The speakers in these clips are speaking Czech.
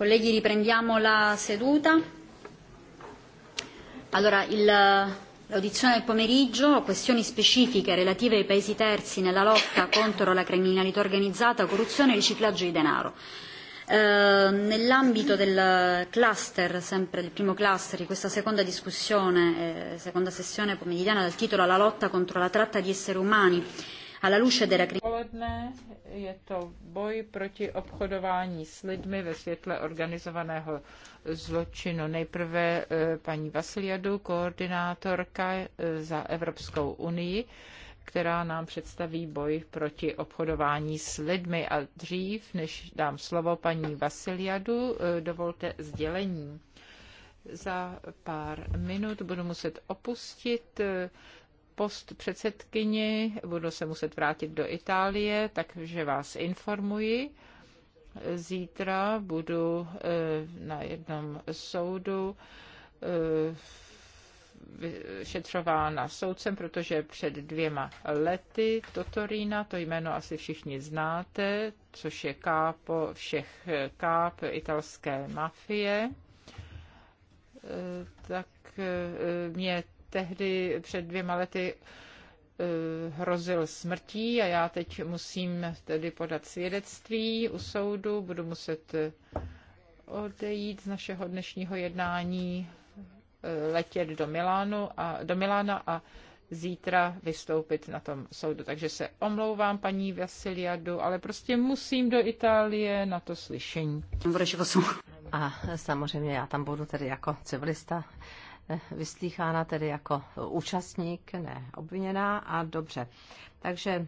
Colleghi, riprendiamo la seduta. Allora, il, l'audizione del pomeriggio, questioni specifiche relative ai paesi terzi nella lotta contro la criminalità organizzata, corruzione e riciclaggio di denaro. Eh, nell'ambito del cluster, sempre del primo cluster di questa seconda discussione, eh, seconda sessione pomeridiana dal titolo La lotta contro la tratta di esseri umani alla luce della criminalità odpoledne. Je to boj proti obchodování s lidmi ve světle organizovaného zločinu. Nejprve eh, paní Vasiliadu, koordinátorka eh, za Evropskou unii, která nám představí boj proti obchodování s lidmi. A dřív, než dám slovo paní Vasiliadu, eh, dovolte sdělení. Za pár minut budu muset opustit post předsedkyni, budu se muset vrátit do Itálie, takže vás informuji. Zítra budu eh, na jednom soudu eh, vyšetřována soudcem, protože před dvěma lety Totorina, to jméno asi všichni znáte, což je kápo všech káp italské mafie, eh, tak mě tehdy před dvěma lety eh, hrozil smrtí a já teď musím tedy podat svědectví u soudu, budu muset eh, odejít z našeho dnešního jednání, eh, letět do, Milánu a, do Milána a zítra vystoupit na tom soudu. Takže se omlouvám paní Vasiliadu, ale prostě musím do Itálie na to slyšení. A samozřejmě já tam budu tedy jako civilista vyslýchána tedy jako účastník, ne obviněná a dobře. Takže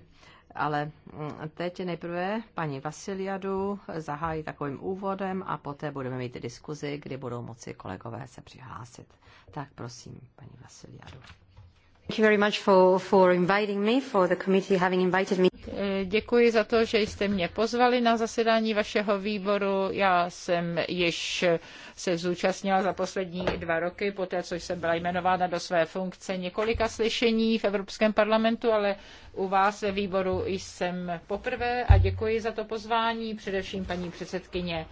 ale mm, teď nejprve paní Vasiliadu zahájí takovým úvodem a poté budeme mít diskuzi, kdy budou moci kolegové se přihlásit. Tak prosím, paní Vasiliadu. Děkuji za to, že jste mě pozvali na zasedání vašeho výboru. Já jsem již se zúčastnila za poslední dva roky, poté co jsem byla jmenována do své funkce několika slyšení v Evropském parlamentu, ale u vás ve výboru jsem poprvé a děkuji za to pozvání, především paní předsedkyně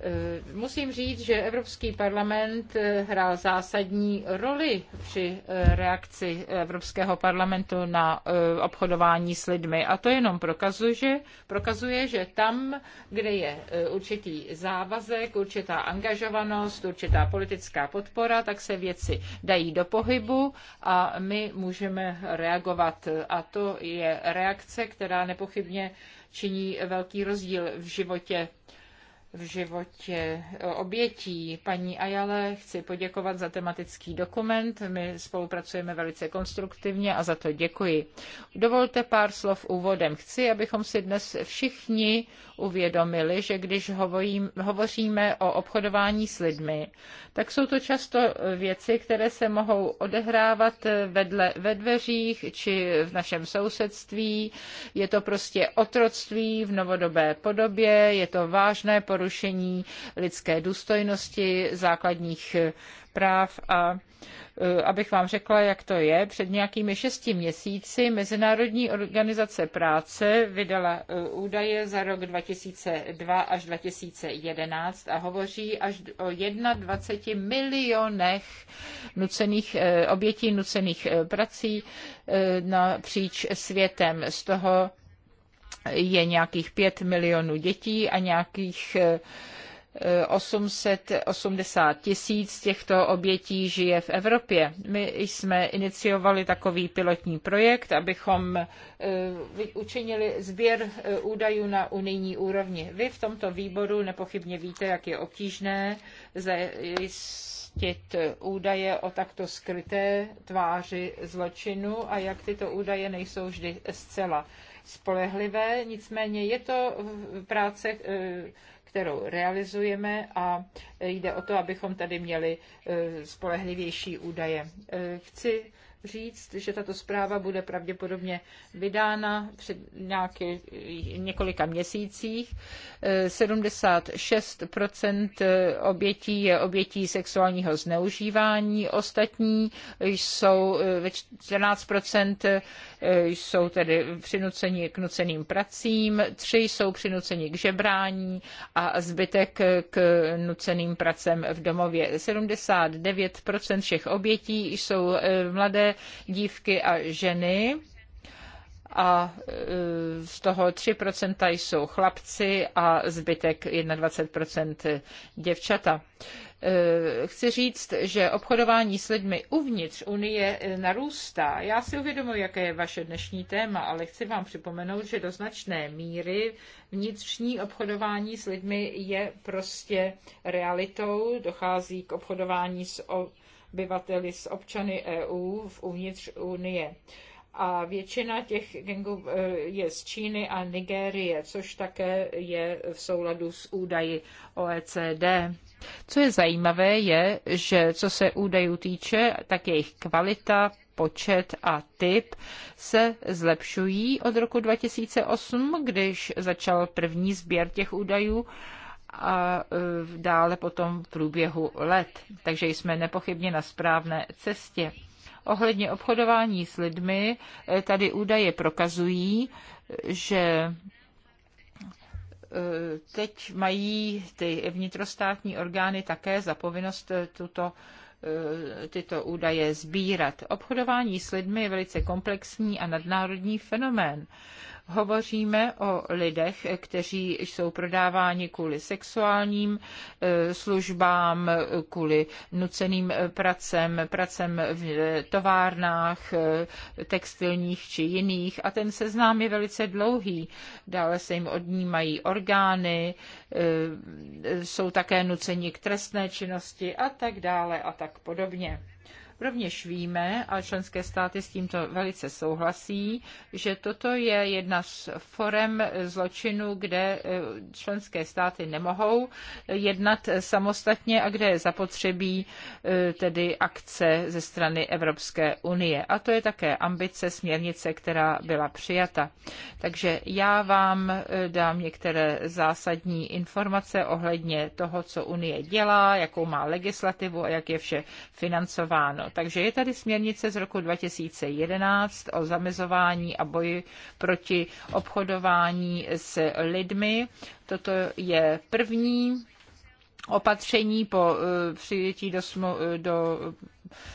Eh, musím říct, že Evropský parlament eh, hrál zásadní roli při eh, reakci Evropského parlamentu na obchodování s lidmi. A to jenom prokazuje, že, prokazuje, že tam, kde je určitý závazek, určitá angažovanost, určitá politická podpora, tak se věci dají do pohybu a my můžeme reagovat. A to je reakce, která nepochybně činí velký rozdíl v životě v životě obětí. Paní Ajale chci poděkovat za tematický dokument. My spolupracujeme velice konstruktivně a za to děkuji. Dovolte pár slov úvodem. Chci, abychom si dnes všichni uvědomili, že když hovoříme o obchodování s lidmi, tak jsou to často věci, které se mohou odehrávat vedle, ve dveřích či v našem sousedství. Je to prostě otroctví v novodobé podobě, je to vážné porušení porušení lidské důstojnosti, základních eh, práv a eh, abych vám řekla, jak to je, před nějakými šesti měsíci Mezinárodní organizace práce vydala eh, údaje za rok 2002 až 2011 a hovoří až o 21 milionech nucených, obětí nucených prací napříč světem. Z toho je nějakých 5 milionů dětí a nějakých 880 eh, tisíc těchto obětí žije v Evropě. My jsme iniciovali takový pilotní projekt, abychom eh, učinili sběr eh, údajů na unijní úrovni. Vy v tomto výboru nepochybně víte, jak je obtížné zjistit údaje o takto skryté tváři zločinu a jak tyto údaje nejsou vždy zcela spolehlivé, nicméně je to práce, eh, kterou realizujeme a jde o to, abychom tady měli eh, spolehlivější údaje. Eh, chci říct, že tato zpráva bude pravděpodobně vydána před nějaké, několika měsících. 76 eh, eh, obětí je obětí sexuálního zneužívání, ostatní jsou eh, ve 14 jsou tedy přinuceni k nuceným pracím, tři jsou přinuceni k žebrání a zbytek k nuceným pracem v domově. 79 všech obětí jsou mladé dívky a ženy a e, z toho 3% jsou chlapci a zbytek 21% děvčata. E, chci říct, že obchodování s lidmi uvnitř Unie e, narůstá. Já si uvědomuji, jaké je vaše dnešní téma, ale chci vám připomenout, že do značné míry vnitřní obchodování s lidmi je prostě realitou. Dochází k obchodování s o obyvateli, s občany EU v uvnitř Unie. A většina těch gangů eh, je z Číny a Nigérie, což také je v souladu s údaji OECD. Co je zajímavé, je, že co se údajů týče, tak jejich kvalita, počet a typ se zlepšují od roku 2008, když začal první sběr těch údajů a e, dále potom v průběhu let. Takže jsme nepochybně na správné cestě. Ohledně obchodování s lidmi, e, tady údaje prokazují, že e, teď mají ty vnitrostátní orgány také za povinnost tuto tyto údaje sbírat. Obchodování s lidmi je velice komplexní a nadnárodní fenomén. Hovoříme o lidech, kteří jsou prodáváni kvůli sexuálním eh, službám, kvůli nuceným pracem, pracem v továrnách, eh, textilních či jiných. A ten seznám je velice dlouhý. Dále se jim odnímají orgány, eh, jsou také nuceni k trestné činnosti a tak dále a tak podobně. Rovněž víme, a členské státy s tímto velice souhlasí, že toto je jedna z forem zločinu, kde eh, členské státy nemohou jednat samostatně a kde je zapotřebí eh, tedy akce ze strany Evropské unie. A to je také ambice směrnice, která byla přijata. Takže já vám eh, dám některé zásadní informace ohledně toho, co Unie dělá, jakou má legislativu a jak je vše financováno. Takže je tady směrnice z roku 2011 o zamezování a boji proti obchodování s lidmi. Toto je první opatření po eh, přijetí do, smlu, do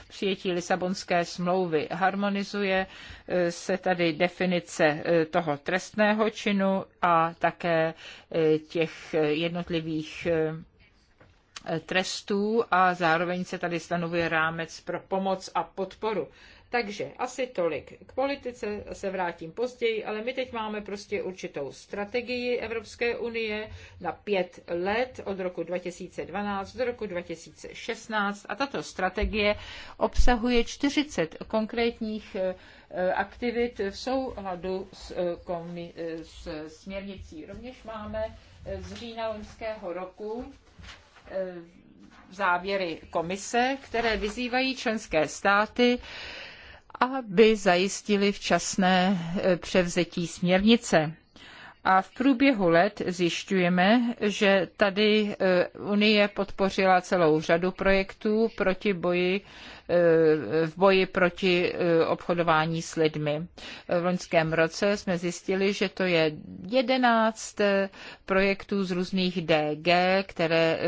přijetí Lisabonské smlouvy. Harmonizuje eh, se tady definice eh, toho trestného činu a také těch jednotlivých trestů a zároveň se tady stanovuje rámec pro pomoc a podporu. Takže asi tolik. K politice se vrátím později, ale my teď máme prostě určitou strategii Evropské unie na pět let od roku 2012 do roku 2016 a tato strategie obsahuje 40 konkrétních eh, eh, aktivit v souladu s, eh, s směrnicí. Rovněž máme z října loňského roku Eh, závěry komise, které vyzývají členské státy, aby zajistili včasné eh, převzetí směrnice. A v průběhu let zjišťujeme, že tady e, Unie podpořila celou řadu projektů proti boji, e, v boji proti e, obchodování s lidmi. V loňském roce jsme zjistili, že to je 11 projektů z různých DG, které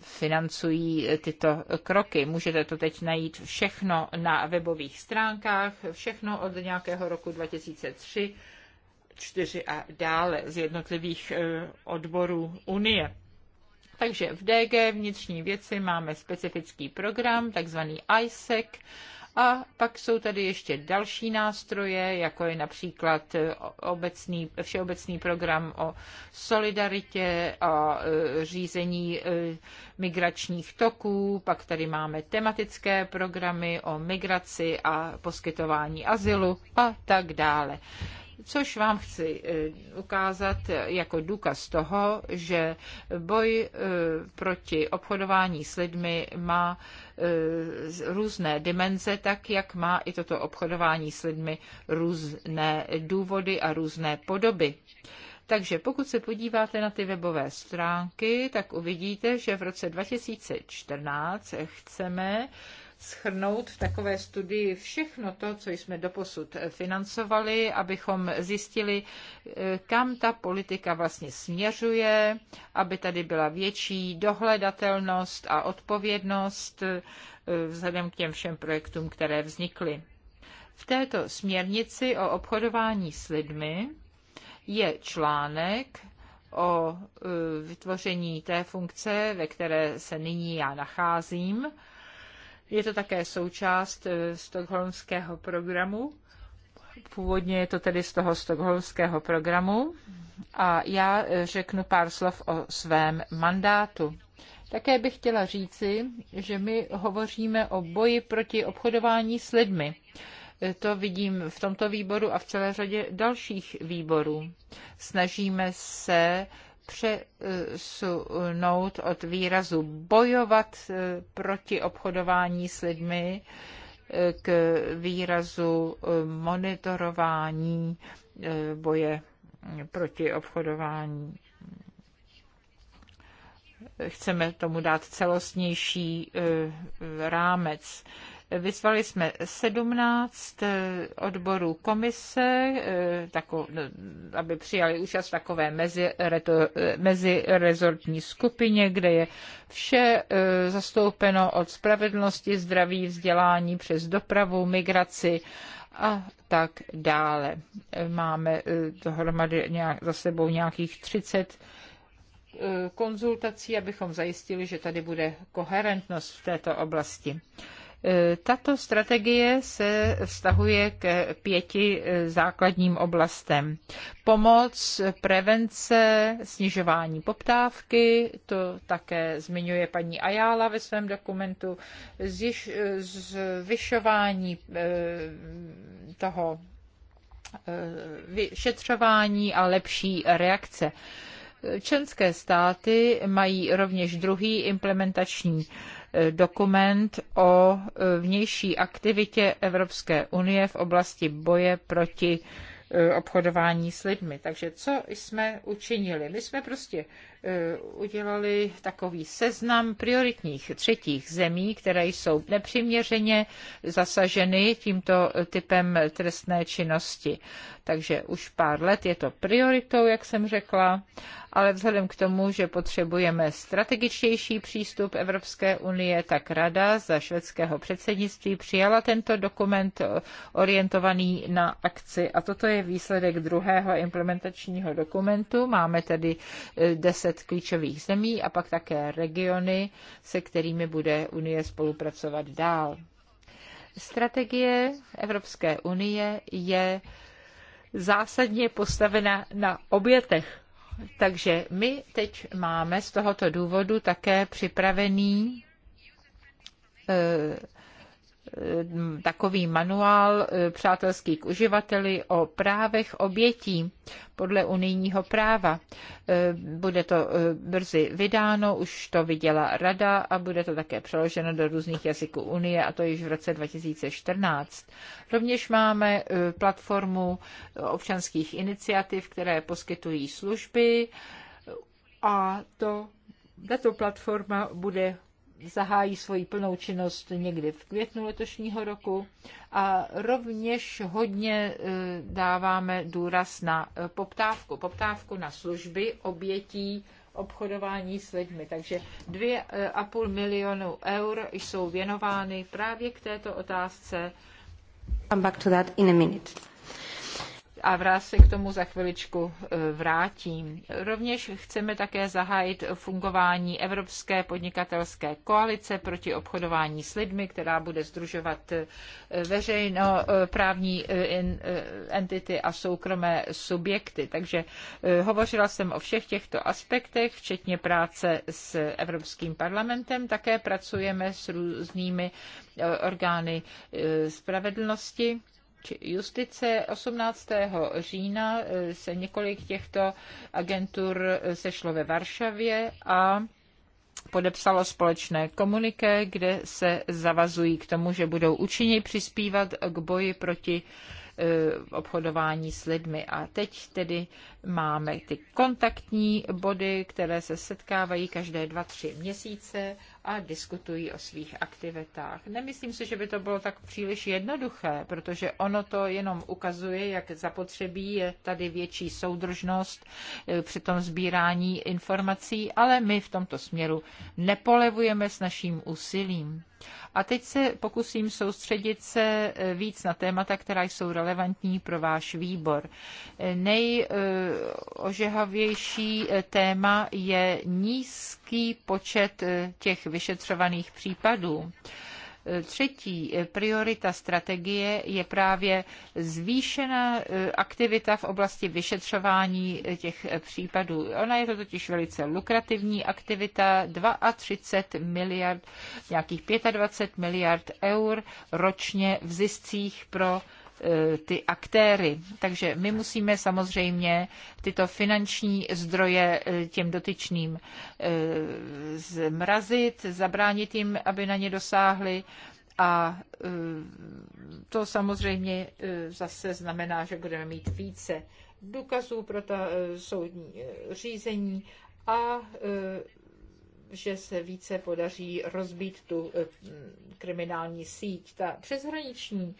financují tyto kroky. Můžete to teď najít všechno na webových stránkách, všechno od nějakého roku 2003 4 a dále z jednotlivých eh, odborů Unie. Takže v DG vnitřní věci máme specifický program, takzvaný ISEC, a pak jsou tady ještě další nástroje, jako je například eh, obecný, všeobecný program o solidaritě a eh, řízení migračních toků. Pak tady máme tematické programy o migraci a poskytování azylu a tak dále což vám chci eh, ukázat jako důkaz toho, že boj eh, proti obchodování s lidmi má eh, různé dimenze, tak jak má i toto obchodování s lidmi různé důvody a různé podoby. Takže pokud se podíváte na ty webové stránky, tak uvidíte, že v roce 2014 chceme schrnout v takové studii všechno to, co jsme doposud financovali, abychom zjistili, eh, kam ta politika vlastně směřuje, aby tady byla větší dohledatelnost a odpovědnost eh, vzhledem k těm všem projektům, které vznikly. V této směrnici o obchodování s lidmi je článek, o eh, vytvoření té funkce, ve které se nyní já nacházím, je to také součást eh, stokholmského programu. Původně je to tedy z toho stokholmského programu. A já eh, řeknu pár slov o svém mandátu. Také bych chtěla říci, že my hovoříme o boji proti obchodování s lidmi. Eh, to vidím v tomto výboru a v celé řadě dalších výborů. Snažíme se přesunout od výrazu bojovat eh, proti obchodování s lidmi eh, k výrazu eh, monitorování boje mm, proti obchodování. Chceme tomu dát celostnější rámec. Vyzvali jsme 17 eh, odborů komise, eh, eh, aby přijali účast v takové mezirezortní skupině, kde je vše zastoupeno od spravedlnosti, zdraví, vzdělání přes dopravu, migraci a tak dále. Máme dohromady nějak, za sebou nějakých 30 konzultací, abychom zajistili, že tady bude koherentnost v této oblasti. Tato strategie se vztahuje k pěti eh, základním oblastem. Pomoc, prevence, snižování poptávky, to také zmiňuje paní Ajála ve svém dokumentu, zjiš, zvyšování eh, toho eh, vyšetřování a lepší reakce. Členské státy mají rovněž druhý implementační dokument o vnější aktivitě Evropské unie v oblasti boje proti e, obchodování s lidmi. Takže co jsme učinili? My jsme prostě Eh, udělali takový seznam prioritních třetích zemí, které jsou nepřiměřeně zasaženy tímto typem trestné činnosti. Takže už pár let je to prioritou, jak jsem řekla, ale vzhledem k tomu, že potřebujeme strategičtější přístup Evropské unie, tak Rada za švédského předsednictví přijala tento dokument eh, orientovaný na akci. A toto je výsledek druhého implementačního dokumentu. Máme tedy eh, deset. 20 klíčových zemí a pak také regiony, se kterými bude Unie spolupracovat dál. Strategie Evropské unie je zásadně postavena na obětech. Takže my teď máme z tohoto důvodu také připravený eh, Eh, takový manuál eh, přátelský k uživateli o právech obětí podle unijního práva. Eh, bude to brzy vydáno, už to viděla rada a bude to také přeloženo do různých jazyků Unie a to již v roce 2014. Rovněž máme platformu občanských iniciativ, které poskytují služby a to tato platforma bude zahájí svoji plnou činnost někdy v květnu letošního roku a rovněž hodně e, dáváme důraz na e, poptávku, poptávku na služby obětí obchodování s lidmi. Takže 2,5 e, milionu eur jsou věnovány právě k této otázce. Come back to that in a minute a vrát se k tomu za chviličku e, vrátím. Rovněž chceme také zahájit fungování Evropské podnikatelské koalice proti obchodování s lidmi, která bude združovat e, právní e, entity a soukromé subjekty. Takže hovořila jsem o všech těchto aspektech, včetně práce s Evropským parlamentem. Také pracujeme s různými orgány spravedlnosti či justice. 18. října eh, se několik těchto agentur eh, sešlo ve Varšavě a podepsalo společné komuniké, kde se zavazují k tomu, že budou účinně přispívat k boji proti eh, obchodování s lidmi. A teď tedy máme ty kontaktní body, které se setkávají každé dva, tři měsíce a diskutují o svých aktivitách. Nemyslím si, že by to bylo tak příliš jednoduché, protože ono to jenom ukazuje, jak zapotřebí je tady větší soudržnost eh, při tom sbírání informací, ale my v tomto směru nepolevujeme s naším úsilím. A teď se pokusím soustředit se eh, víc na témata, která jsou relevantní pro váš výbor. Eh, nejožehavější eh, téma je nízký počet těch vyšetřovaných případů. Třetí priorita strategie je právě zvýšená e, aktivita v oblasti vyšetřování těch případů. Ona je to totiž velice lukrativní aktivita, 32 miliard, nějakých 25 miliard eur ročně v ziscích pro Eh, ty aktéry. Takže my musíme samozřejmě tyto finanční zdroje eh, těm dotyčným eh, zmrazit, zabránit jim, aby na ně dosáhli. A to samozřejmě zase znamená, že budeme mít více důkazů pro ta soudní řízení a že se více podaří rozbít tu kriminální síť. Ta přeshraniční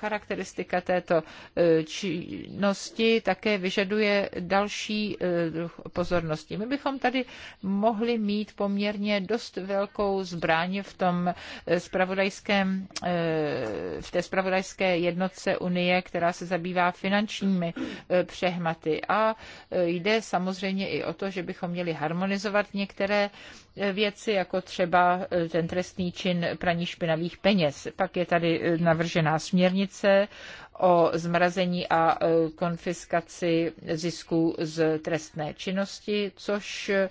charakteristika této eh, činnosti také vyžaduje další eh, pozornosti. My bychom tady mohli mít poměrně dost velkou zbraň v tom eh, spravodajském, v té spravodajské jednotce Unie, která se zabývá finančními přehmaty. A jde samozřejmě i o to, že bychom měli harmonizovat některé věci, jako třeba ten trestný čin praní špinavých peněz. Pak je tady navržená směrnice směrnice o zmrazení a e, konfiskaci zisků z trestné činnosti, což e,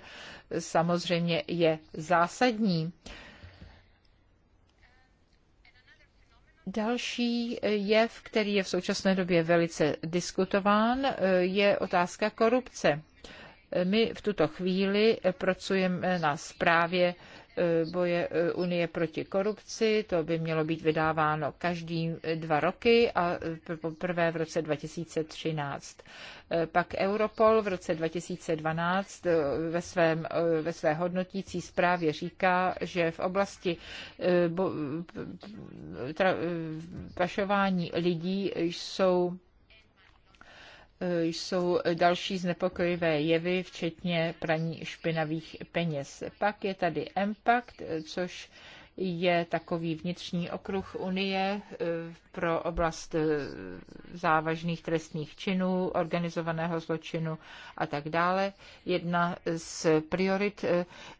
samozřejmě je zásadní. Další jev, který je v současné době velice diskutován, e, je otázka korupce. My v tuto chvíli pracujeme na zprávě Eh, boje eh, Unie proti korupci. To by mělo být vydáváno každý eh, dva roky a poprvé v roce 2013. Pak Europol v roce 2012 ve, svém, ve své hodnotící zprávě říká, že v oblasti pašování lidí jsou Eh, jsou další znepokojivé jevy, včetně praní špinavých peněz. Pak je tady impact, eh, což je takový vnitřní okruh Unie eh, pro oblast závažných trestných činů, organizovaného zločinu a tak dále. Jedna z priorit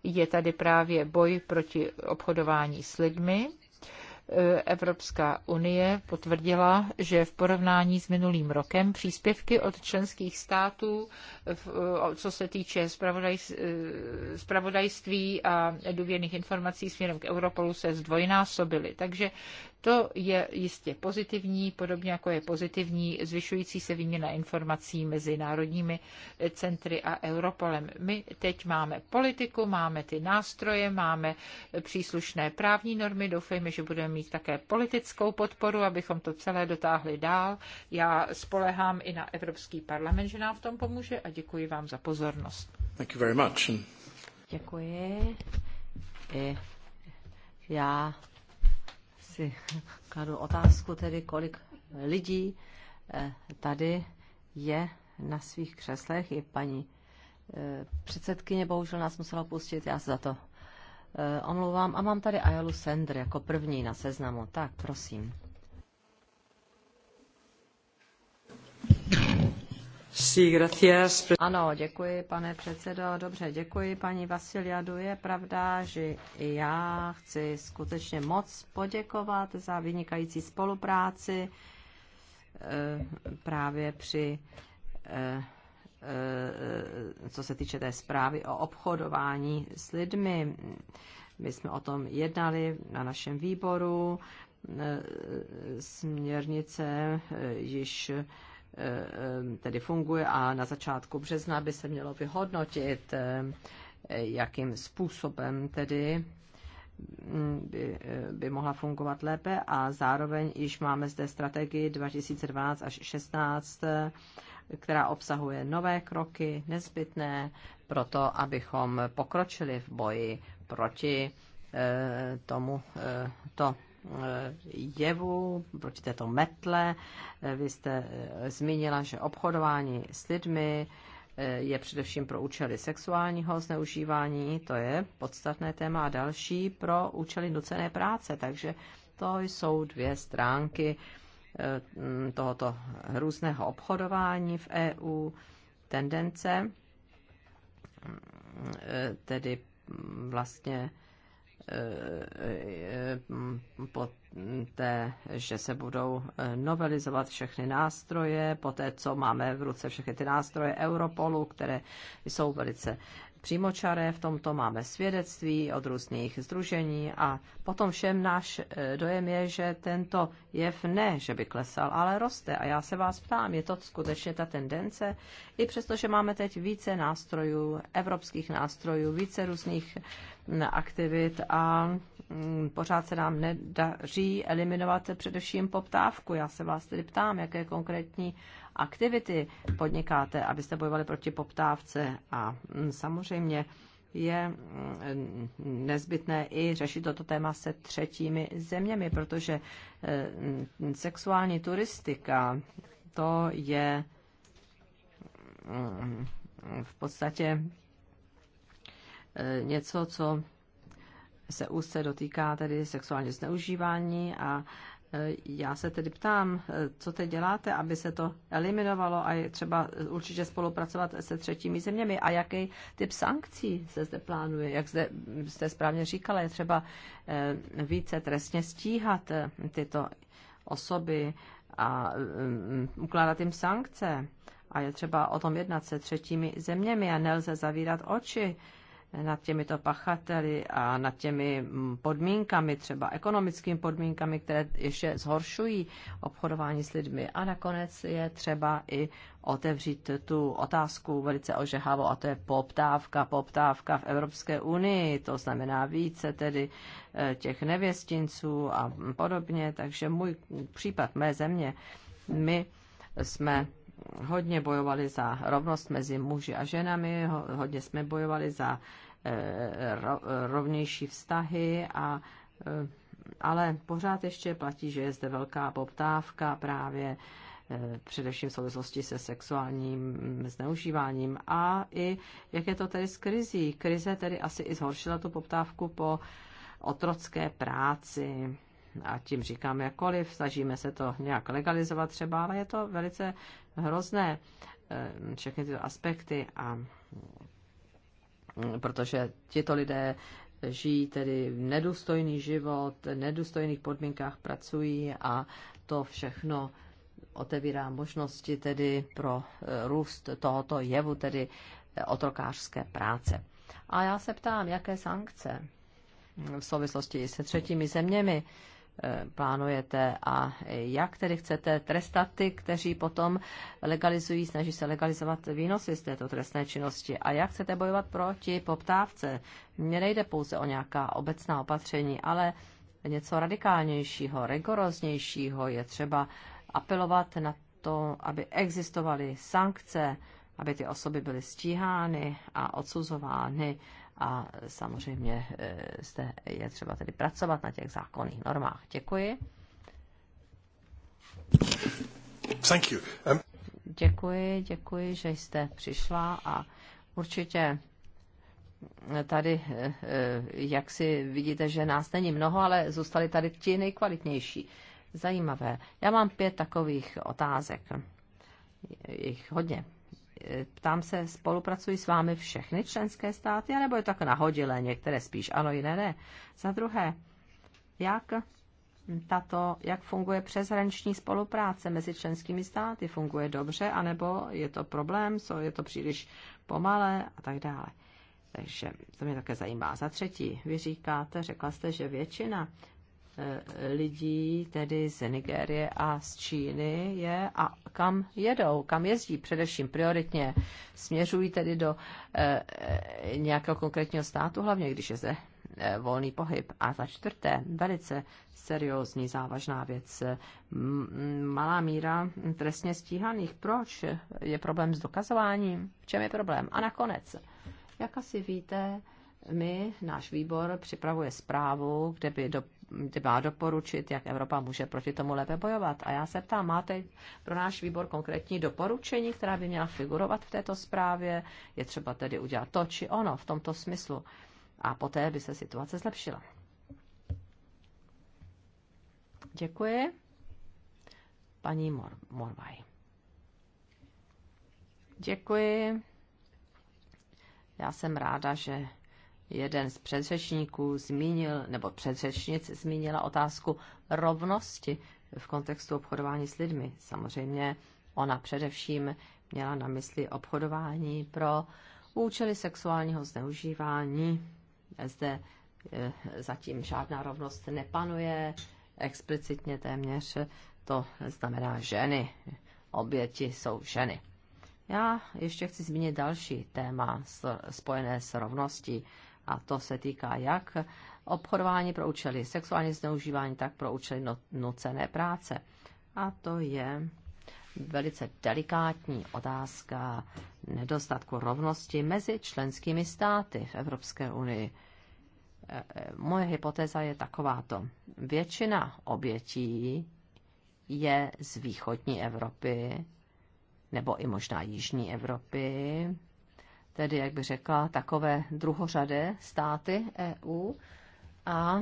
je tady právě boj proti obchodování s lidmi Evropská unie potvrdila, že v porovnání s minulým rokem příspěvky od členských států, co se týče e, spravodajství a důvěrných informací směrem k Europolu, se zdvojnásobily. Takže to je jistě pozitivní, podobně jako je pozitivní zvyšující se výměna informací mezi národními centry a Europolem. My teď máme politiku, máme ty nástroje, máme příslušné právní normy, doufejme, že budeme mít také politickou podporu, abychom to celé dotáhli dál. Já spolehám i na Evropský parlament, že nám v tom pomůže a děkuji vám za pozornost. Thank you very much. Děkuji. já si kladu otázku tedy, kolik lidí eh, tady je na svých křeslech. I paní eh, předsedkyně bohužel nás musela pustit, já se za to eh, omlouvám. A mám tady Ayalu Sender jako první na seznamu. Tak, prosím. Ano, děkuji, pane předsedo. Dobře, děkuji, paní Vasiliadu. Je pravda, že já chci skutečně moc poděkovat za vynikající spolupráci eh, právě při eh, eh, co se týče té zprávy o obchodování s lidmi. My jsme o tom jednali na našem výboru. Směrnice již tedy funguje a na začátku března by se mělo vyhodnotit, jakým způsobem tedy by, by mohla fungovat lépe a zároveň již máme zde strategii 2012 až 16, která obsahuje nové kroky nezbytné pro to, abychom pokročili v boji proti eh, tomu eh, to jevu, proti této metle. Vy jste eh, zmínila, že obchodování s lidmi eh, je především pro účely sexuálního zneužívání, to je podstatné téma, a další pro účely nucené práce. Takže to jsou dvě stránky eh, mm, tohoto různého obchodování v EU, tendence, mm, tedy mm, vlastně po té, že se budou novelizovat všechny nástroje, po té, co máme v ruce všechny ty nástroje Europolu, které jsou velice přímočaré, v tomto máme svědectví od různých združení a potom všem náš eh, dojem je, že tento jev ne, že by klesal, ale roste. A já se vás ptám, je to skutečně ta tendence? I přesto, že máme teď více nástrojů, evropských nástrojů, více různých hm, aktivit a hm, pořád se nám nedaří eliminovat především poptávku. Já se vás tedy ptám, jaké konkrétní aktivity podnikáte, abyste bojovali proti poptávce a mm, samozřejmě je mm, nezbytné i řešit toto téma se třetími zeměmi, protože mm, sexuální turistika to je v podstatě e, něco, co se úzce dotýká tedy sexuální zneužívání a Eh, já se tedy ptám, eh, co teď děláte, aby se to eliminovalo a je třeba eh, určitě spolupracovat se třetími zeměmi a jaký typ sankcí se zde plánuje. Jak zde, hm, jste správně říkala, je třeba více trestně stíhat tyto osoby a hm, hm, ukládat jim sankce. A je třeba o tom jednat se třetími zeměmi a nelze zavírat oči nad těmito pachateli a nad těmi mm, podmínkami, třeba ekonomickými podmínkami, které ještě zhoršují obchodování s lidmi. A nakonec je třeba i otevřít tu otázku velice ožehavo, a to je poptávka. Poptávka v Evropské unii, to znamená více tedy eh, těch nevěstinců a podobně. Takže můj případ mé země, my jsme hodně bojovali za rovnost mezi muži a ženami, hodně jsme bojovali za eh, rovnější vztahy, a, eh, ale pořád ještě platí, že je zde velká poptávka právě eh, především v souvislosti se sexuálním zneužíváním a i jak je to tedy s krizí. Krize tedy asi i zhoršila tu poptávku po otrocké práci a tím říkám jakkoliv, snažíme se to nějak legalizovat třeba, ale je to velice hrozné, eh, všechny tyto aspekty a mm, protože tito lidé žijí tedy nedůstojný život, v nedůstojných podmínkách pracují a to všechno otevírá možnosti tedy pro eh, růst tohoto jevu, tedy eh, otrokářské práce. A já se ptám, jaké sankce v souvislosti se třetími zeměmi Eh, plánujete a jak tedy chcete trestat ty, kteří potom legalizují, snaží se legalizovat výnosy z této trestné činnosti a jak chcete bojovat proti poptávce. Mně nejde pouze o nějaká obecná opatření, ale něco radikálnějšího, rigoroznějšího je třeba apelovat na to, aby existovaly sankce, aby ty osoby byly stíhány a odsuzovány a samozřejmě jste, eh, je třeba tedy pracovat na těch zákonných normách. Děkuji. Thank you. Um... Děkuji, děkuji, že jste přišla a určitě tady, eh, eh, jak si vidíte, že nás není mnoho, ale zůstali tady ti nejkvalitnější. Zajímavé. Já mám pět takových otázek. Je jich hodně ptám se, spolupracují s vámi všechny členské státy, anebo je tak nahodilé, některé spíš ano, jiné ne. Za druhé, jak tato, jak funguje přeshraniční spolupráce mezi členskými státy, funguje dobře, anebo je to problém, co je to příliš pomalé a tak dále. Takže to mě také zajímá. Za třetí, vy říkáte, řekla jste, že většina lidí, tedy z Nigérie a z Číny je a kam jedou, kam jezdí především prioritně. Směřují tedy do eh, nějakého konkrétního státu, hlavně když je zde eh, volný pohyb. A za čtvrté, velice seriózní, závažná věc, malá míra trestně stíhaných. Proč je problém s dokazováním? V čem je problém? A nakonec, jak asi víte, my, náš výbor, připravuje zprávu, kde by do má doporučit, jak Evropa může proti tomu lépe bojovat. A já se ptám, máte pro náš výbor konkrétní doporučení, která by měla figurovat v této zprávě? Je třeba tedy udělat to či ono v tomto smyslu. A poté by se situace zlepšila. Děkuji. Paní Mor- Morvaj. Děkuji. Já jsem ráda, že jeden z předřečníků zmínil, nebo předřečnic zmínila otázku rovnosti v kontextu obchodování s lidmi. Samozřejmě ona především měla na mysli obchodování pro účely sexuálního zneužívání. Zde eh, zatím žádná rovnost nepanuje, explicitně téměř to znamená ženy. Oběti jsou ženy. Já ještě chci zmínit další téma spojené s rovností a to se týká jak obchodování pro účely sexuální zneužívání, tak pro účely no, nucené práce. A to je velice delikátní otázka nedostatku rovnosti mezi členskými státy v Evropské unii. E, e, moje hypotéza je takováto. Většina obětí je z východní Evropy, nebo i možná jižní Evropy, tedy, jak by řekla, takové druhořadé státy EU a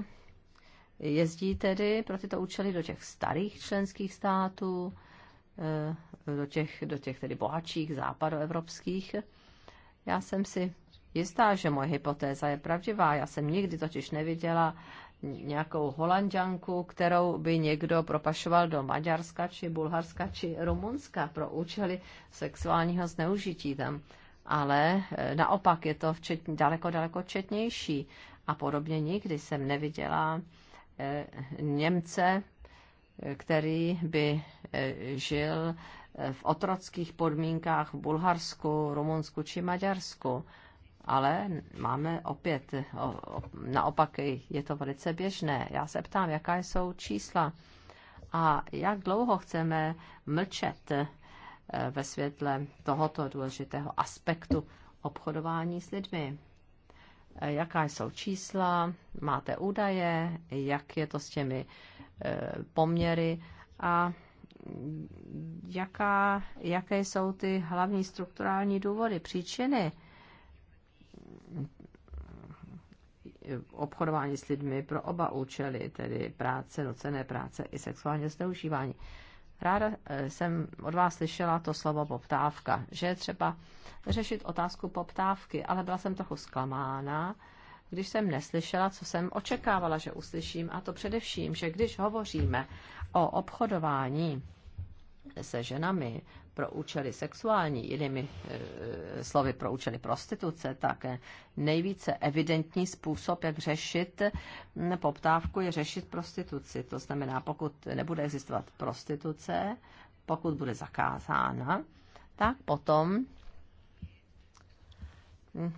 jezdí tedy pro tyto účely do těch starých členských států, e, do těch, do těch tedy bohatších západoevropských. Já jsem si jistá, že moje hypotéza je pravdivá. Já jsem nikdy totiž neviděla nějakou holanděnku, kterou by někdo propašoval do Maďarska či Bulharska či Rumunska pro účely sexuálního zneužití tam ale eh, naopak je to včetně, daleko, daleko četnější. A podobně nikdy jsem neviděla eh, Němce, eh, který by žil v otrockých podmínkách v Bulharsku, Rumunsku či Maďarsku. Ale máme opět, naopak je to velice běžné. Já se ptám, jaká jsou čísla a jak dlouho chceme mlčet Eh, ve světle tohoto důležitého aspektu obchodování s lidmi. Eh, jaká jsou čísla, máte údaje, jak je to s těmi eh, poměry a jaká, jaké jsou ty hlavní strukturální důvody, příčiny obchodování s lidmi pro oba účely, tedy práce, nucené práce i sexuální zneužívání. Ráda eh, jsem od vás slyšela to slovo poptávka, že je třeba řešit otázku poptávky, ale byla jsem trochu zklamána, když jsem neslyšela, co jsem očekávala, že uslyším, a to především, že když hovoříme o obchodování se ženami pro účely sexuální, jinými e, slovy pro účely prostituce, tak nejvíce evidentní způsob, jak řešit hm, poptávku, je řešit prostituci. To znamená, pokud nebude existovat prostituce, pokud bude zakázána, tak potom hm,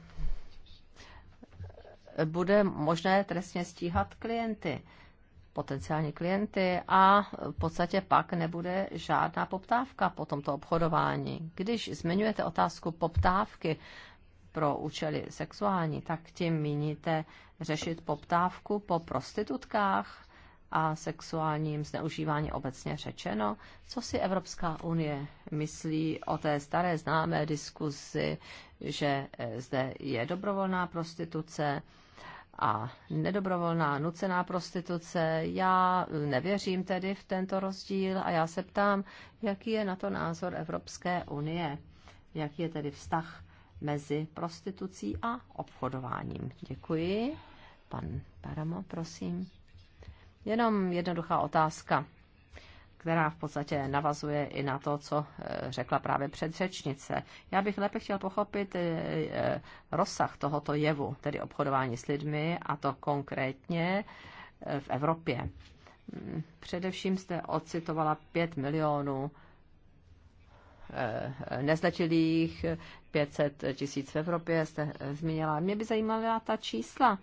bude možné trestně stíhat klienty potenciální klienty a v podstatě pak nebude žádná poptávka po tomto obchodování. Když zmiňujete otázku poptávky pro účely sexuální, tak tím míníte řešit poptávku po prostitutkách a sexuálním zneužívání obecně řečeno. Co si Evropská unie myslí o té staré známé diskuzi, že eh, zde je dobrovolná prostituce, a nedobrovolná nucená prostituce. Já nevěřím tedy v tento rozdíl a já se ptám, jaký je na to názor Evropské unie, jaký je tedy vztah mezi prostitucí a obchodováním. Děkuji. Pan Paramo, prosím. Jenom jednoduchá otázka která v podstatě navazuje i na to, co eh, řekla právě předřečnice. Já bych lépe chtěl pochopit eh, eh, rozsah tohoto jevu, tedy obchodování s lidmi, a to konkrétně v Evropě. Mm, především jste ocitovala 5 milionů nezletilých, 500 tisíc v Evropě jste zmínila. Mě by zajímala ta čísla,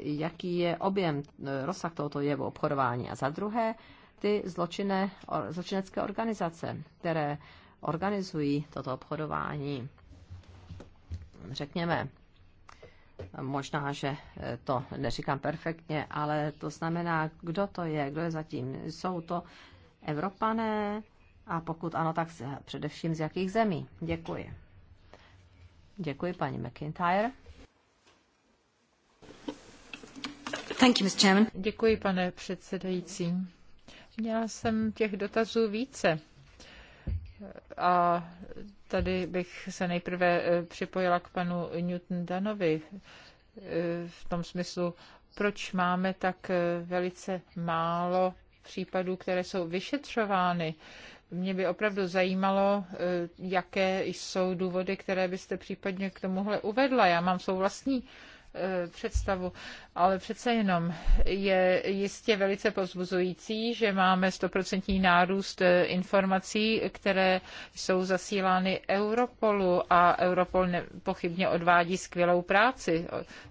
jaký je objem, rozsah tohoto jevu obchodování. A za druhé, ty zločinné, zločinecké organizace, které organizují toto obchodování. Řekněme, možná, že eh, to neříkám perfektně, ale to znamená, kdo to je, kdo je zatím. Jsou to Evropané a pokud ano, tak především z jakých zemí. Děkuji. Děkuji, paní McIntyre. Thank you, Mr. Chairman. Děkuji, pane předsedající Měla jsem těch dotazů více. A tady bych se nejprve eh, připojila k panu Newton Danovi eh, v tom smyslu, proč máme tak eh, velice málo případů, které jsou vyšetřovány. Mě by opravdu zajímalo, jaké jsou důvody, které byste případně k tomuhle uvedla. Já mám svou vlastní Eh, představu, ale přece jenom je jistě velice pozbuzující, že máme stoprocentní nárůst eh, informací, které jsou zasílány Europolu a Europol nepochybně odvádí skvělou práci,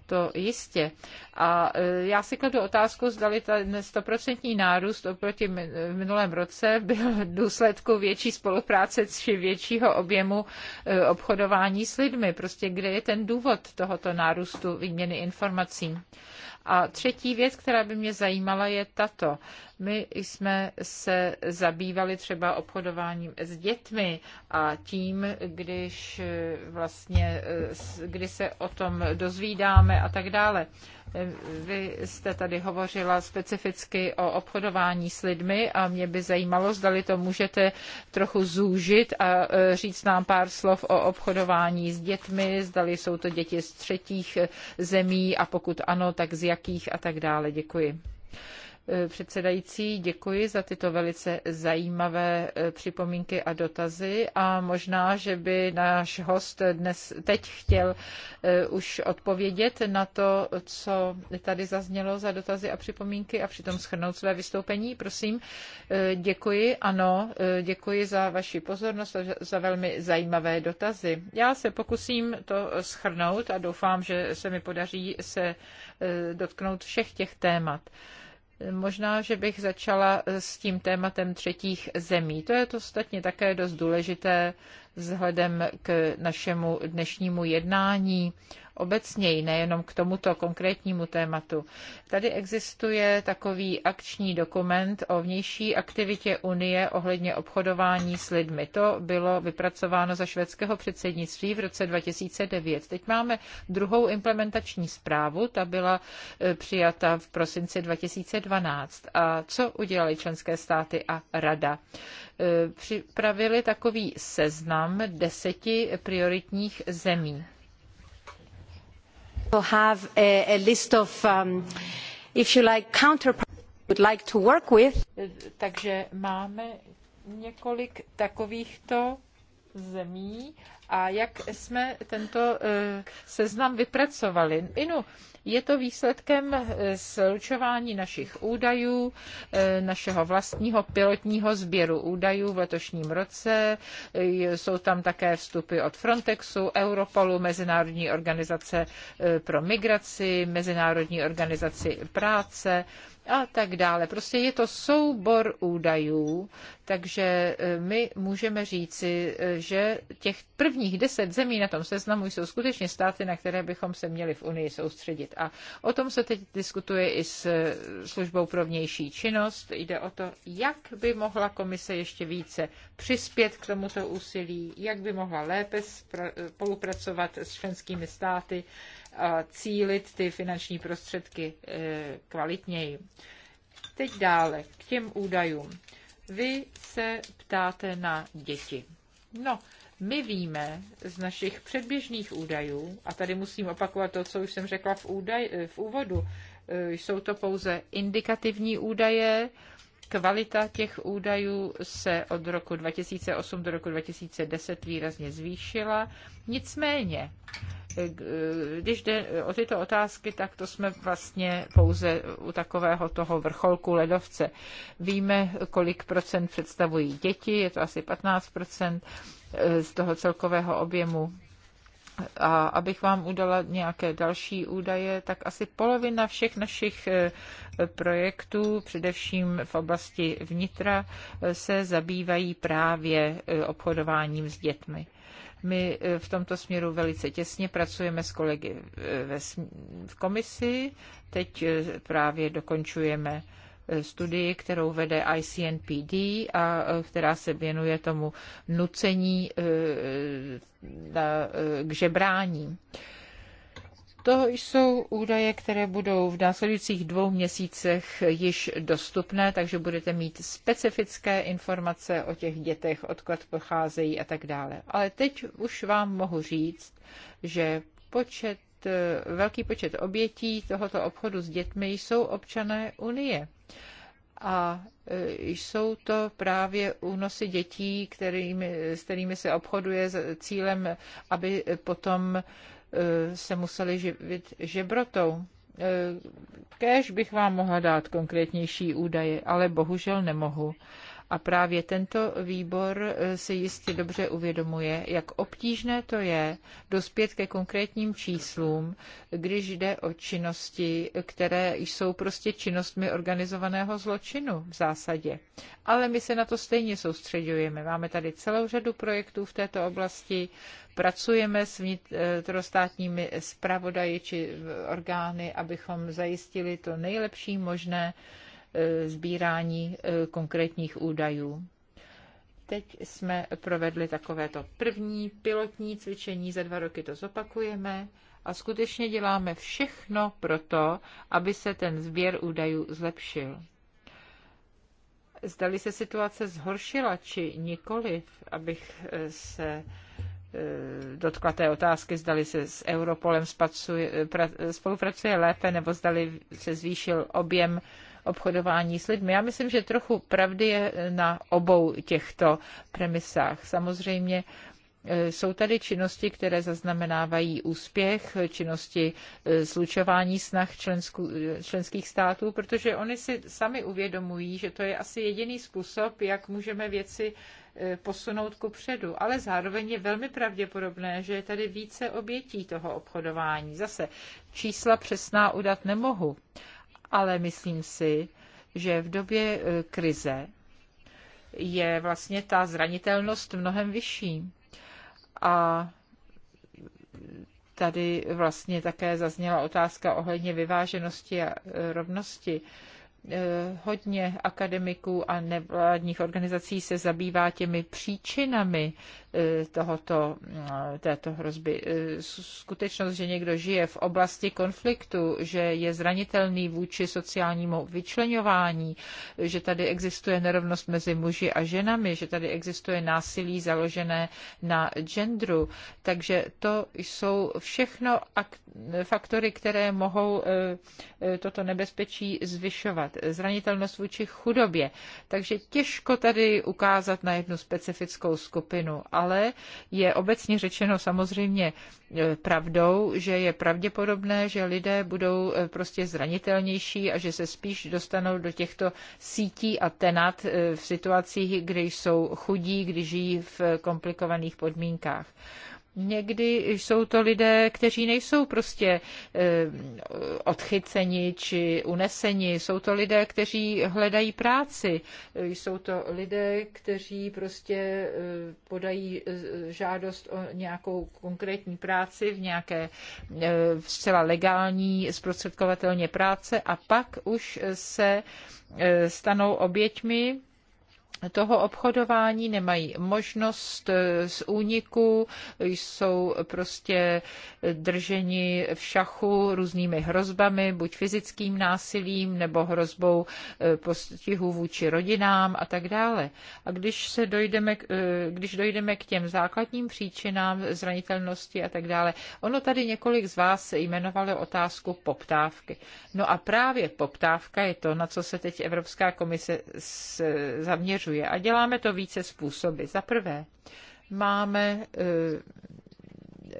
to jistě. A eh, já si kladu otázku, zdali ten stoprocentní nárůst oproti minulém roce byl v důsledku větší spolupráce či většího objemu obchodování s lidmi. Prostě kde je ten důvod tohoto nárůstu? výměny informací. A třetí věc, která by mě zajímala, je tato. My jsme se zabývali třeba obchodováním s dětmi a tím, když eh, vlastně, eh, kdy se o tom dozvídáme a tak dále. Eh, vy jste tady hovořila specificky o obchodování s lidmi a mě by zajímalo, zdali to můžete trochu zúžit a říct nám pár slov o obchodování s dětmi, zdali jsou to děti z třetích zemí a pokud ano, tak z jakých a tak dále. Děkuji. Eh, předsedající, děkuji za tyto velice zajímavé eh, připomínky a dotazy a možná, že by náš host dnes teď chtěl eh, už odpovědět na to, co tady zaznělo za dotazy a připomínky a přitom schrnout své vystoupení. Prosím, děkuji, ano, děkuji za vaši pozornost, za velmi zajímavé dotazy. Já se pokusím to schrnout a doufám, že se mi podaří se dotknout všech těch témat. Možná, že bych začala s tím tématem třetích zemí. To je to ostatně také dost důležité vzhledem k našemu dnešnímu jednání obecněji, nejenom k tomuto konkrétnímu tématu. Tady existuje takový akční dokument o vnější aktivitě Unie ohledně obchodování s lidmi. To bylo vypracováno za švédského předsednictví v roce 2009. Teď máme druhou implementační zprávu, ta byla e, přijata v prosinci 2012. A co udělali členské státy a rada? E, připravili takový seznam deseti prioritních zemí have a, a list of, um, if you like, counterparts would like to work with. Takže máme několik takovýchto zemí a jak jsme tento eh, seznam vypracovali. Inu, je to výsledkem eh, slučování našich údajů, eh, našeho vlastního pilotního sběru údajů v letošním roce. Jsou tam také vstupy od Frontexu, Europolu, Mezinárodní organizace pro migraci, Mezinárodní organizaci práce a tak dále. Prostě je to soubor údajů, takže my můžeme říci, že těch prvních prvních deset zemí na tom seznamu jsou skutečně státy, na které bychom se měli v Unii soustředit. A o tom se teď diskutuje i s eh, službou pro vnější činnost. Jde o to, jak by mohla komise ještě více přispět k tomuto úsilí, jak by mohla lépe spolupracovat s členskými státy a cílit ty finanční prostředky eh, kvalitněji. Teď dále k těm údajům. Vy se ptáte na děti. No, my víme z našich předběžných údajů, a tady musím opakovat to, co už jsem řekla v, údaj, v úvodu, eh, jsou to pouze indikativní údaje, kvalita těch údajů se od roku 2008 do roku 2010 výrazně zvýšila. Nicméně, eh, eh, když jde o tyto otázky, tak to jsme vlastně pouze u takového toho vrcholku ledovce. Víme, kolik procent představují děti, je to asi 15 procent, z toho celkového objemu. A abych vám udala nějaké další údaje, tak asi polovina všech našich e, projektů, především v oblasti vnitra, e, se zabývají právě e, obchodováním s dětmi. My v tomto směru velice těsně pracujeme s kolegy v komisi. Teď právě dokončujeme studii, kterou vede ICNPD a e, která se věnuje tomu nucení e, e, k žebrání. To jsou údaje, které budou v následujících dvou měsících již dostupné, takže budete mít specifické informace o těch dětech, odkud pocházejí a tak dále. Ale teď už vám mohu říct, že počet E, velký počet obětí tohoto obchodu s dětmi jsou občané Unie. A e, jsou to právě únosy dětí, kterými, s kterými se obchoduje s cílem, aby potom e, se museli živit žebrotou. Kéž bych vám mohla dát konkrétnější údaje, ale bohužel nemohu. A právě tento výbor eh, si jistě dobře uvědomuje, jak obtížné to je dospět ke konkrétním číslům, když jde o činnosti, které jsou prostě činnostmi organizovaného zločinu v zásadě. Ale my se na to stejně soustředujeme. Máme tady celou řadu projektů v této oblasti, pracujeme s vnitrostátními zpravodaji či orgány, abychom zajistili to nejlepší možné sbírání eh, konkrétních údajů. Teď jsme provedli takovéto první pilotní cvičení, za dva roky to zopakujeme a skutečně děláme všechno pro to, aby se ten sběr údajů zlepšil. Zdali se situace zhoršila či nikoliv, abych eh, se eh, dotkla té otázky, zdali se s Europolem spacuje, spolupracuje lépe, nebo zdali se zvýšil objem obchodování s lidmi. Já myslím, že trochu pravdy je na obou těchto premisách. Samozřejmě e, jsou tady činnosti, které zaznamenávají úspěch, činnosti e, slučování snah členskou, e, členských států, protože oni si sami uvědomují, že to je asi jediný způsob, jak můžeme věci posunout ku předu, ale zároveň je velmi pravděpodobné, že je tady více obětí toho obchodování. Zase čísla přesná udat nemohu, ale myslím si, že v době e, krize je vlastně ta zranitelnost mnohem vyšší. A tady vlastně také zazněla otázka ohledně vyváženosti a e, rovnosti. E, hodně akademiků a nevládních organizací se zabývá těmi příčinami Eh, tohoto, eh, této hrozby. Eh, skutečnost, že někdo žije v oblasti konfliktu, že je zranitelný vůči sociálnímu vyčlenování, že tady existuje nerovnost mezi muži a ženami, že tady existuje násilí založené na genderu. Takže to jsou všechno faktory, které mohou toto nebezpečí zvyšovat. Zranitelnost vůči chudobě. Takže těžko tady ukázat na jednu specifickou skupinu. A ale je obecně řečeno samozřejmě e, pravdou, že je pravděpodobné, že lidé budou e, prostě zranitelnější a že se spíš dostanou do těchto sítí a tenat e, v situacích, kde jsou chudí, kdy žijí v komplikovaných podmínkách. Někdy jsou to lidé, kteří nejsou prostě eh, odchyceni či uneseni. Jsou to lidé, kteří hledají práci. Jsou to lidé, kteří prostě eh, podají eh, žádost o nějakou konkrétní práci v nějaké zcela legální zprostředkovatelně práce a pak už se stanou oběťmi toho obchodování, nemají možnost eh, z úniku, jsou prostě drženi v šachu různými hrozbami, buď fyzickým násilím nebo hrozbou eh, postihu vůči rodinám a tak dále. A když, se dojdeme, eh, když dojdeme k těm základním příčinám zranitelnosti a tak dále, ono tady několik z vás jmenovalo otázku poptávky. No a právě poptávka je to, na co se teď Evropská komise zaměřuje angažuje. A děláme to více způsoby. Za prvé, máme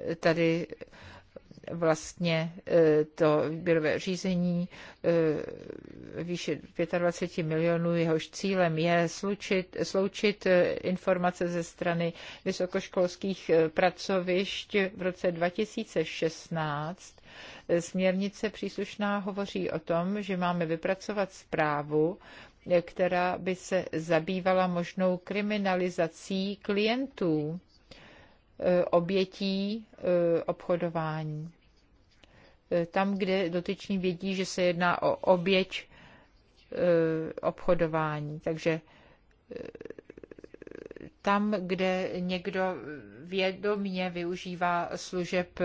eh, tady eh, vlastně eh, to výběrové řízení výše 25 milionů, jehož cílem je slučit, sloučit informace ze strany vysokoškolských pracovišť v roce 2016. Směrnice příslušná hovoří o tom, že máme vypracovat zprávu, která by se zabývala možnou kriminalizací klientů eh, obětí eh, obchodování. Eh, tam, kde dotyční vědí, že se jedná o oběť obchodování. Takže tam, kde někdo vědomně využívá služeb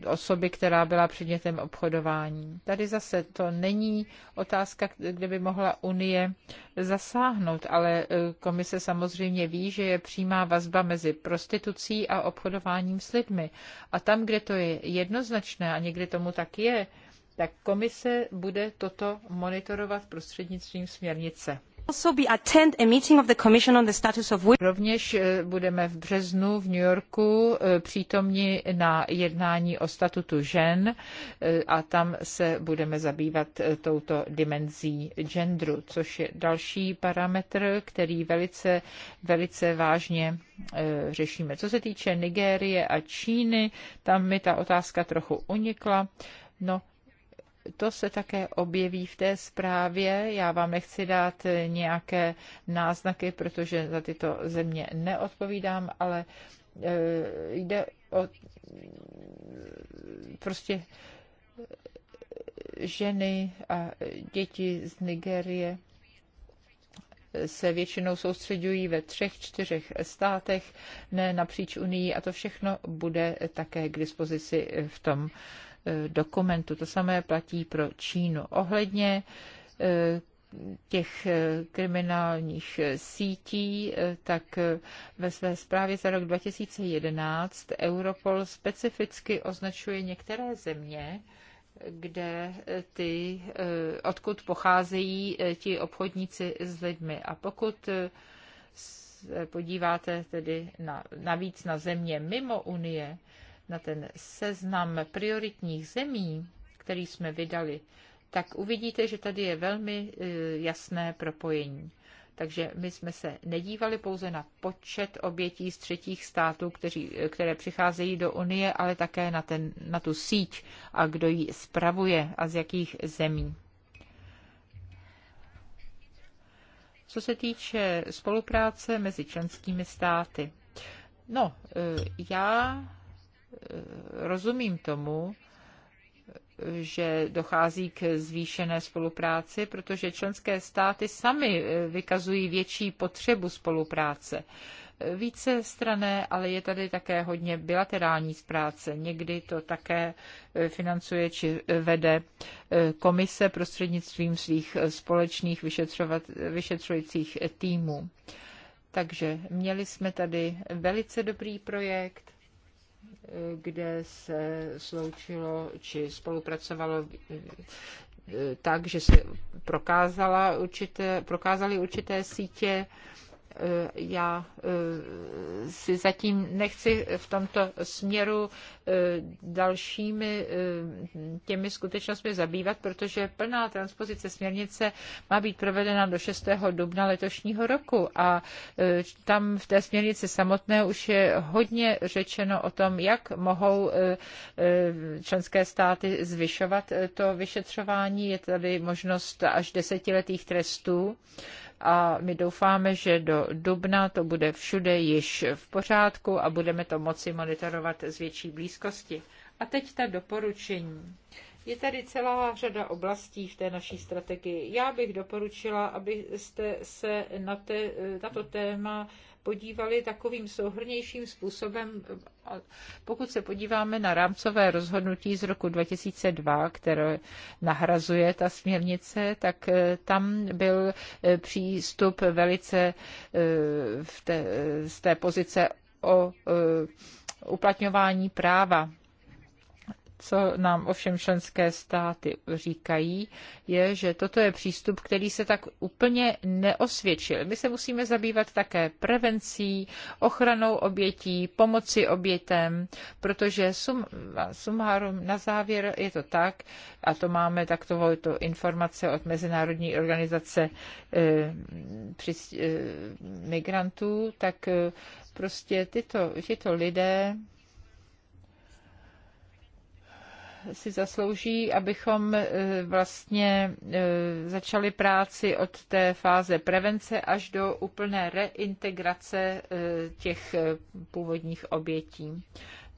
Eh, osoby, která byla předmětem obchodování. Tady zase to není otázka, kde by mohla Unie zasáhnout, ale eh, komise samozřejmě ví, že je přímá vazba mezi prostitucí a obchodováním s lidmi. A tam, kde to je jednoznačné a někde tomu tak je, tak komise bude toto monitorovat prostřednictvím směrnice. Rovněž budeme v březnu v New Yorku eh, přítomni na jednání o statutu žen eh, a tam se budeme zabývat eh, touto dimenzí genderu, což je další parametr, který velice, velice vážně řešíme. Co se týče Nigérie a Číny, tam mi ta otázka trochu unikla. No, to se také objeví v té zprávě. Já vám nechci dát nějaké náznaky, protože za tyto země neodpovídám, ale eh, jde o prostě eh, ženy a děti z Nigerie se většinou soustředují ve třech, čtyřech státech, ne napříč Unii a to všechno bude také k dispozici v tom Eh, dokumentu. To samé platí pro Čínu. Ohledně eh, těch eh, kriminálních sítí, tak ve své zprávě za rok 2011 Europol specificky označuje některé země, kde ty, odkud pocházejí ti obchodníci s lidmi. A pokud podíváte tedy na, navíc na země mimo Unie, na ten seznam prioritních zemí, který jsme vydali, tak uvidíte, že tady je velmi e, jasné propojení. Takže my jsme se nedívali pouze na počet obětí z třetích států, kteří, e, které přicházejí do Unie, ale také na, ten, na tu síť a kdo ji spravuje a z jakých zemí. Co se týče spolupráce mezi členskými státy, no, e, já rozumím tomu, že dochází k zvýšené spolupráci, protože členské státy sami eh, vykazují větší potřebu spolupráce. Eh, více strané, ale je tady také hodně bilaterální zpráce. Někdy to také eh, financuje či vede komise prostřednictvím svých společných vyšetřujících týmů. Takže měli jsme tady velice dobrý projekt, kde se sloučilo či spolupracovalo eh, tak, že se prokázala určité, prokázaly určité sítě. Eh, já eh, si zatím nechci v tomto směru Eh, dalšími eh, těmi skutečnostmi zabývat, protože plná transpozice směrnice má být provedena do 6. dubna letošního roku a eh, tam v té směrnici samotné už je hodně řečeno o tom, jak mohou členské státy zvyšovat to vyšetřování. Je tady možnost až desetiletých trestů a my doufáme, že do dubna to bude všude již v pořádku a budeme to moci monitorovat z větší blízkosti blízkosti. A teď ta doporučení. Je tady celá řada oblastí v té naší strategii. Já bych doporučila, abyste se na, te, na to téma podívali takovým souhrnějším způsobem, pokud se podíváme na rámcové rozhodnutí z roku 2002, které nahrazuje ta směrnice, tak eh, tam byl eh, přístup velice eh, v té, z té pozice o uplatňování práva. Co nám ovšem členské státy říkají, je, že toto je přístup, který se tak úplně neosvědčil. My se musíme zabývat také prevencí, ochranou obětí, pomoci obětem, protože sum, sumárum na závěr je to tak, a to máme takto to informace od Mezinárodní organizace e, při, e, migrantů, tak e, Prostě tyto, tyto lidé si zaslouží, abychom e, vlastně e, začali práci od té fáze prevence až do úplné reintegrace e, těch původních obětí.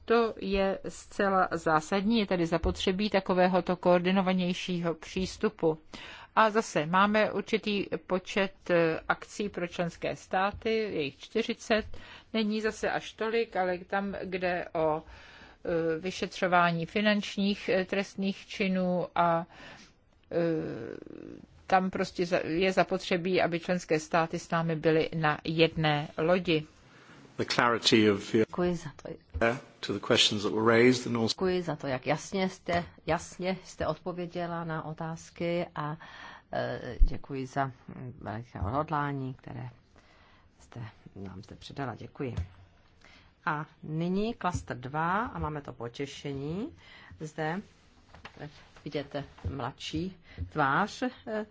To je zcela zásadní, je tedy zapotřebí takovéhoto koordinovanějšího přístupu. A zase máme určitý počet e, akcí pro členské státy, jejich 40, není zase až tolik, ale tam, kde o e, vyšetřování finančních e, trestných činů a tam prostě je zapotřebí, aby členské státy s námi byly na jedné lodi. Děkuji za to. Děkuji za to, jak jasně jste, jasně jste odpověděla na otázky a Eh, děkuji za veliké odhodlání, které jste nám zde předala. Děkuji. A nyní klaster 2 a máme to potěšení. Zde vidíte mladší tvář eh,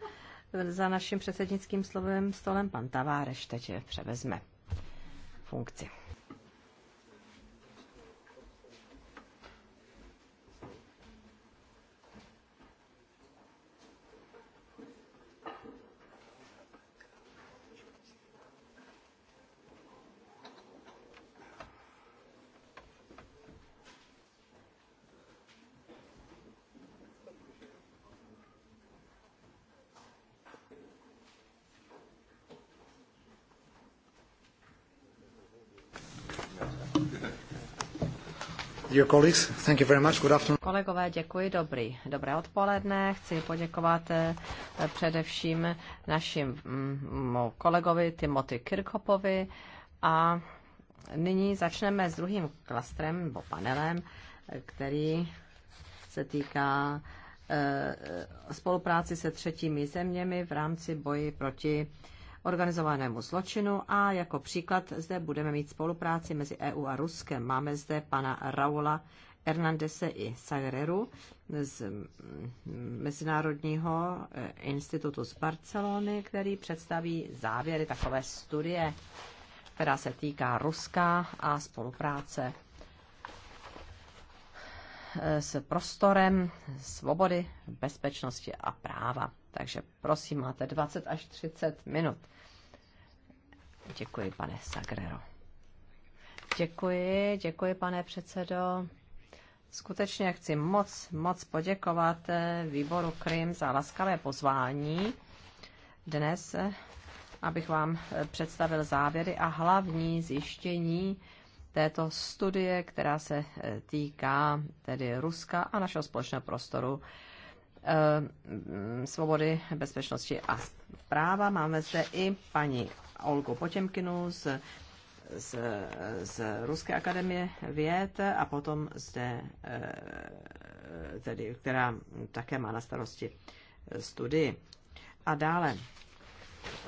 za naším předsednickým slovem stolem. Pan Taváreš teď převezme funkci. Kolegové, děkuji, dobrý, dobré odpoledne. Chci poděkovat eh, především našim mm, kolegovi Timothy Kirkopovi a nyní začneme s druhým klastrem nebo panelem, který se týká eh, spolupráci se třetími zeměmi v rámci boji proti organizovanému zločinu a jako příklad zde budeme mít spolupráci mezi EU a Ruskem. Máme zde pana Raula Hernandese i Sagreru z Mezinárodního eh, institutu z Barcelony, který představí závěry takové studie, která se týká Ruska a spolupráce eh, s prostorem svobody, bezpečnosti a práva. Takže prosím, máte 20 až 30 minut. Děkuji, pane Sagrero. Děkuji, děkuji, pane předsedo. Skutečně chci moc, moc poděkovat eh, výboru Krim za laskavé pozvání dnes, abych vám eh, představil závěry a hlavní zjištění této studie, která se eh, týká tedy Ruska a našeho společného prostoru Eh, svobody, bezpečnosti a práva. Máme zde i paní Olgu Potěmkinu z, z, z Ruské akademie věd a potom zde, eh, tedy, která také má na starosti eh, studii. A dále.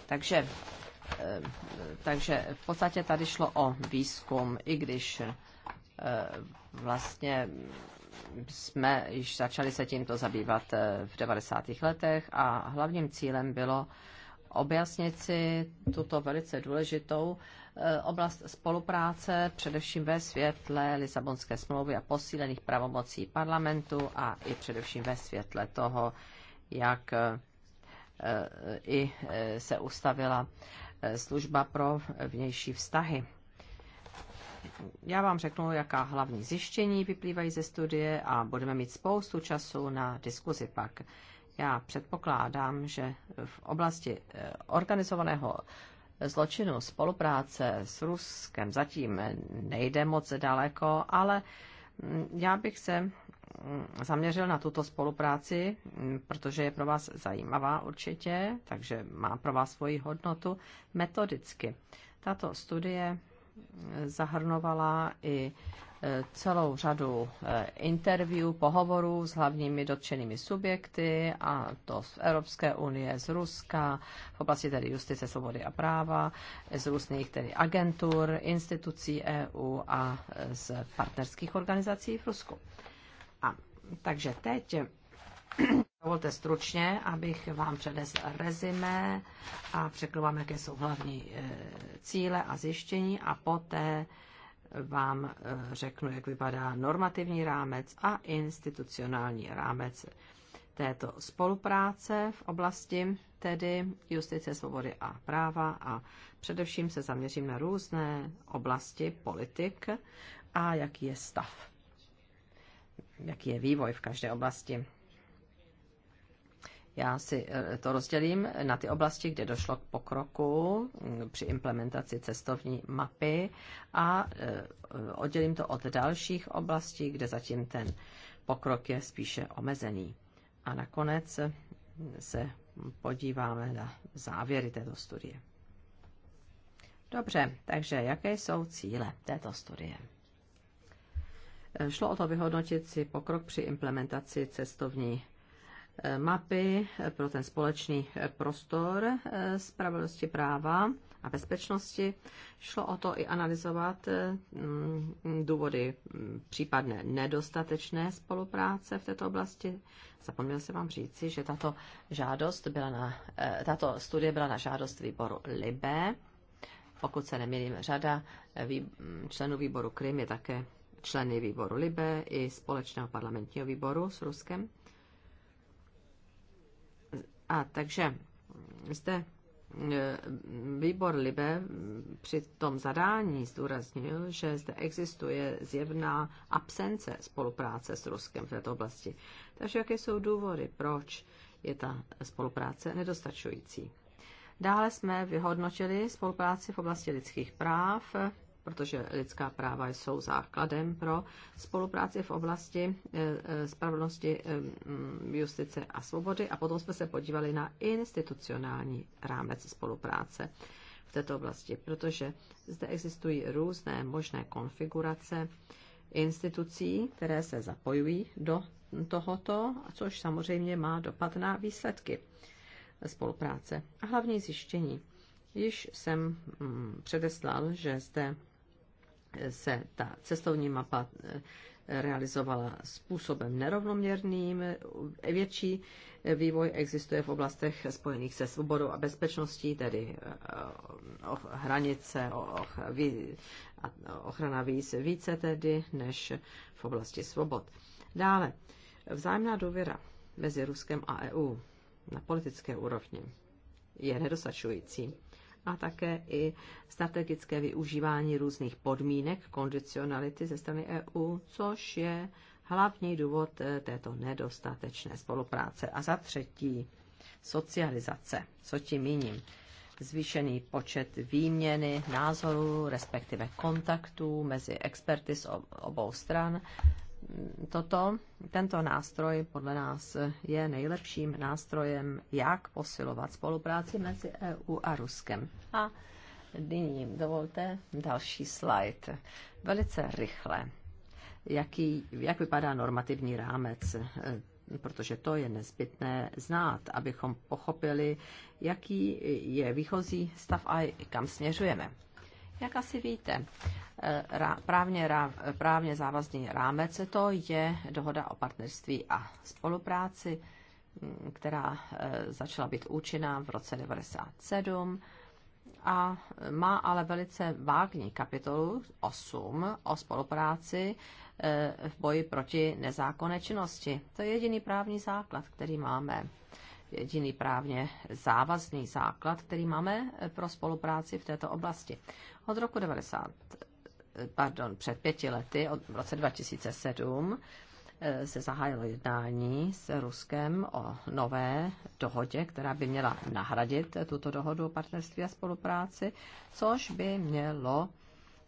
Takže, takže v podstatě tady šlo o výzkum, i když vlastně jsme již začali se tímto zabývat eh, v 90. letech a hlavním cílem bylo objasnit si tuto velice důležitou eh, oblast spolupráce, především ve světle Lisabonské smlouvy a posílených pravomocí parlamentu a i především ve světle toho, jak eh, i se ustavila služba pro vnější vztahy já vám řeknu, jaká hlavní zjištění vyplývají ze studie a budeme mít spoustu času na diskuzi pak. Já předpokládám, že v oblasti eh, organizovaného eh, zločinu spolupráce s Ruskem zatím nejde moc daleko, ale mm, já bych se mm, zaměřil na tuto spolupráci, mm, protože je pro vás zajímavá určitě, takže má pro vás svoji hodnotu metodicky. Tato studie zahrnovala i e, celou řadu e, interview, pohovorů s hlavními dotčenými subjekty, a to z Evropské unie, z Ruska, v oblasti tedy justice, svobody a práva, z různých tedy agentur, institucí EU a e, z partnerských organizací v Rusku. A takže teď Dovolte stručně, abych vám předesl rezime a řekl vám, jaké jsou hlavní eh, cíle a zjištění a poté vám eh, řeknu, jak vypadá normativní rámec a institucionální rámec této spolupráce v oblasti tedy justice, svobody a práva a především se zaměřím na různé oblasti politik a jaký je stav, jaký je vývoj v každé oblasti. Já si eh, to rozdělím na ty oblasti, kde došlo k pokroku mm, při implementaci cestovní mapy a eh, oddělím to od dalších oblastí, kde zatím ten pokrok je spíše omezený. A nakonec eh, se podíváme na závěry této studie. Dobře, takže jaké jsou cíle této studie? Šlo o to vyhodnotit si pokrok při implementaci cestovní Eh, mapy eh, pro ten společný eh, prostor spravedlnosti práva a bezpečnosti. Šlo o to i analyzovat mm, důvody mm, případné nedostatečné spolupráce v této oblasti. Zapomněl jsem vám říci, že tato, žádost byla na, tato studie byla na žádost výboru LIBE. Pokud se nemělím, řada mm, členů výboru Krym je také členy výboru LIBE i společného parlamentního výboru s Ruskem. A takže mm, zde mm, výbor Libe při tom zadání zdůraznil, že zde existuje zjevná absence spolupráce s Ruskem v této oblasti. Takže jaké jsou důvody, proč je ta spolupráce nedostačující? Dále jsme vyhodnotili spolupráci v oblasti lidských práv protože lidská práva jsou základem pro spolupráci v oblasti eh, eh, spravedlnosti, eh, justice a svobody. A potom jsme se podívali na institucionální rámec spolupráce v této oblasti, protože zde existují různé možné konfigurace institucí, které se zapojují do tohoto, což samozřejmě má dopad na výsledky spolupráce. A hlavní zjištění. Již jsem mm, předeslal, že zde se ta cestovní mapa eh, realizovala způsobem nerovnoměrným. Větší eh, vývoj existuje v oblastech spojených se svobodou a bezpečností, tedy eh, hranice, ochrana víc, více tedy, než v oblasti svobod. Dále, vzájemná důvěra mezi Ruskem a EU na politické úrovni je nedostačující a také i strategické využívání různých podmínek kondicionality ze strany EU, což je hlavní důvod eh, této nedostatečné spolupráce. A za třetí, socializace. Co tím míním? Zvýšený počet výměny názorů, respektive kontaktů mezi experty z obou stran toto, tento nástroj podle nás je nejlepším nástrojem, jak posilovat spolupráci mezi EU a Ruskem. A nyní dovolte další slide. Velice rychle. Jaký, jak vypadá normativní rámec protože to je nezbytné znát, abychom pochopili, jaký je výchozí stav a kam směřujeme. Jak asi víte, eh, právně, právně závazný rámec to je dohoda o partnerství a spolupráci, mm, která eh, začala být účinná v roce 1997 a má ale velice vágní kapitolu 8 o spolupráci eh, v boji proti nezákonné činnosti. To je jediný právní základ, který máme. Jediný právně závazný základ, který máme pro spolupráci v této oblasti. Od roku 90, pardon, před pěti lety, od, v roce 2007, eh, se zahájilo jednání s Ruskem o nové dohodě, která by měla nahradit tuto dohodu o partnerství a spolupráci, což by mělo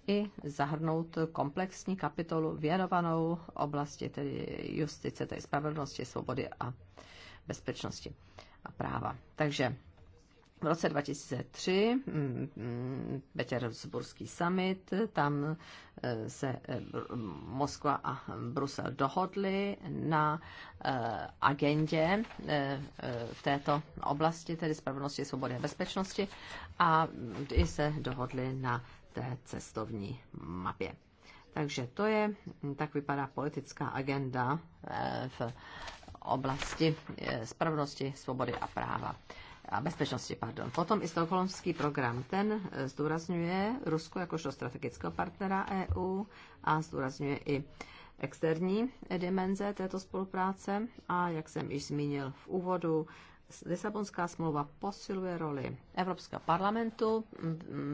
i zahrnout komplexní kapitolu věnovanou oblasti tedy justice, tedy spravedlnosti, svobody a bezpečnosti a práva. Takže v roce 2003 mm, mm, Petersburský summit, tam e, se e, Moskva a Brusel dohodli na e, agendě v této oblasti, tedy spravedlnosti, svobody a bezpečnosti, a i se dohodli na té cestovní mapě. Takže to je, mm, tak vypadá politická agenda v oblasti spravedlnosti, svobody a práva a bezpečnosti, pardon. Potom i stokholmský program, ten eh, zdůrazňuje Rusko jakožto strategického partnera EU a zdůrazňuje i externí dimenze této spolupráce a jak jsem již zmínil v úvodu, Lisabonská smlouva posiluje roli Evropského parlamentu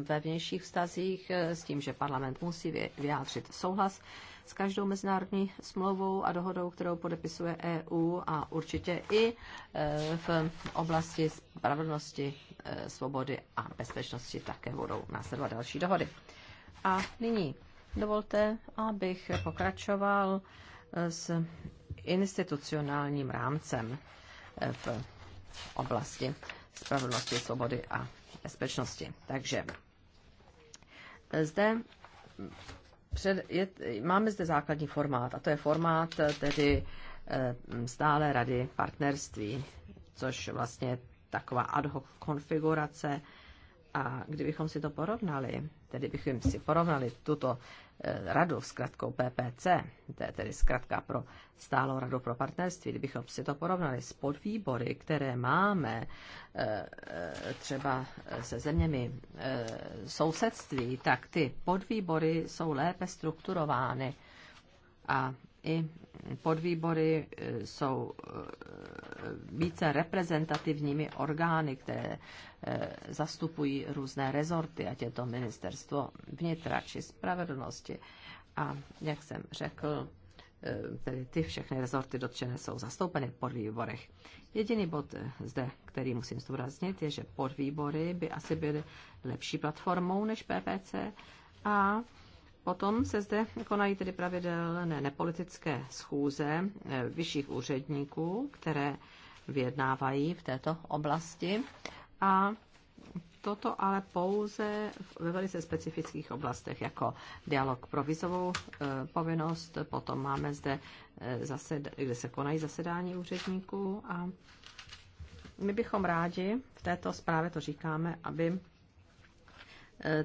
ve vnějších vztazích eh, s tím, že parlament musí vyjádřit souhlas s každou mezinárodní smlouvou a dohodou, kterou podepisuje EU a určitě i eh, v oblasti spravedlnosti, eh, svobody a bezpečnosti také budou následovat další dohody. A nyní dovolte, abych pokračoval s institucionálním rámcem v oblasti spravedlnosti, svobody a bezpečnosti. Takže zde před, je, máme zde základní formát, a to je formát eh, tedy eh, stále rady partnerství, což vlastně taková ad hoc konfigurace. A kdybychom si to porovnali tedy bychom si porovnali tuto eh, radu s kratkou PPC, to je tedy zkratka pro stálou radu pro partnerství, kdybychom si to porovnali s podvýbory, které máme eh, eh, třeba se zeměmi sousedství, tak ty podvýbory jsou lépe strukturovány a i podvýbory eh, jsou eh, více reprezentativními orgány, které eh, zastupují různé rezorty, ať je to ministerstvo vnitra či spravedlnosti. A jak jsem řekl, tedy ty všechny rezorty dotčené jsou zastoupeny v podvýborech. Jediný bod zde, který musím zdůraznit, je, že podvýbory by asi byly lepší platformou než PPC a Potom se zde konají tedy pravidelné nepolitické schůze eh, vyšších úředníků, které vyjednávají v této oblasti. A toto ale pouze ve velice specifických oblastech, jako dialog pro vizovou eh, povinnost, potom máme zde, eh, zased, kde se konají zasedání úředníků a my bychom rádi, v této zprávě to říkáme, aby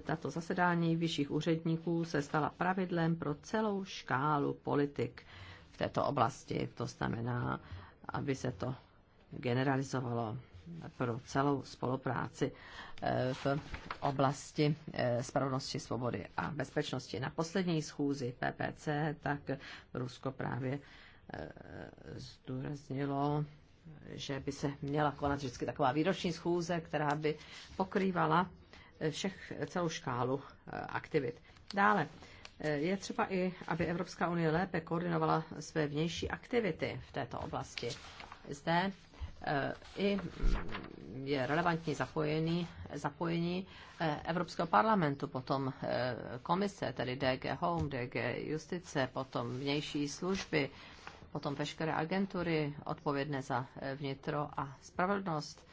tato zasedání vyšších úředníků se stala pravidlem pro celou škálu politik v této oblasti. To znamená, aby se to generalizovalo pro celou spolupráci eh, v oblasti eh, spravedlnosti, svobody a bezpečnosti. Na poslední schůzi PPC tak Rusko právě eh, zdůraznilo, že by se měla konat vždycky taková výroční schůze, která by pokrývala všech, celou škálu eh, aktivit. Dále eh, je třeba i, aby Evropská unie lépe koordinovala své vnější aktivity v této oblasti. Zde eh, i mm, je relevantní zapojení, zapojení Evropského parlamentu, potom komise, tedy DG Home, DG Justice, potom vnější služby, potom veškeré agentury odpovědné za vnitro a spravedlnost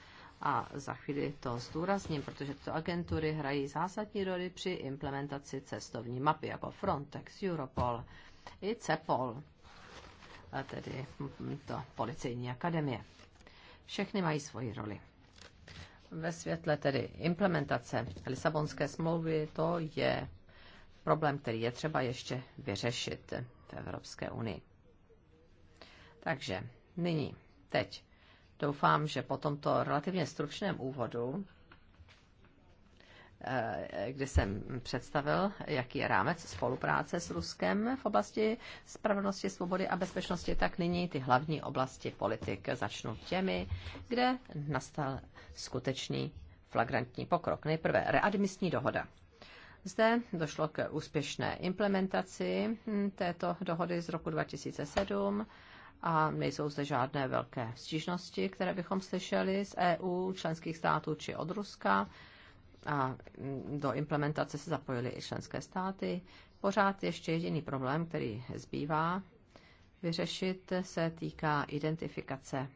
a za chvíli to zdůrazním, protože tyto agentury hrají zásadní roli při implementaci cestovní mapy jako Frontex, Europol i CEPOL, a tedy to policejní akademie. Všechny mají svoji roli. Ve světle tedy implementace Lisabonské smlouvy to je problém, který je třeba ještě vyřešit v Evropské unii. Takže nyní, teď Doufám, že po tomto relativně stručném úvodu, eh, kdy jsem představil, jaký je rámec spolupráce s Ruskem v oblasti spravedlnosti, svobody a bezpečnosti, tak nyní ty hlavní oblasti politik začnu těmi, kde nastal skutečný flagrantní pokrok. Nejprve readmisní dohoda. Zde došlo k úspěšné implementaci hm, této dohody z roku 2007 a nejsou zde žádné velké stížnosti, které bychom slyšeli z EU, členských států či od Ruska. A do implementace se zapojily i členské státy. Pořád ještě jediný problém, který zbývá vyřešit, se týká identifikace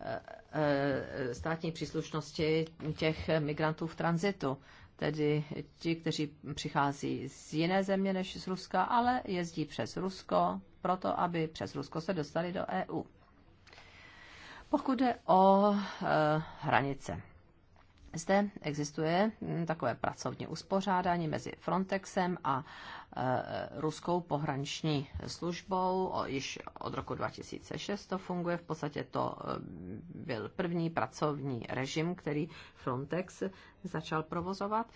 e, e, státní příslušnosti těch migrantů v tranzitu tedy ti, kteří přichází z jiné země než z Ruska, ale jezdí přes Rusko, proto aby přes Rusko se dostali do EU. Pokud jde o e, hranice, zde existuje mm, takové pracovní uspořádání mezi Frontexem a e, ruskou pohraniční službou. O, již od roku 2006 to funguje. V podstatě to e, byl první pracovní režim, který Frontex začal provozovat.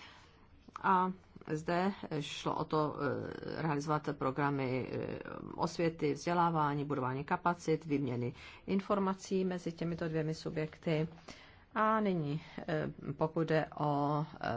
A zde šlo o to e, realizovat programy osvěty, vzdělávání, budování kapacit, výměny informací mezi těmito dvěmi subjekty. A nyní, eh, pokud jde o eh,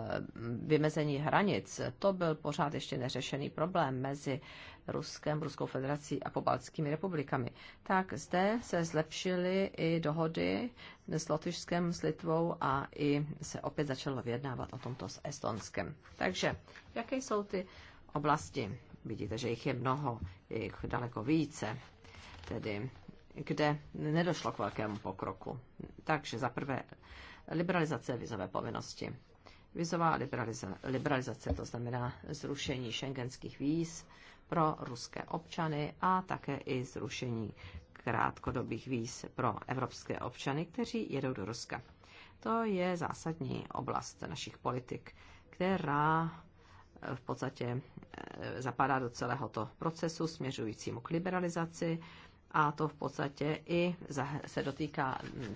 vymezení hranic, to byl pořád ještě neřešený problém mezi Ruskem, Ruskou federací a pobaltskými republikami. Tak zde se zlepšily i dohody s Lotyšskem, s Litvou a i se opět začalo vyjednávat o tomto s Estonskem. Takže jaké jsou ty oblasti? Vidíte, že jich je mnoho, je jich daleko více. Tedy kde nedošlo k velkému pokroku. Takže za prvé liberalizace vizové povinnosti. Vizová liberaliza- liberalizace, to znamená zrušení šengenských víz pro ruské občany a také i zrušení krátkodobých víz pro evropské občany, kteří jedou do Ruska. To je zásadní oblast našich politik, která eh, v podstatě eh, zapadá do celého toho procesu směřujícímu k liberalizaci a to v podstatě i se dotýká mm,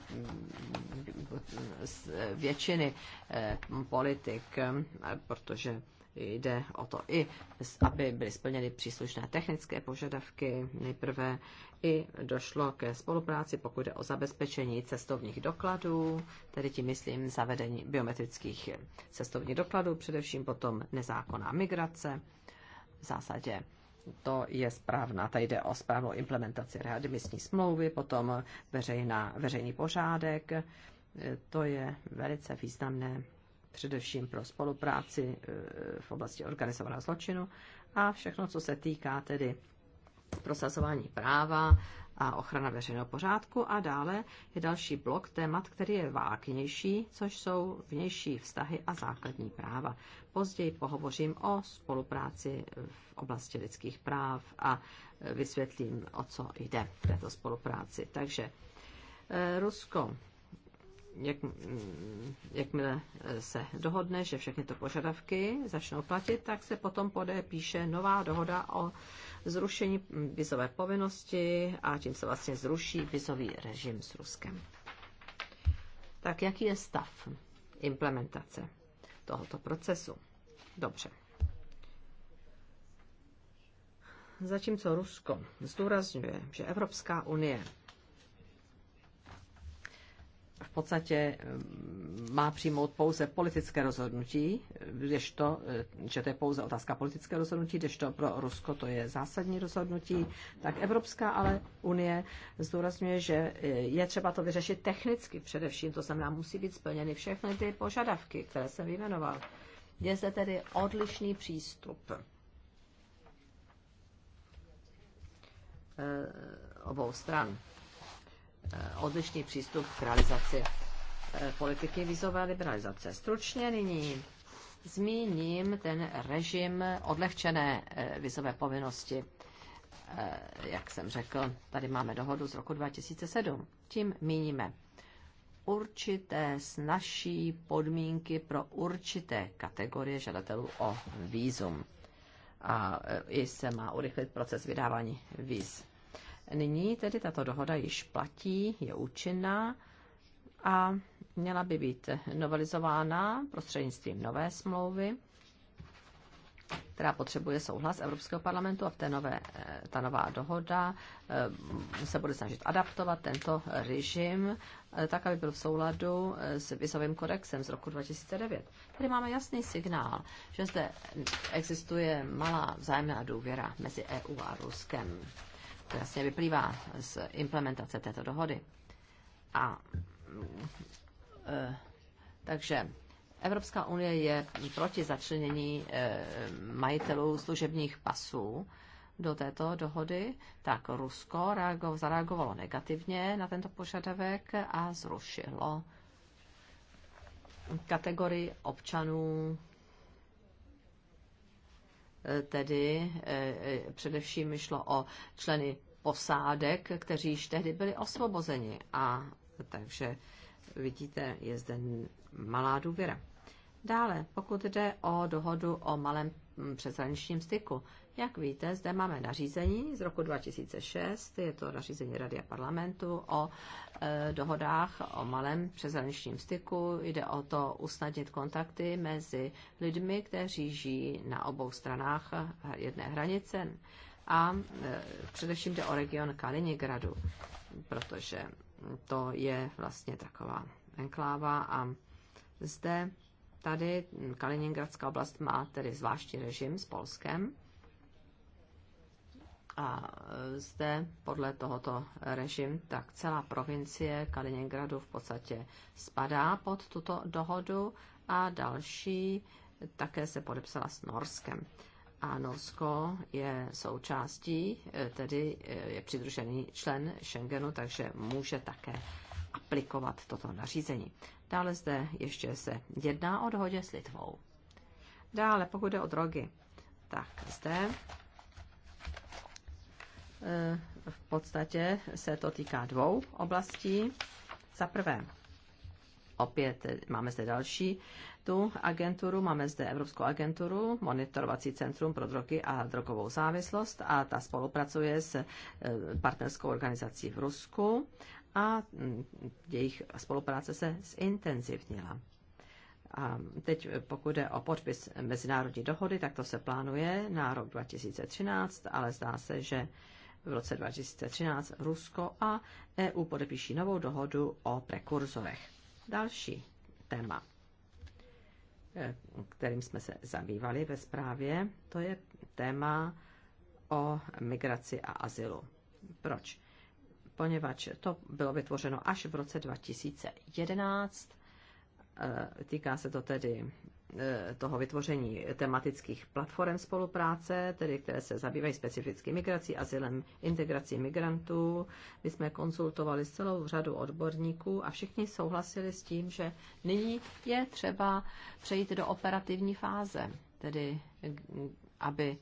většiny eh, politik, protože jde o to i, aby byly splněny příslušné technické požadavky. Nejprve i došlo ke spolupráci, pokud jde o zabezpečení cestovních dokladů, tedy tím myslím zavedení biometrických cestovních dokladů, především potom nezákonná migrace. V zásadě to je správná, tady jde o správnou implementaci readmisní smlouvy, potom veřejná, veřejný pořádek, to je velice významné především pro spolupráci eh, v oblasti organizovaného zločinu a všechno, co se týká tedy prosazování práva a ochrana veřejného pořádku. A dále je další blok témat, který je vágnější, což jsou vnější vztahy a základní práva. Později pohovořím o spolupráci v oblasti lidských práv a e, vysvětlím, o co jde v této spolupráci. Takže e, Rusko, jak, mm, jakmile e, se dohodne, že všechny ty požadavky začnou platit, tak se potom podepíše nová dohoda o zrušení vizové povinnosti a tím se vlastně zruší vizový režim s Ruskem. Tak jaký je stav implementace tohoto procesu? Dobře. zatímco Rusko zdůrazňuje, že Evropská unie v podstatě mm, má přijmout pouze politické rozhodnutí, to, eh, že to je pouze otázka politické rozhodnutí, to, pro Rusko to je zásadní rozhodnutí, tak Evropská ale unie zdůrazňuje, že eh, je třeba to vyřešit technicky především, to znamená, musí být splněny všechny ty požadavky, které jsem vyjmenoval. Je zde tedy odlišný přístup Eh, obou stran eh, odlišný přístup k realizaci eh, politiky vízové liberalizace. Stručně nyní zmíním ten režim odlehčené vizové povinnosti. Jak jsem řekl, tady máme dohodu z roku 2007. Tím míníme určité snažší podmínky pro určité kategorie žadatelů o výzum a e, i se má urychlit proces vydávání víz. Nyní tedy tato dohoda již platí, je účinná a měla by být novelizována prostřednictvím nové smlouvy která potřebuje souhlas Evropského parlamentu a v té nové, eh, ta nová dohoda eh, se bude snažit adaptovat tento režim eh, tak, aby byl v souladu s vizovým kodexem z roku 2009. Tady máme jasný signál, že zde existuje malá vzájemná důvěra mezi EU a Ruskem. To jasně vyplývá z implementace této dohody. A takže Evropská unie je proti začlenění eh, majitelů služebních pasů do této dohody, tak Rusko reago- zareagovalo negativně na tento požadavek a zrušilo kategorii občanů, eh, tedy eh, především šlo o členy posádek, kteří již tehdy byli osvobozeni. A takže vidíte, je zde malá důvěra. Dále, pokud jde o dohodu o malém mm, přeshraničním styku, jak víte, zde máme nařízení z roku 2006, je to nařízení Rady a parlamentu o e, dohodách o malém přeshraničním styku. Jde o to usnadnit kontakty mezi lidmi, kteří žijí na obou stranách jedné hranice a e, především jde o region Kaliningradu, protože to je vlastně taková enkláva a zde tady Kaliningradská oblast má tedy zvláštní režim s Polskem. A e, zde podle tohoto režim, tak celá provincie Kaliningradu v podstatě spadá pod tuto dohodu a další také se podepsala s Norskem. A Norsko je součástí, e, tedy e, je přidružený člen Schengenu, takže může také aplikovat toto nařízení. Dále zde ještě se jedná o dohodě s Litvou. Dále, pokud jde o drogy, tak zde eh, v podstatě se to týká dvou oblastí. Za prvé, opět máme zde další tu agenturu, máme zde Evropskou agenturu, monitorovací centrum pro drogy a drogovou závislost a ta spolupracuje s eh, partnerskou organizací v Rusku a jejich spolupráce se zintenzivnila. A teď pokud jde o podpis mezinárodní dohody, tak to se plánuje na rok 2013, ale zdá se, že v roce 2013 Rusko a EU podepíší novou dohodu o prekurzorech. Další téma, eh, kterým jsme se zabývali ve zprávě, to je téma o migraci a azylu. Proč? poněvadž to bylo vytvořeno až v roce 2011. Eh, týká se to tedy eh, toho vytvoření tematických platform spolupráce, tedy které se zabývají specificky migrací, azylem, integrací migrantů. My jsme konzultovali celou řadu odborníků a všichni souhlasili s tím, že nyní je třeba přejít do operativní fáze, tedy eh, aby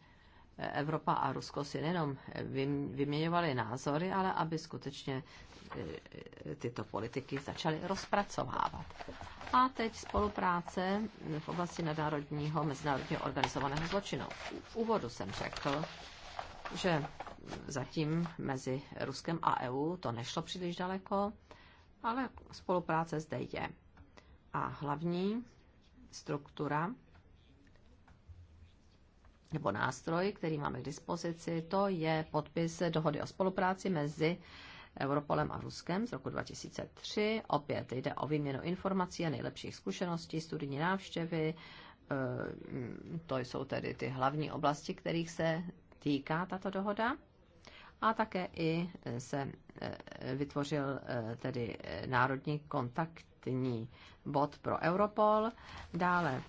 Evropa a Rusko si nejenom vyměňovali názory, ale aby skutečně e, e, tyto politiky začaly rozpracovávat. A teď spolupráce v oblasti nadárodního mezinárodně organizovaného zločinu. V úvodu jsem řekl, že zatím mezi Ruskem a EU to nešlo příliš daleko, ale spolupráce zde je. A hlavní struktura nebo nástroj, který máme k dispozici, to je podpis dohody o spolupráci mezi Europolem a Ruskem z roku 2003. Opět jde o výměnu informací a nejlepších zkušeností, studijní návštěvy. E, to jsou tedy ty hlavní oblasti, kterých se týká tato dohoda. A také i se e, vytvořil e, tedy národní kontakt kontaktní bod pro Europol. Dále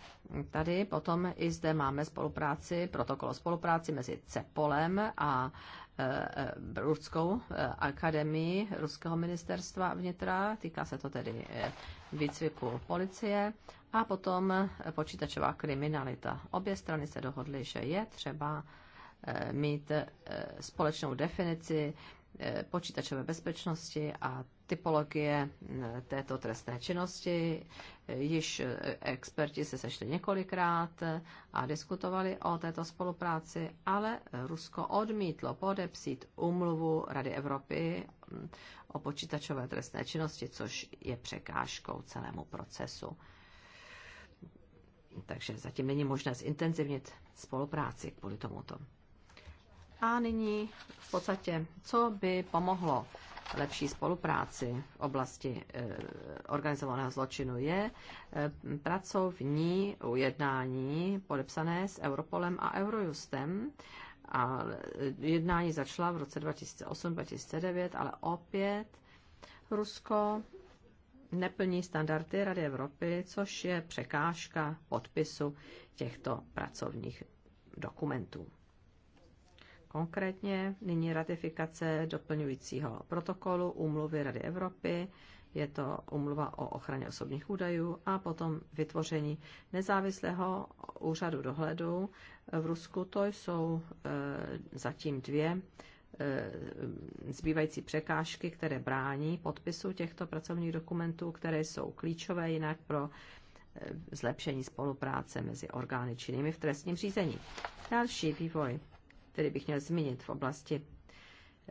tady potom i zde máme spolupráci, protokol o spolupráci mezi CEPOLem a eh, eh, Ruskou eh, akademii Ruského ministerstva vnitra, týká se to tedy výcviku policie a potom počítačová kriminalita. Obě strany se dohodly, že je třeba mít společnou definici počítačové bezpečnosti a typologie eh, této trestné činnosti. Již eh, experti se sešli několikrát eh, a diskutovali o této spolupráci, ale Rusko odmítlo podepsít umluvu Rady Evropy mm, o počítačové trestné činnosti, což je překážkou celému procesu. Takže zatím není možné zintenzivnit spolupráci kvůli tomuto. A nyní v podstatě, co by pomohlo lepší spolupráci v oblasti eh, organizovaného zločinu je eh, pracovní ujednání podepsané s Europolem a Eurojustem. A eh, jednání začala v roce 2008-2009, ale opět Rusko neplní standardy Rady Evropy, což je překážka podpisu těchto pracovních dokumentů. Konkrétně nyní ratifikace doplňujícího protokolu úmluvy Rady Evropy, je to Úmluva o ochraně osobních údajů a potom vytvoření nezávislého úřadu dohledu v Rusku. To jsou e, zatím dvě e, zbývající překážky, které brání podpisu těchto pracovních dokumentů, které jsou klíčové jinak pro e, zlepšení spolupráce mezi orgány činnými v trestním řízení. Další vývoj který bych měl zmínit v oblasti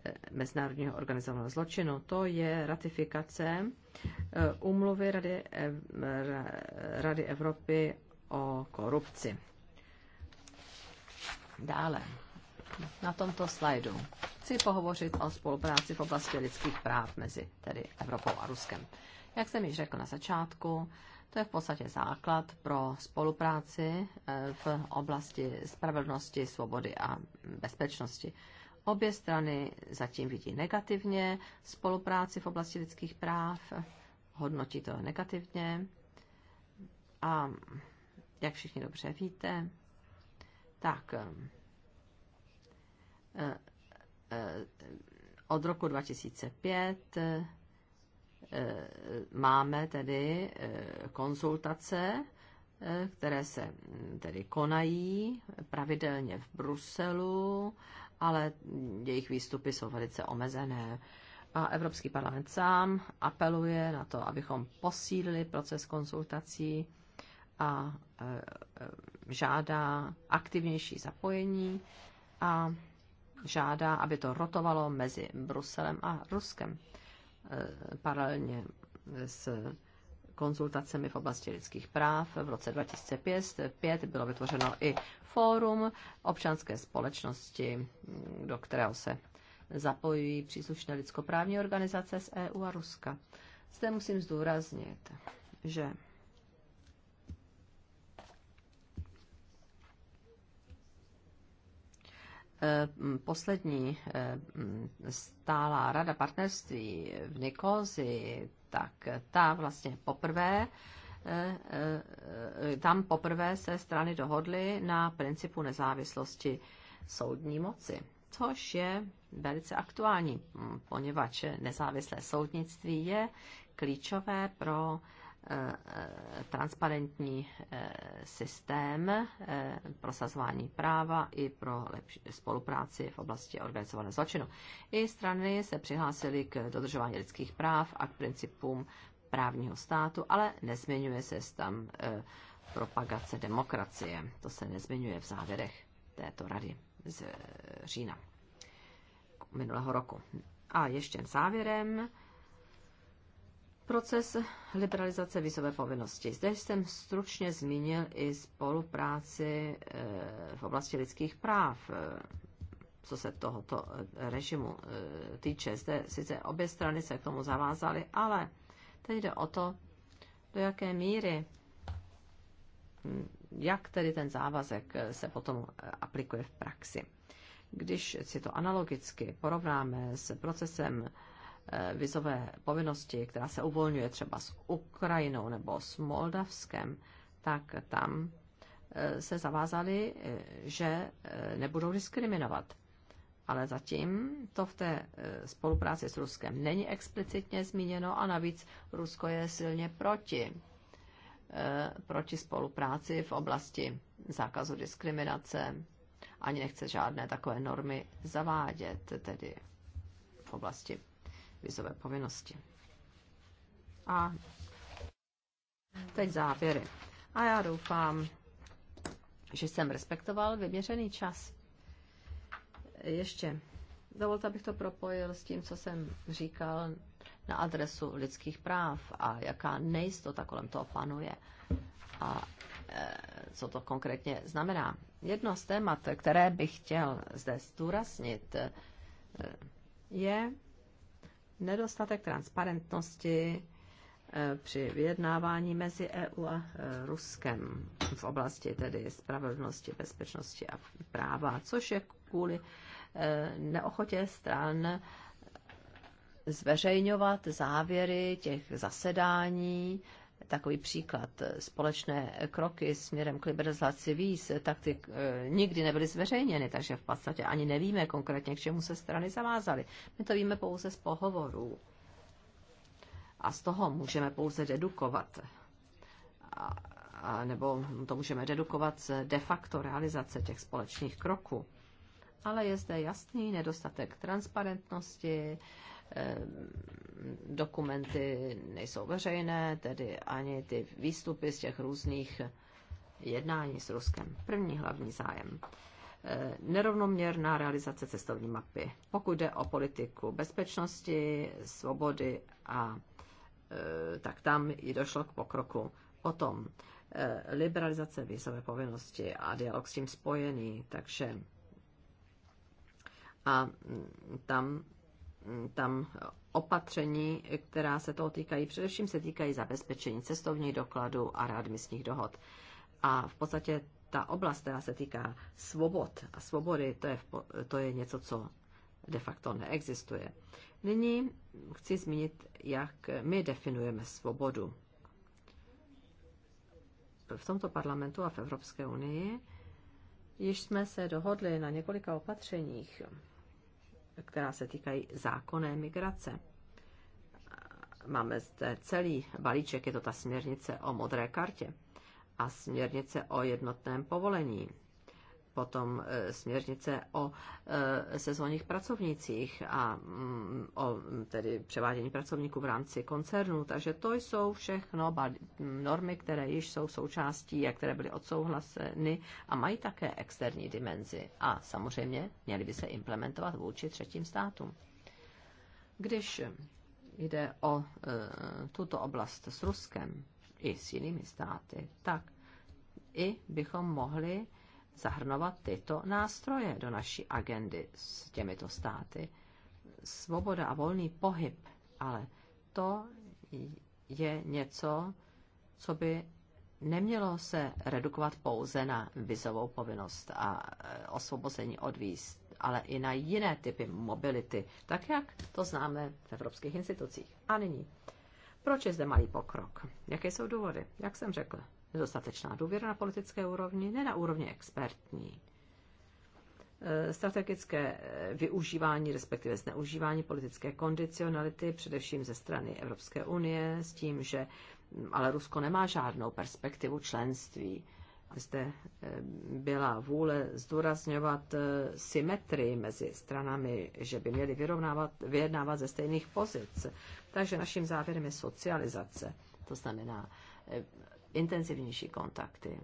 eh, mezinárodního organizovaného zločinu, to je ratifikace umluvy eh, Rady, Rady Evropy o korupci. Dále, na tomto slajdu chci pohovořit o spolupráci v oblasti lidských práv mezi tedy Evropou a Ruskem. Jak jsem již řekl na začátku, to je v podstatě základ pro spolupráci eh, v oblasti spravedlnosti, svobody a bezpečnosti. Obě strany zatím vidí negativně spolupráci v oblasti lidských práv, hodnotí to negativně a jak všichni dobře víte, tak eh, eh, od roku 2005 Eh, máme tedy eh, konzultace, eh, které se hm, tedy konají pravidelně v Bruselu, ale jejich výstupy jsou velice omezené. A Evropský parlament sám apeluje na to, abychom posílili proces konzultací a žádá aktivnější zapojení a žádá, aby to rotovalo mezi Bruselem a Ruskem. Eh, paralelně s konzultacemi v oblasti lidských práv. V roce 2005 bylo vytvořeno i fórum občanské společnosti, mm, do kterého se zapojují příslušné lidskoprávní organizace z EU a Ruska. Zde musím zdůraznit, že Eh, poslední eh, stálá rada partnerství v Nikozi, tak ta vlastně poprvé eh, tam poprvé se strany dohodly na principu nezávislosti soudní moci, což je velice aktuální, poněvadž nezávislé soudnictví je klíčové pro Eh, transparentní eh, systém eh, prosazování práva i pro lepší spolupráci v oblasti organizovaného zločinu. I strany se přihlásily k dodržování lidských práv a k principům právního státu, ale nezmiňuje se tam propagace demokracie. To se nezmiňuje v závěrech této rady z října minulého roku. A ještě závěrem Proces liberalizace vízové povinnosti. Zde jsem stručně zmínil i spolupráci eh, v oblasti lidských práv, eh, co se tohoto eh, režimu týče. Zde sice obě strany se k tomu zavázaly, ale teď jde o to, do jaké míry, hm, jak tedy ten závazek se potom aplikuje v praxi. Když si to analogicky porovnáme s procesem Eh, vizové povinnosti, která se uvolňuje třeba s Ukrajinou nebo s Moldavskem, tak tam eh, se zavázali, eh, že nebudou diskriminovat. Ale zatím to v té spolupráci s Ruskem není explicitně zmíněno a navíc Rusko je silně proti proti spolupráci v oblasti zákazu diskriminace. Ani nechce žádné takové normy zavádět, tedy v oblasti vizové povinnosti. A teď závěry. A já doufám, že jsem respektoval vyměřený čas. Ještě dovolte, abych to propojil s tím, co jsem říkal na adresu lidských práv a jaká nejistota kolem toho panuje a e, co to konkrétně znamená. Jedno z témat, které bych chtěl zde zdůraznit, e, je nedostatek transparentnosti eh, při vyjednávání mezi EU a eh, Ruskem v oblasti tedy spravedlnosti, bezpečnosti a práva, což je kvůli eh, neochotě stran zveřejňovat závěry těch zasedání takový příklad, společné kroky směrem k liberalizaci víz, tak ty eh, nikdy nebyly zveřejněny, takže v podstatě ani nevíme konkrétně, k čemu se strany zavázaly. My to víme pouze z pohovorů. A z toho můžeme pouze dedukovat. A, a, nebo to můžeme dedukovat z de facto realizace těch společných kroků. Ale je zde jasný nedostatek transparentnosti, Ehm, dokumenty nejsou veřejné, tedy ani ty výstupy z těch různých jednání s Ruskem. První hlavní zájem. Ehm, nerovnoměrná realizace cestovní mapy. Pokud jde o politiku bezpečnosti, svobody a ehm, tak tam i došlo k pokroku. Potom liberalizace výzové povinnosti a dialog s tím spojený, takže a mm, tam tam opatření, která se toho týkají, především se týkají zabezpečení cestovních dokladů a readmisních dohod. A v podstatě ta oblast, která se týká svobod a svobody, to je, to je něco, co de facto neexistuje. Nyní chci zmínit, jak my definujeme svobodu. V tomto parlamentu a v Evropské unii již jsme se dohodli na několika opatřeních, která se týkají zákonné migrace. Máme zde celý balíček, je to ta směrnice o modré kartě a směrnice o jednotném povolení potom e, směrnice o e, sezónních pracovnících a mm, o tedy převádění pracovníků v rámci koncernů. Takže to jsou všechno normy, které již jsou součástí a které byly odsouhlaseny a mají také externí dimenzi. A samozřejmě měly by se implementovat vůči třetím státům. Když jde o e, tuto oblast s Ruskem i s jinými státy, tak i bychom mohli zahrnovat tyto nástroje do naší agendy s těmito státy. Svoboda a volný pohyb, ale to je něco, co by nemělo se redukovat pouze na vizovou povinnost a e, osvobození od víz, ale i na jiné typy mobility, tak jak to známe v evropských institucích. A nyní, proč je zde malý pokrok? Jaké jsou důvody? Jak jsem řekl, nedostatečná důvěra na politické úrovni, ne na úrovni expertní. Eh, strategické eh, využívání, respektive zneužívání politické kondicionality, především ze strany Evropské unie, s tím, že hm, ale Rusko nemá žádnou perspektivu členství. Zde eh, byla vůle zdůrazňovat symetrii mezi stranami, že by měli vyrovnávat, vyjednávat ze stejných pozic. Takže naším závěrem je socializace. To znamená intenzivnější kontakty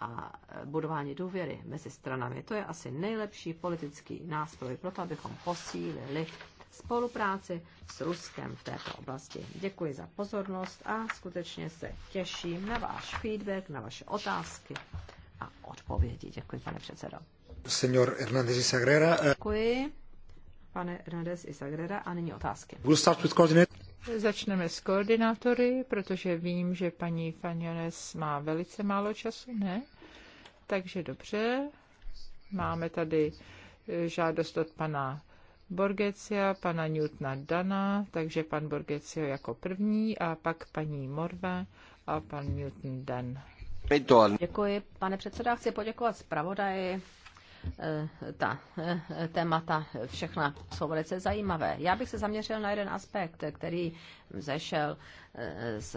a e, budování důvěry mezi stranami. To je asi nejlepší politický nástroj pro to, abychom posílili spolupráci s Ruskem v této oblasti. Děkuji za pozornost a skutečně se těším na váš feedback, na vaše otázky a odpovědi. Děkuji, pane předsedo. Senor Hernández Isagrera. E, Děkuji, pane Hernández Isagrera. A nyní otázky. We'll start with coordinate. Začneme s koordinátory, protože vím, že paní Faniones má velice málo času, ne? Takže dobře. Máme tady eh, žádost od pana Borgecia, pana Newtona Dana, takže pan Borgecio jako první a pak paní Morve a pan Newton Dan. Děkuji, pane předseda. Chci poděkovat zpravodaji Eh, ta eh, témata všechna jsou velice zajímavé. Já bych se zaměřil na jeden aspekt, který zešel eh, z,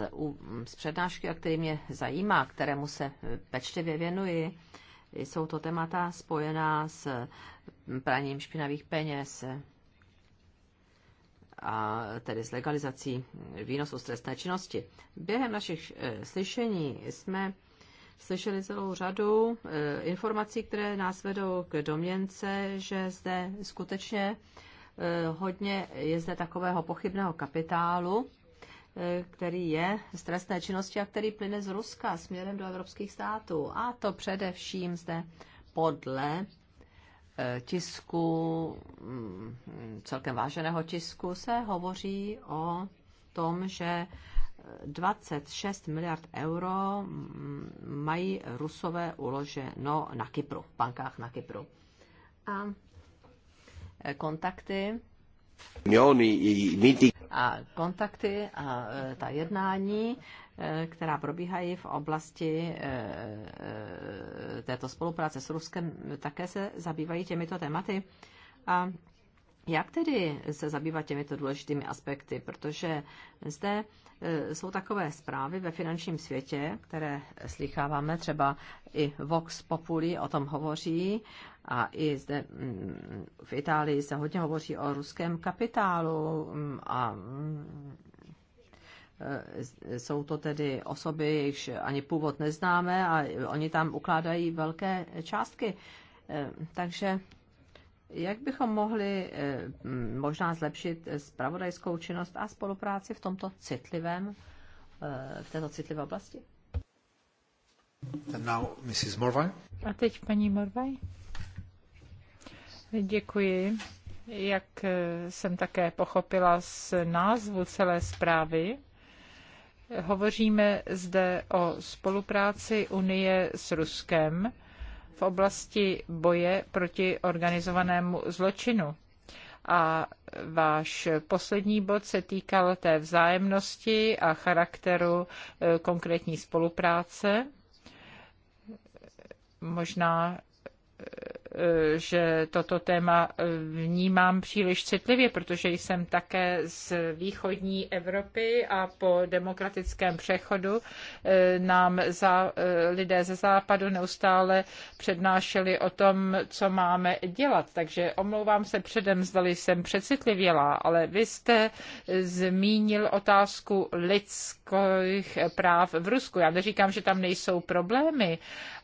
z přednášky a který mě zajímá, kterému se pečlivě věnuji. Jsou to témata spojená s praním špinavých peněz a tedy s legalizací výnosu z trestné činnosti. Během našich slyšení jsme slyšeli celou řadu eh, informací, které nás vedou k domněnce, že zde skutečně eh, hodně je zde takového pochybného kapitálu, eh, který je z trestné činnosti a který plyne z Ruska směrem do evropských států. A to především zde podle tisku, mm, celkem váženého tisku, se hovoří o tom, že 26 miliard euro mm, mají rusové uloženo na Kypru, v bankách na Kypru. A e, kontakty a kontakty a e, ta jednání, e, která probíhají v oblasti této spolupráce s Ruskem, také se zabývají těmito tématy. A jak tedy se zabývat těmito důležitými aspekty? Protože zde Eh, jsou takové zprávy ve finančním světě, které slycháváme, třeba i Vox Populi o tom hovoří a i zde mm, v Itálii se hodně hovoří o ruském kapitálu mm, a mm, eh, jsou to tedy osoby, jejichž ani původ neznáme a oni tam ukládají velké částky. Eh, takže jak bychom mohli eh, možná zlepšit spravodajskou činnost a spolupráci v tomto citlivém, eh, v této citlivé oblasti? And now Mrs. Morvaj. A teď paní Morvaj. Děkuji. Jak eh, jsem také pochopila z názvu celé zprávy, hovoříme zde o spolupráci Unie s Ruskem v oblasti boje proti organizovanému zločinu. A váš poslední bod se týkal té vzájemnosti a charakteru eh, konkrétní spolupráce. Možná, že toto téma vnímám příliš citlivě, protože jsem také z východní Evropy a po demokratickém přechodu eh, nám za, eh, lidé ze západu neustále přednášeli o tom, co máme dělat. Takže omlouvám se předem, zdali jsem přecitlivělá, ale vy jste zmínil otázku lidských práv v Rusku. Já neříkám, že tam nejsou problémy,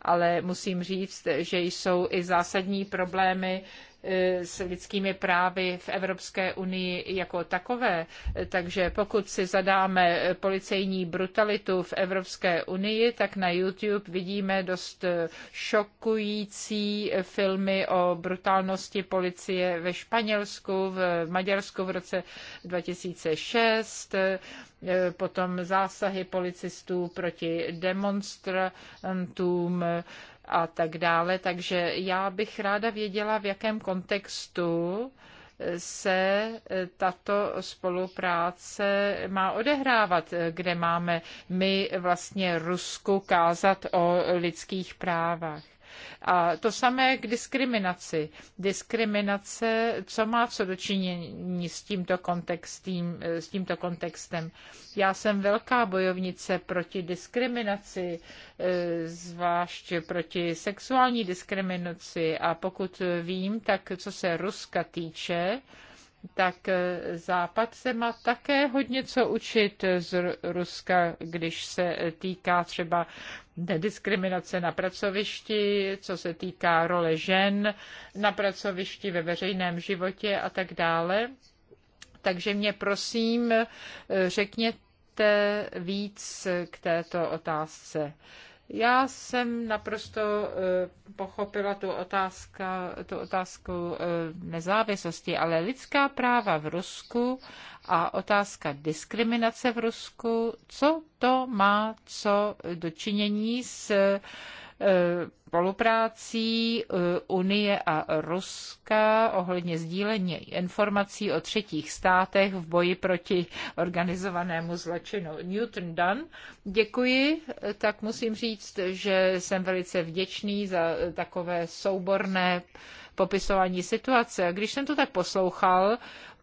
ale musím říct, že jsou i zásadní problémy Eh, s lidskými právy v Evropské unii jako takové. Takže pokud si zadáme policejní brutalitu v Evropské unii, tak na YouTube vidíme dost šokující filmy o brutálnosti policie ve Španělsku, v Maďarsku v roce 2006, eh, potom zásahy policistů proti demonstrantům, a tak dále. Takže já bych ráda věděla, v jakém kontextu se e, tato spolupráce má odehrávat, e, kde máme my vlastně Rusku kázat o lidských právách. A to samé k diskriminaci. Diskriminace, co má co dočinění s tímto, kontextem, s tímto kontextem. Já jsem velká bojovnice proti diskriminaci, e, zvlášť proti sexuální diskriminaci a pokud vím, tak co se Ruska týče, tak e, Západ se má také hodně co učit z Ruska, když se týká třeba nediskriminace na pracovišti, co se týká role žen na pracovišti, ve veřejném životě a tak dále. Takže mě prosím, e, řekněte víc k této otázce. Já jsem naprosto eh, pochopila tu, otázka, tu otázku eh, nezávislosti, ale lidská práva v Rusku a otázka diskriminace v Rusku, co to má co dočinění s Eh, spoluprácí eh, Unie a Ruska ohledně sdílení informací o třetích státech v boji proti organizovanému zločinu. Newton Dunn, děkuji, eh, tak musím říct, že jsem velice vděčný za takové souborné popisování situace. A když jsem to tak poslouchal,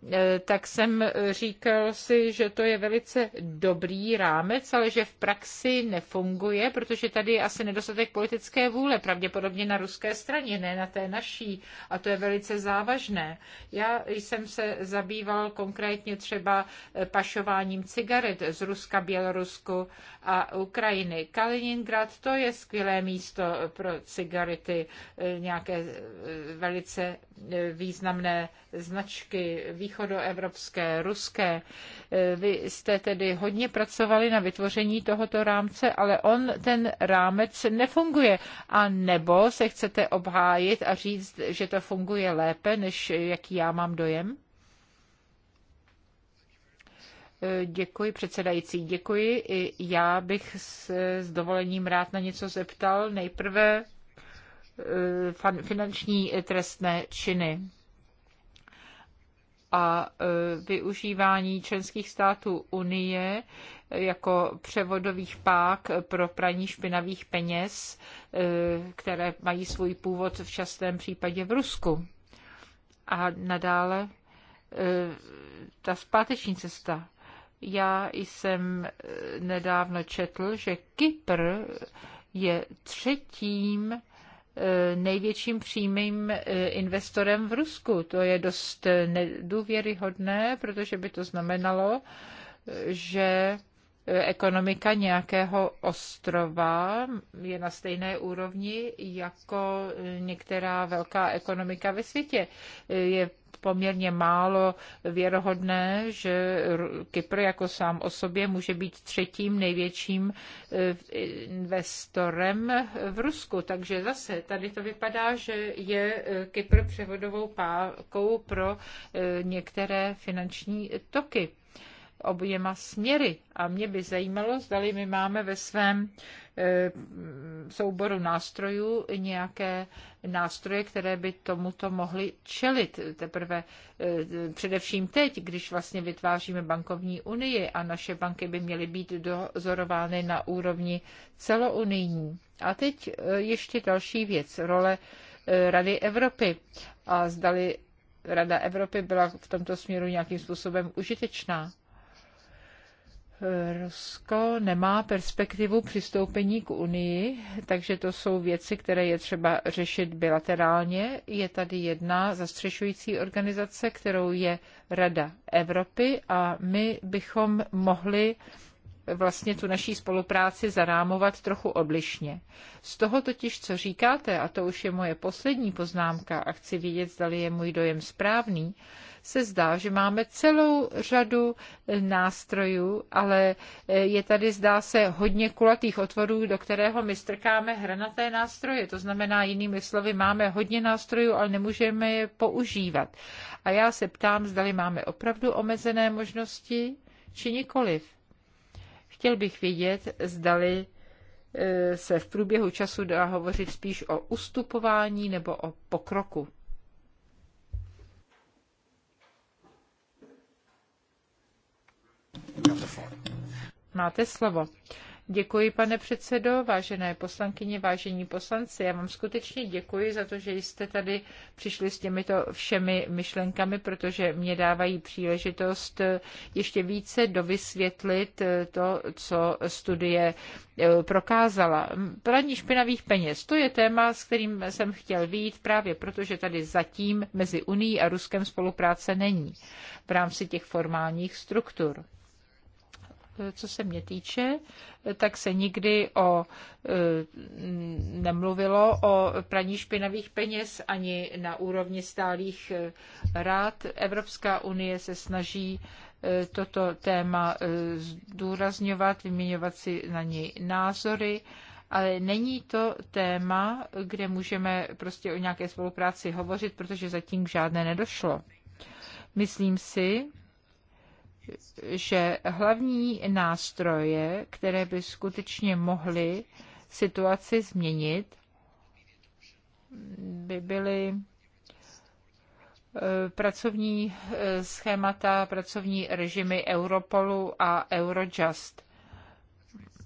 Eh, tak jsem říkal si, že to je velice dobrý rámec, ale že v praxi nefunguje, protože tady je asi nedostatek politické vůle, pravděpodobně na ruské straně, ne na té naší, a to je velice závažné. Já jsem se zabýval konkrétně třeba eh, pašováním cigaret z Ruska, Bělorusku a Ukrajiny. Kaliningrad to je skvělé místo pro cigarety, eh, nějaké velice významné značky, východoevropské, ruské. Eh, vy jste tedy hodně pracovali na vytvoření tohoto rámce, ale on, ten rámec, nefunguje. A nebo se chcete obhájit a říct, že to funguje lépe, než jaký já mám dojem? Eh, děkuji, předsedající, děkuji. I já bych se s dovolením rád na něco zeptal. Nejprve eh, finanční trestné činy a e, využívání členských států Unie jako převodových pák pro praní špinavých peněz, e, které mají svůj původ v častém případě v Rusku. A nadále e, ta zpáteční cesta. Já jsem nedávno četl, že Kypr je třetím Eh, největším přímým eh, investorem v Rusku. To je dost nedůvěryhodné, protože by to znamenalo, eh, že ekonomika nějakého ostrova je na stejné úrovni jako některá velká ekonomika ve světě. Je poměrně málo věrohodné, že Kypr jako sám o sobě může být třetím největším eh, investorem v Rusku. Takže zase tady to vypadá, že je eh, Kypr převodovou pákou pro eh, některé finanční toky oběma směry. A mě by zajímalo, zdali my máme ve svém eh, souboru nástrojů nějaké nástroje, které by tomuto mohly čelit. Teprve eh, především teď, když vlastně vytváříme bankovní unii a naše banky by měly být dozorovány na úrovni celounijní. A teď eh, ještě další věc, role Rady Evropy. A zdali Rada Evropy byla v tomto směru nějakým způsobem užitečná. Rusko nemá perspektivu přistoupení k Unii, takže to jsou věci, které je třeba řešit bilaterálně. Je tady jedna zastřešující organizace, kterou je Rada Evropy a my bychom mohli vlastně tu naší spolupráci zarámovat trochu odlišně. Z toho totiž, co říkáte, a to už je moje poslední poznámka a chci vědět, zda je můj dojem správný, se zdá, že máme celou řadu nástrojů, ale e, je tady, zdá se, hodně kulatých otvorů, do kterého my strkáme hranaté nástroje. To znamená, jinými slovy, máme hodně nástrojů, ale nemůžeme je používat. A já se ptám, zdali máme opravdu omezené možnosti, či nikoliv. Chtěl bych vědět, zdali e, se v průběhu času dá hovořit spíš o ustupování nebo o pokroku. Máte slovo. Děkuji, pane předsedo, vážené poslankyně, vážení poslanci. Já vám skutečně děkuji za to, že jste tady přišli s těmito všemi myšlenkami, protože mě dávají příležitost ještě více dovysvětlit to, co studie eh, prokázala. Praní špinavých peněz, to je téma, s kterým jsem chtěl výjít právě proto, že tady zatím mezi Unii a Ruskem spolupráce není v rámci těch formálních struktur co se mě týče, tak se nikdy o, e, nemluvilo o praní špinavých peněz ani na úrovni stálých e, rád. Evropská unie se snaží e, toto téma zdůrazňovat, vyměňovat si na něj názory ale není to téma, kde můžeme prostě o nějaké spolupráci hovořit, protože zatím k žádné nedošlo. Myslím si, že hlavní nástroje, které by skutečně mohly situaci změnit, by byly eh, pracovní eh, schémata, pracovní režimy Europolu a Eurojust.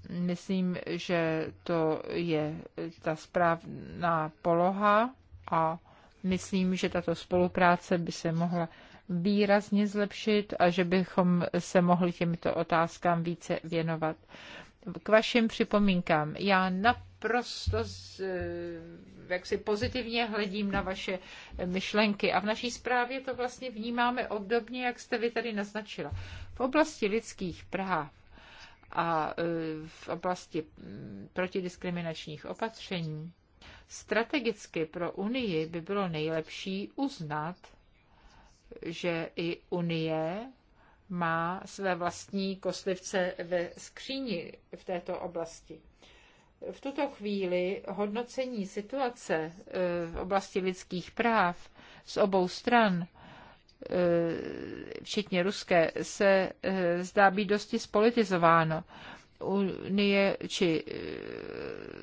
Myslím, že to je ta správná poloha a myslím, že tato spolupráce by se mohla výrazně zlepšit a že bychom se mohli těmito otázkám více věnovat. K vašim připomínkám. Já naprosto z, eh, jak si pozitivně hledím na vaše myšlenky a v naší zprávě to vlastně vnímáme obdobně, jak jste vy tady naznačila. V oblasti lidských práv a eh, v oblasti mm, protidiskriminačních opatření strategicky pro Unii by bylo nejlepší uznat že i Unie má své vlastní kostlivce ve skříni v této oblasti. V tuto chvíli hodnocení situace eh, v oblasti lidských práv z obou stran, eh, včetně ruské, se eh, zdá být dosti spolitizováno. Unie či eh,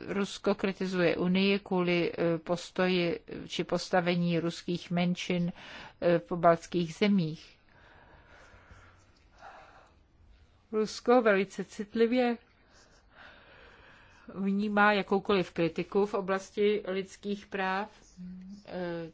Rusko kritizuje Unii kvůli eh, postoji či postavení ruských menšin eh, v pobaltských zemích. Rusko velice citlivě vnímá jakoukoliv kritiku v oblasti lidských práv,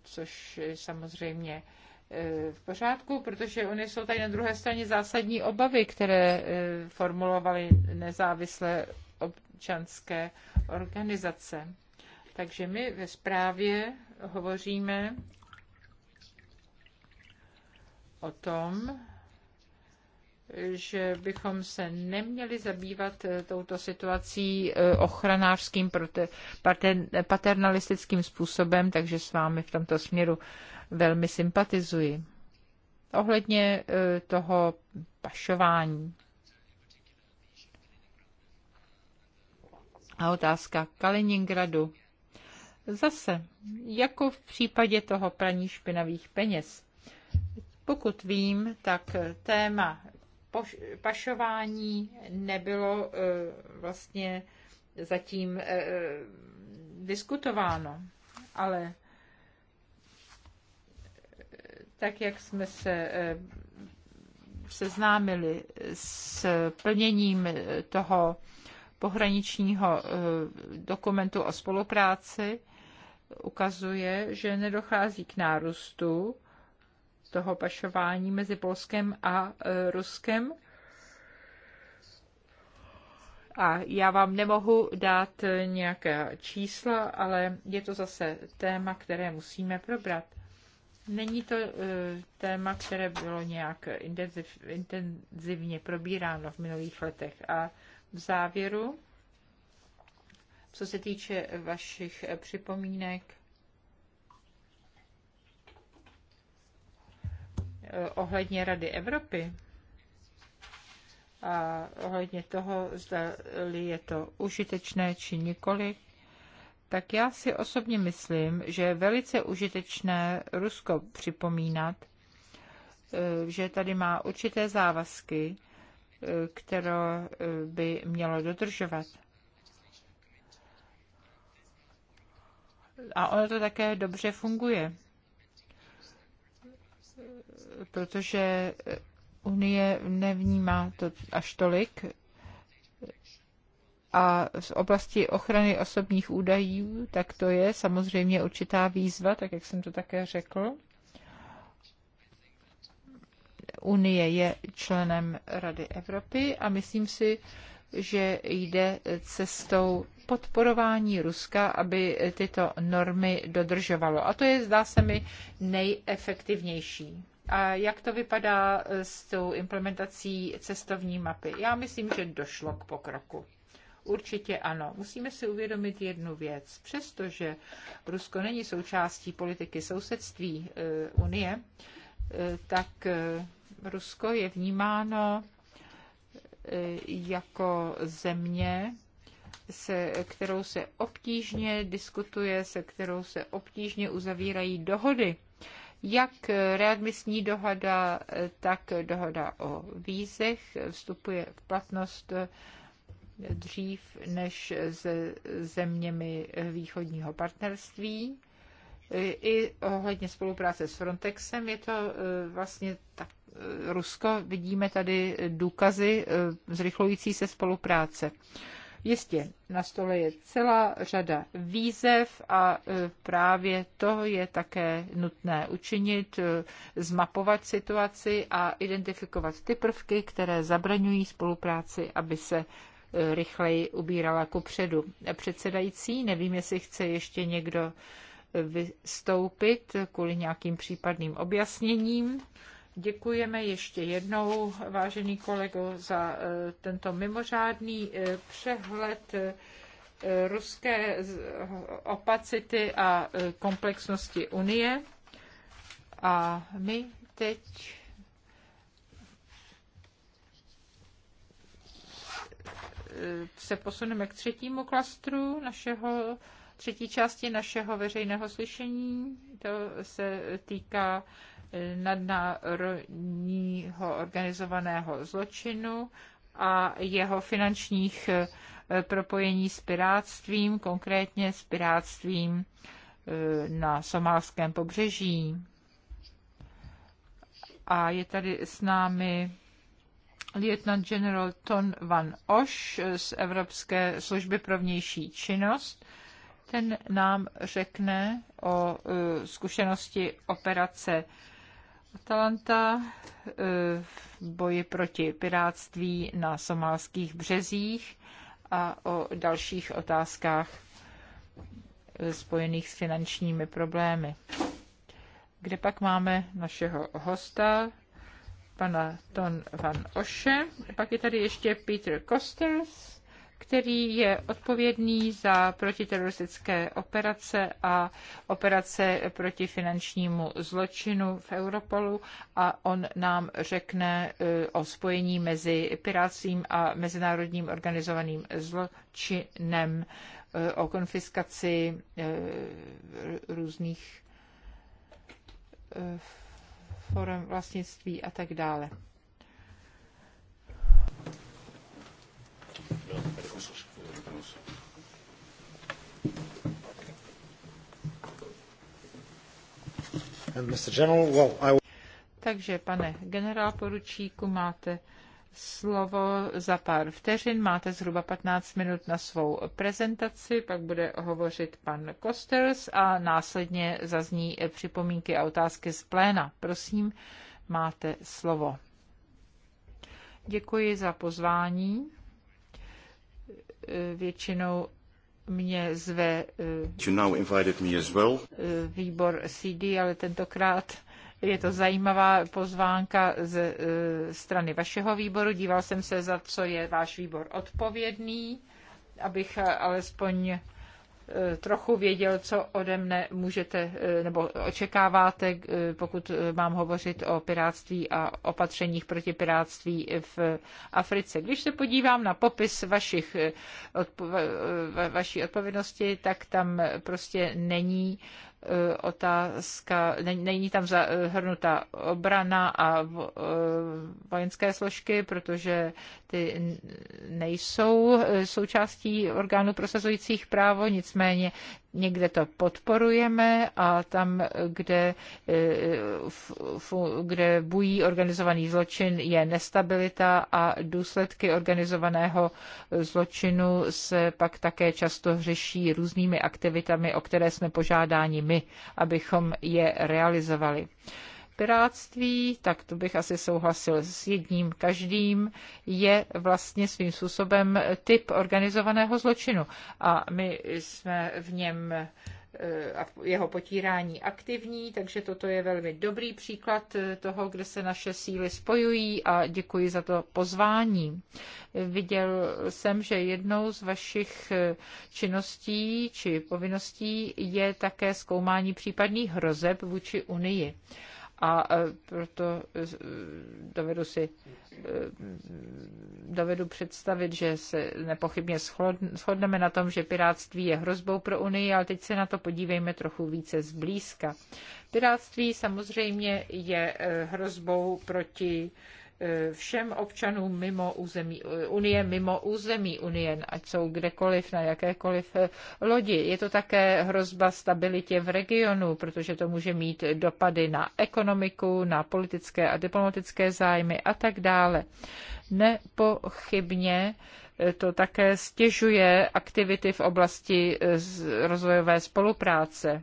což samozřejmě E, v pořádku, protože oni jsou tady na druhé straně zásadní obavy, které e, formulovaly nezávislé občanské organizace. Takže my ve zprávě hovoříme o tom, že bychom se neměli zabývat e, touto situací ochranářským paternalistickým způsobem, takže s vámi v tomto směru velmi sympatizuji. Ohledně eh, toho pašování. A otázka Kaliningradu. Zase, jako v případě toho praní špinavých peněz. Pokud vím, tak téma pašování nebylo eh, vlastně zatím eh, diskutováno, ale tak jak jsme se eh, seznámili s plněním toho pohraničního eh, dokumentu o spolupráci, ukazuje, že nedochází k nárůstu toho pašování mezi Polskem a eh, Ruskem. A já vám nemohu dát nějaká čísla, ale je to zase téma, které musíme probrat. Není to eh, téma, které bylo nějak intenzivně probíráno v minulých letech. A v závěru, co se týče vašich eh, připomínek eh, ohledně Rady Evropy, a ohledně toho, zda je to užitečné či nikoli tak já si osobně myslím, že je velice užitečné Rusko připomínat, eh, že tady má určité závazky, eh, které eh, by mělo dodržovat. A ono to také dobře funguje, protože Unie nevnímá to až tolik a z oblasti ochrany osobních údajů, tak to je samozřejmě určitá výzva, tak jak jsem to také řekl. Unie je členem Rady Evropy a myslím si, že jde cestou podporování Ruska, aby tyto normy dodržovalo. A to je, zdá se mi, nejefektivnější. A jak to vypadá s tou implementací cestovní mapy? Já myslím, že došlo k pokroku. Určitě ano. Musíme si uvědomit jednu věc. Přestože Rusko není součástí politiky sousedství eh, Unie, eh, tak eh, Rusko je vnímáno jako země, se kterou se obtížně diskutuje, se kterou se obtížně uzavírají dohody. Jak readmisní dohoda, tak dohoda o vízech vstupuje v platnost dřív než se zeměmi východního partnerství. I ohledně spolupráce s Frontexem je to eh, vlastně tak. Eh, Rusko vidíme tady důkazy eh, zrychlující se spolupráce. Jistě, na stole je celá řada výzev a právě to je také nutné učinit, zmapovat situaci a identifikovat ty prvky, které zabraňují spolupráci, aby se rychleji ubírala ku předu. Předsedající, nevím, jestli chce ještě někdo vystoupit kvůli nějakým případným objasněním. Děkujeme ještě jednou, vážený kolego, za eh, tento mimořádný eh, přehled eh, ruské opacity a komplexnosti Unie. A my teď se posuneme k třetímu klastru našeho, třetí části našeho veřejného slyšení. To se týká eh, nadnárodního organizovaného zločinu a jeho finančních eh, propojení s piráctvím, konkrétně s piráctvím eh, na somálském pobřeží. A je tady s námi lieutenant general Ton van Oš z Evropské služby pro vnější činnost. Ten nám řekne o e, zkušenosti operace Atalanta e, v boji proti piráctví na somálských březích a o dalších otázkách e, spojených s finančními problémy. Kde pak máme našeho hosta, pana Ton van Oše. Pak je tady ještě Peter Kosters, který je odpovědný za protiteroristické operace a operace proti finančnímu zločinu v Europolu a on nám řekne eh, o spojení mezi pirátským a mezinárodním organizovaným zločinem, eh, o konfiskaci eh, různých forem vlastnictví a tak dále. Takže, pane generál poručíku, máte slovo za pár vteřin. Máte zhruba 15 minut na svou prezentaci, pak bude hovořit pan Kosters a následně zazní připomínky a otázky z pléna. Prosím, máte slovo. Děkuji za pozvání. Většinou mě zve eh, eh, výbor CD, ale tentokrát je to zajímavá pozvánka ze e, strany vašeho výboru. Díval jsem se, za co je váš výbor odpovědný, abych e, alespoň e, trochu věděl, co ode mne můžete nebo očekáváte, pokud mám hovořit o piráctví a opatřeních proti piráctví v Africe. Když se podívám na popis vašich, odpo, vaší odpovědnosti, tak tam prostě není Eh, otázka, není tam zahrnuta eh, obrana a eh, vojenské složky, protože ty nejsou součástí orgánů prosazujících právo, nicméně Někde to podporujeme a tam, kde, e, kde bují organizovaný zločin, je nestabilita a důsledky organizovaného zločinu se pak také často řeší různými aktivitami, o které jsme požádáni my, abychom je realizovali piráctví, tak to bych asi souhlasil s jedním každým, je vlastně svým způsobem typ organizovaného zločinu. A my jsme v něm e, a jeho potírání aktivní, takže toto je velmi dobrý příklad e, toho, kde se naše síly spojují a děkuji za to pozvání. Viděl jsem, že jednou z vašich e, činností či povinností je také zkoumání případných hrozeb vůči Unii a e, proto e, e, dovedu si dovedu představit, že se nepochybně shodneme na tom, že piráctví je hrozbou pro Unii, ale teď se na to podívejme trochu více zblízka. Piráctví samozřejmě je hrozbou proti všem občanům mimo území Unie, mimo území Unie, ať jsou kdekoliv, na jakékoliv eh, lodi. Je to také hrozba stabilitě v regionu, protože to může mít dopady na ekonomiku, na politické a diplomatické zájmy a tak dále. Nepochybně eh, to také stěžuje aktivity v oblasti eh, rozvojové spolupráce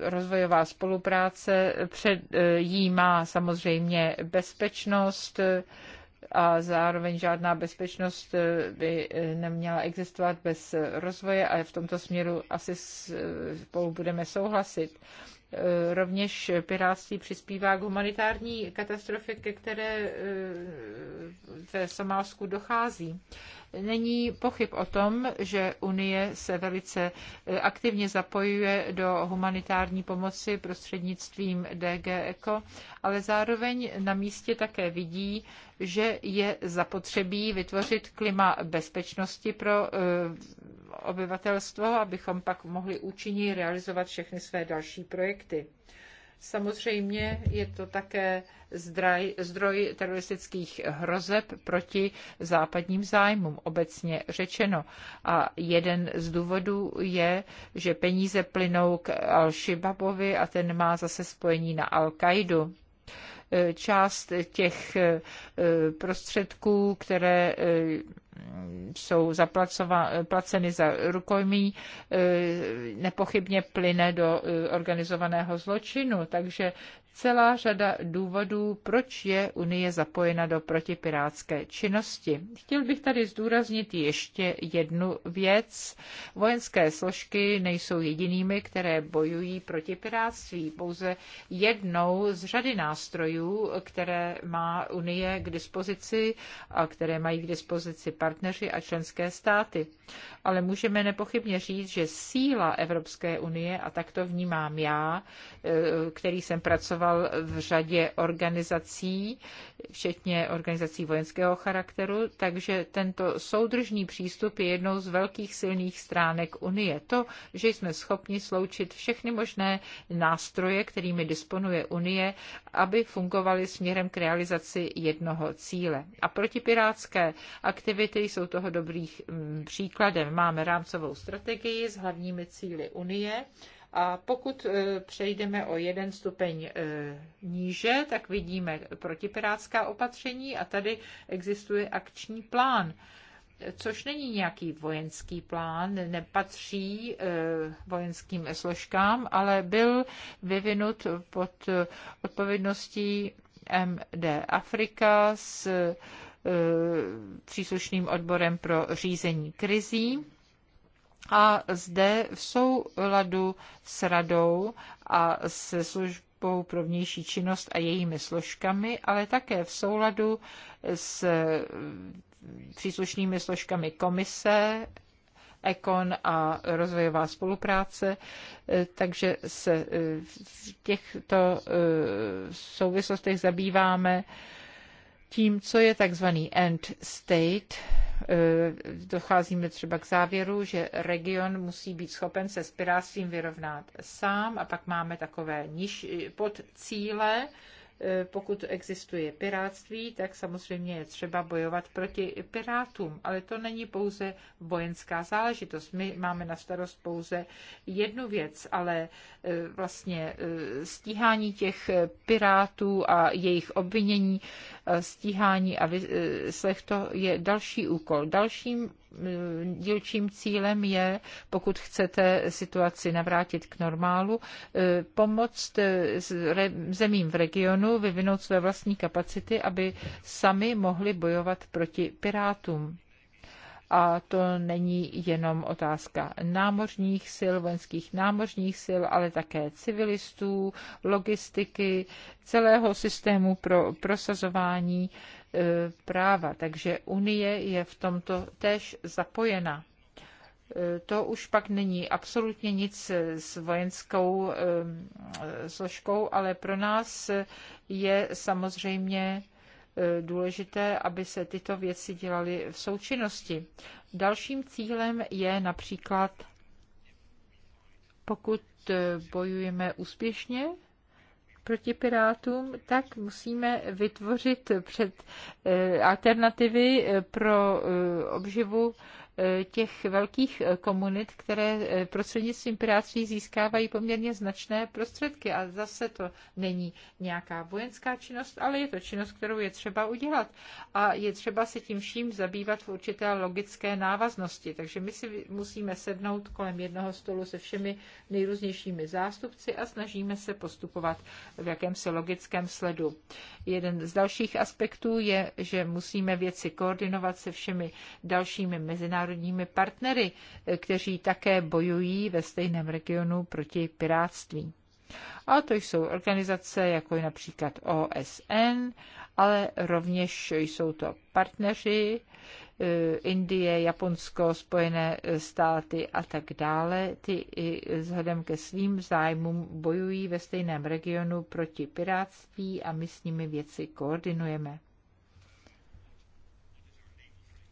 rozvojová spolupráce předjímá samozřejmě bezpečnost eh, a zároveň žádná bezpečnost eh, by eh, neměla existovat bez rozvoje a v tomto směru asi spolu budeme souhlasit. Eh, rovněž pirátství přispívá k humanitární katastrofě, ke které eh, ve Somálsku dochází. Není pochyb o tom, že Unie se velice eh, aktivně zapojuje do humanitární pomoci prostřednictvím DG ECO, ale zároveň na místě také vidí, že je zapotřebí vytvořit klima bezpečnosti pro obyvatelstvo, abychom pak mohli účinně realizovat všechny své další projekty. Samozřejmě je to také zdraj, zdroj teroristických hrozeb proti západním zájmům, obecně řečeno. A jeden z důvodů je, že peníze plynou k Al-Shibabovi a ten má zase spojení na Al-Kaidu část těch eh, prostředků, které eh, jsou placeny za rukojmí, eh, nepochybně plyne do eh, organizovaného zločinu. Takže celá řada důvodů, proč je Unie zapojena do protipirátské činnosti. Chtěl bych tady zdůraznit ještě jednu věc. Vojenské složky nejsou jedinými, které bojují proti pirátství. Pouze jednou z řady nástrojů, které má Unie k dispozici a které mají k dispozici partneři a členské státy. Ale můžeme nepochybně říct, že síla Evropské unie, a tak to vnímám já, eh, který jsem pracoval pracoval v řadě organizací, včetně organizací vojenského charakteru, takže tento soudržný přístup je jednou z velkých silných stránek Unie. To, že jsme schopni sloučit všechny možné nástroje, kterými disponuje Unie, aby fungovaly směrem k realizaci jednoho cíle. A protipirátské aktivity jsou toho dobrých mm, příkladem. Máme rámcovou strategii s hlavními cíly Unie, a pokud e, přejdeme o jeden stupeň e, níže, tak vidíme protipirátská opatření a tady existuje akční plán což není nějaký vojenský plán, nepatří e, vojenským složkám, ale byl vyvinut pod odpovědností MD Afrika s příslušným odborem pro řízení krizí a zde v souladu s radou a se službou pro vnější činnost a jejími složkami, ale také v souladu s příslušnými složkami komise, ekon a rozvojová spolupráce, takže se v těchto eh, souvislostech zabýváme tím, co je takzvaný end state, eh, docházíme třeba k závěru, že region musí být schopen se s pirátstvím vyrovnat sám a pak máme takové niž, podcíle, eh, pokud existuje pirátství, tak samozřejmě je třeba bojovat proti pirátům, ale to není pouze vojenská záležitost. My máme na starost pouze jednu věc, ale eh, vlastně stíhání těch pirátů a jejich obvinění stíhání a vyslech, e, to je další úkol. Dalším e, dílčím cílem je, pokud chcete situaci navrátit k normálu, e, pomoct zemím v regionu vyvinout své vlastní kapacity, aby sami mohli bojovat proti pirátům a to není jenom otázka námořních sil, vojenských námořních sil, ale také civilistů, logistiky, celého systému pro prosazování e, práva. Takže Unie je v tomto též zapojena. E, to už pak není absolutně nic s vojenskou e, složkou, ale pro nás je samozřejmě E, důležité, aby se tyto věci dělaly v součinnosti. Dalším cílem je například, pokud e, bojujeme úspěšně proti pirátům, tak musíme vytvořit před e, alternativy pro obživu těch velkých eh, komunit, které eh, prostřednictvím pirátství získávají poměrně značné prostředky. A zase to není nějaká vojenská činnost, ale je to činnost, kterou je třeba udělat. A je třeba se tím vším zabývat v určité logické návaznosti. Takže my si musíme sednout kolem jednoho stolu se všemi nejrůznějšími zástupci a snažíme se postupovat v jakémsi logickém sledu. Jeden z dalších aspektů je, že musíme věci koordinovat se všemi dalšími mezinárodními mezinárodními partnery, eh, kteří také bojují ve stejném regionu proti piráctví. A to jsou organizace jako je například OSN, ale rovněž jsou to partneři eh, Indie, Japonsko, Spojené eh, státy a tak dále. Ty i vzhledem ke svým zájmům bojují ve stejném regionu proti piráctví a my s nimi věci koordinujeme.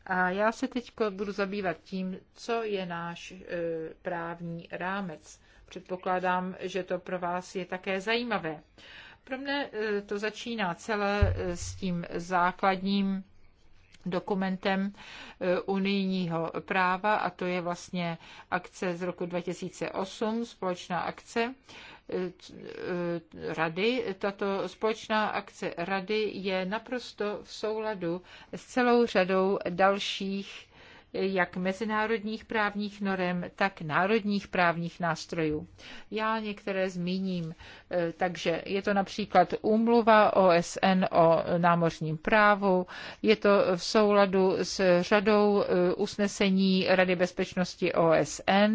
A já se teď budu zabývat tím, co je náš e, právní rámec. Předpokládám, že to pro vás je také zajímavé. Pro mne e, to začíná celé e, s tím základním dokumentem eh, unijního práva a to je vlastně akce z roku 2008, společná akce eh, eh, rady. Tato společná akce rady je naprosto v souladu s celou řadou dalších jak mezinárodních právních norem, tak národních právních nástrojů. Já některé zmíním, e, takže je to například úmluva OSN o námořním právu, je to v souladu s řadou e, usnesení Rady bezpečnosti OSN,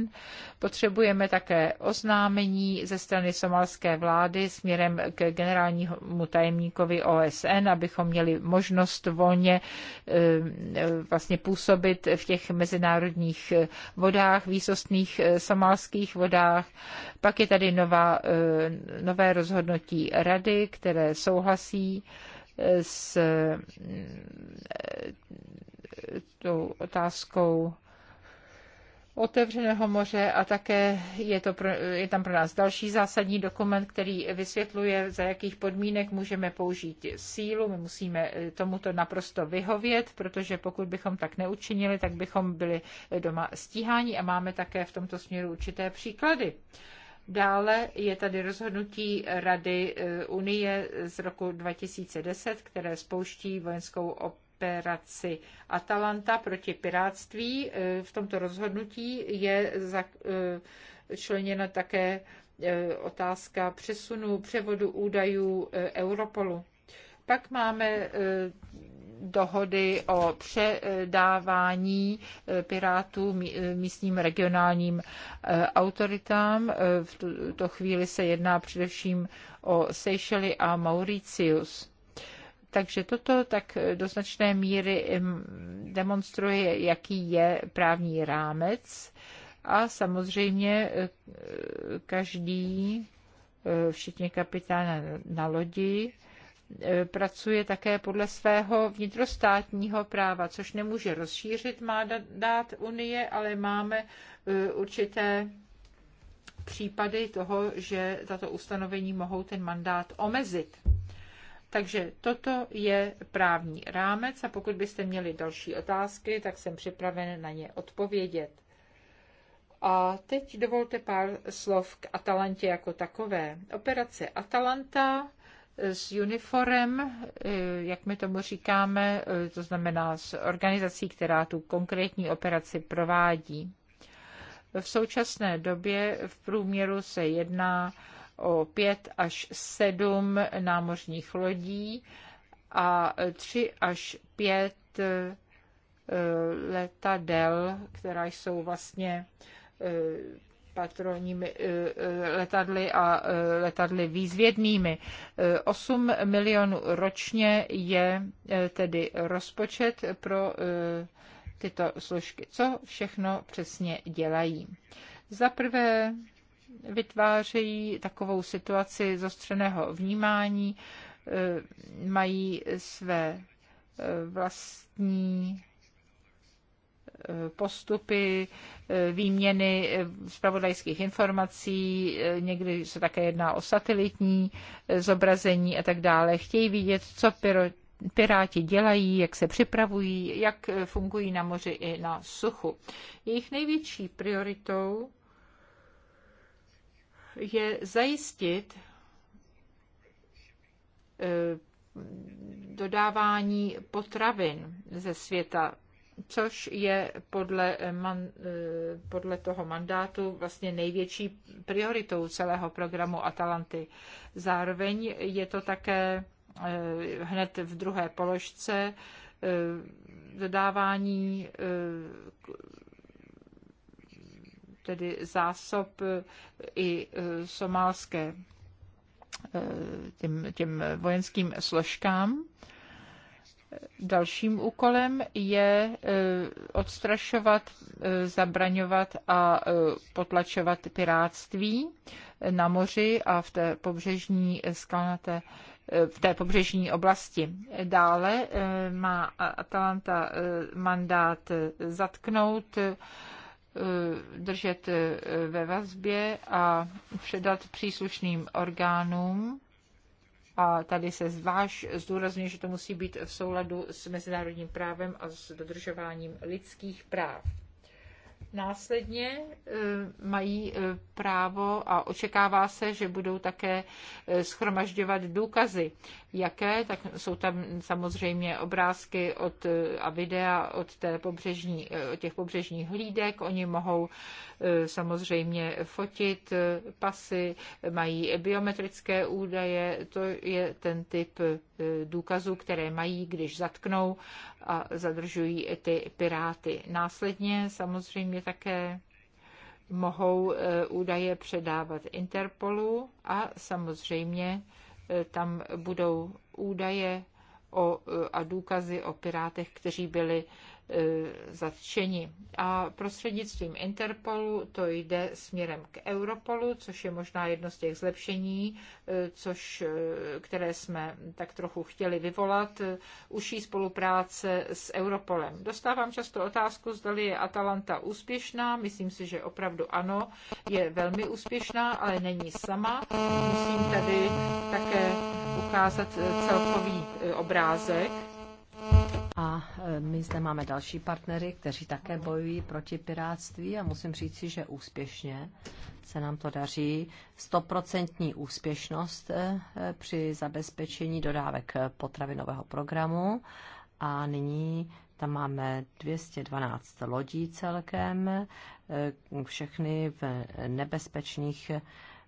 Potřebujeme také oznámení ze strany somalské vlády směrem k generálnímu tajemníkovi OSN, abychom měli možnost volně eh, vlastně působit v těch mezinárodních vodách, výsostných eh, somalských vodách. Pak je tady nová, eh, nové rozhodnutí rady, které souhlasí s mm, tou otázkou otevřeného moře a také je, to pro, je tam pro nás další zásadní dokument, který vysvětluje, za jakých podmínek můžeme použít sílu. My musíme eh, tomuto naprosto vyhovět, protože pokud bychom tak neučinili, tak bychom byli eh, doma stíháni a máme také v tomto směru určité příklady. Dále je tady rozhodnutí Rady eh, Unie z roku 2010, které spouští vojenskou op- operaci Atalanta proti pirátství. Eh, v tomto rozhodnutí je eh, členěna také eh, otázka přesunu, převodu údajů Europolu. Pak máme dohody o předávání pirátů místním regionálním autoritám. V tuto chvíli se jedná především o Seychely a Mauritius. Takže toto tak do značné míry demonstruje, jaký je právní rámec a samozřejmě e, každý, e, všichni kapitána na lodi, e, pracuje také podle svého vnitrostátního práva, což nemůže rozšířit má dát Unie, ale máme určité případy toho, že tato ustanovení mohou ten mandát omezit. Takže toto je právní rámec a pokud byste měli další otázky, tak jsem připraven na ně odpovědět. A teď dovolte pár slov k Atalantě jako takové. Operace Atalanta s uniformem, eh, jak my tomu říkáme, eh, to znamená s organizací, která tu konkrétní operaci provádí. V současné době v průměru se jedná o pět až sedm námořních lodí a tři až pět e, letadel, která jsou vlastně e, patronními e, letadly a letadly výzvědnými. 8 milionů ročně je tedy rozpočet pro tyto složky. Co všechno přesně dělají? Za prvé vytvářejí takovou situaci zostřeného vnímání, eh, mají své eh, vlastní eh, postupy, výměny zpravodajských informací, někdy se také jedná o satelitní zobrazení a tak dále. Chtějí vidět, co piráti dělají, jak se připravují, jak fungují na moři i na suchu. Jejich největší prioritou je zajistit eh, dodávání potravin ze světa, což je podle, eh, man, eh, podle toho mandátu vlastně největší prioritou celého programu Atalanty. Zároveň je to také hned v druhé položce dodávání tedy zásob e, i e, somálské e, těm, těm vojenským složkám. Dalším úkolem je odstrašovat, zabraňovat a potlačovat piráctví na moři a v té pobřežní skalnaté v té pobřežní oblasti. Dále má Atalanta mandát zatknout Eh, držet eh, ve vazbě a předat příslušným orgánům. A tady se zváž zdůrazně, že to musí být v souladu s mezinárodním právem a s dodržováním lidských práv. Následně eh, mají právo a očekává se, že budou také schromažďovat důkazy jaké, tak jsou tam samozřejmě obrázky od, eh, a videa od, té pobřežní, eh, od těch pobřežních hlídek. Oni mohou eh, samozřejmě fotit pasy, mají biometrické údaje. To je ten typ důkazů, které mají, když zatknou a zadržují ty piráty. Následně samozřejmě také mohou údaje předávat Interpolu a samozřejmě E, tam budou údaje o, e, a důkazy o pirátech, kteří byli E, zatčeni. A prostřednictvím Interpolu to jde směrem k Europolu, což je možná jedno z těch zlepšení, e, což, e, které jsme tak trochu chtěli vyvolat, užší spolupráce s Europolem. Dostávám často otázku, zda je Atalanta úspěšná. Myslím si, že opravdu ano. Je velmi úspěšná, ale není sama. Musím tady také ukázat celkový obrázek a e, my zde máme další partnery, kteří také bojují proti piráctví a musím říci, že úspěšně se nám to daří. Stoprocentní úspěšnost e, e, při zabezpečení dodávek potravinového programu a nyní tam máme 212 lodí celkem, všechny v nebezpečných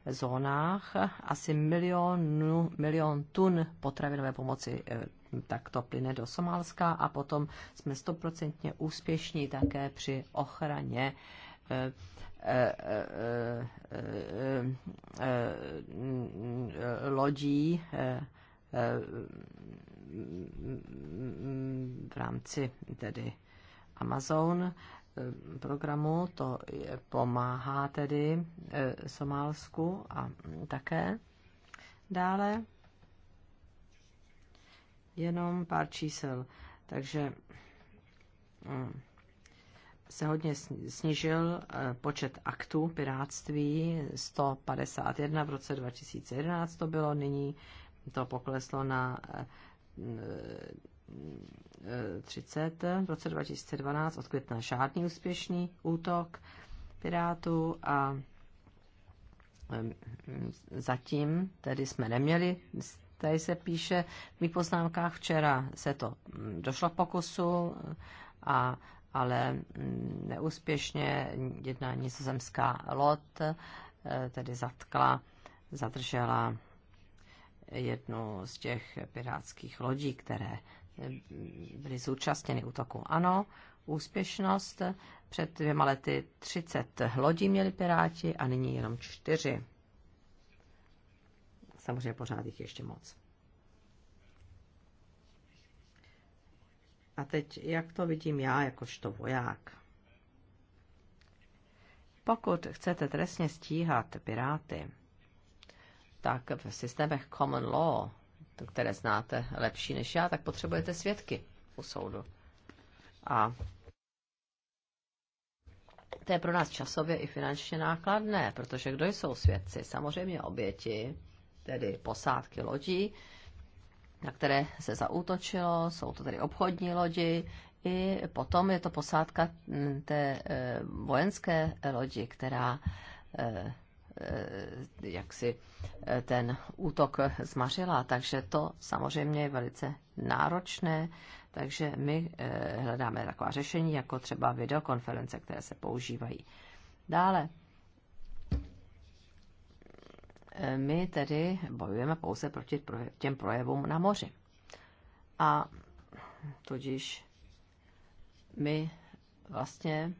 zónách, asi milion, milion tun potravinové pomoci tak to plyne do Somálska a potom jsme stoprocentně úspěšní také při ochraně eh, eh, eh, lodí v rámci tedy Amazon programu, to pomáhá tedy Somálsku a také dále Jenom pár čísel. Takže hm, se hodně snížil eh, počet aktů pirátství, 151 v roce 2011 to bylo, nyní to pokleslo na 30 eh, hm, eh, v roce 2012, od května žádný úspěšný útok pirátů a hm, zatím tedy jsme neměli Tady se píše v mých poznámkách včera se to mm, došlo k pokusu, a, ale mm, neúspěšně jedna nizozemská lot e, tedy zatkla, zadržela jednu z těch pirátských lodí, které mm, byly zúčastněny útoku. Ano, úspěšnost. Před dvěma lety 30 lodí měli piráti a nyní jenom čtyři samozřejmě pořád jich ještě moc. A teď, jak to vidím já jakožto voják? Pokud chcete trestně stíhat piráty, tak v systémech common law, to, které znáte lepší než já, tak potřebujete svědky u soudu. A to je pro nás časově i finančně nákladné, protože kdo jsou svědci? Samozřejmě oběti, tedy posádky lodí, na které se zaútočilo, jsou to tedy obchodní lodi, i potom je to posádka mm, té e, vojenské lodi, která e, e, jak si ten útok zmařila. Takže to samozřejmě je velice náročné, takže my hledáme taková řešení, jako třeba videokonference, které se používají. Dále my tedy bojujeme pouze proti těm projevům na moři. A tudíž my vlastně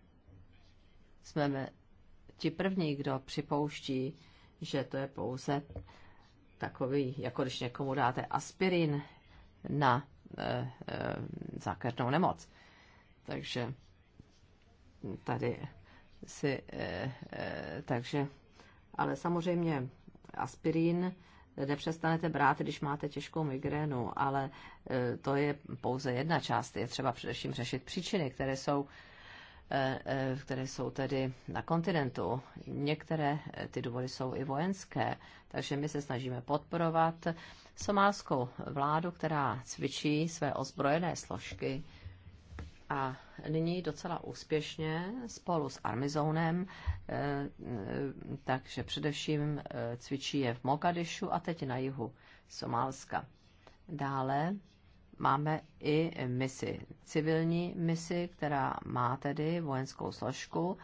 jsme ti první, kdo připouští, že to je pouze takový, jako když někomu dáte aspirin na e, eh, e, eh, zákernou nemoc. Takže tady si, e, e, takže, ale samozřejmě aspirin nepřestanete brát, když máte těžkou migrénu, ale e, to je pouze jedna část. Je třeba především řešit příčiny, které jsou e, e, které jsou tedy na kontinentu. Některé ty důvody jsou i vojenské, takže my se snažíme podporovat somálskou vládu, která cvičí své ozbrojené složky a nyní docela úspěšně spolu s Armizonem, eh, eh, takže především eh, cvičí je v Mogadišu a teď na jihu Somálska. Dále máme i misi, civilní misi, která má tedy vojenskou složku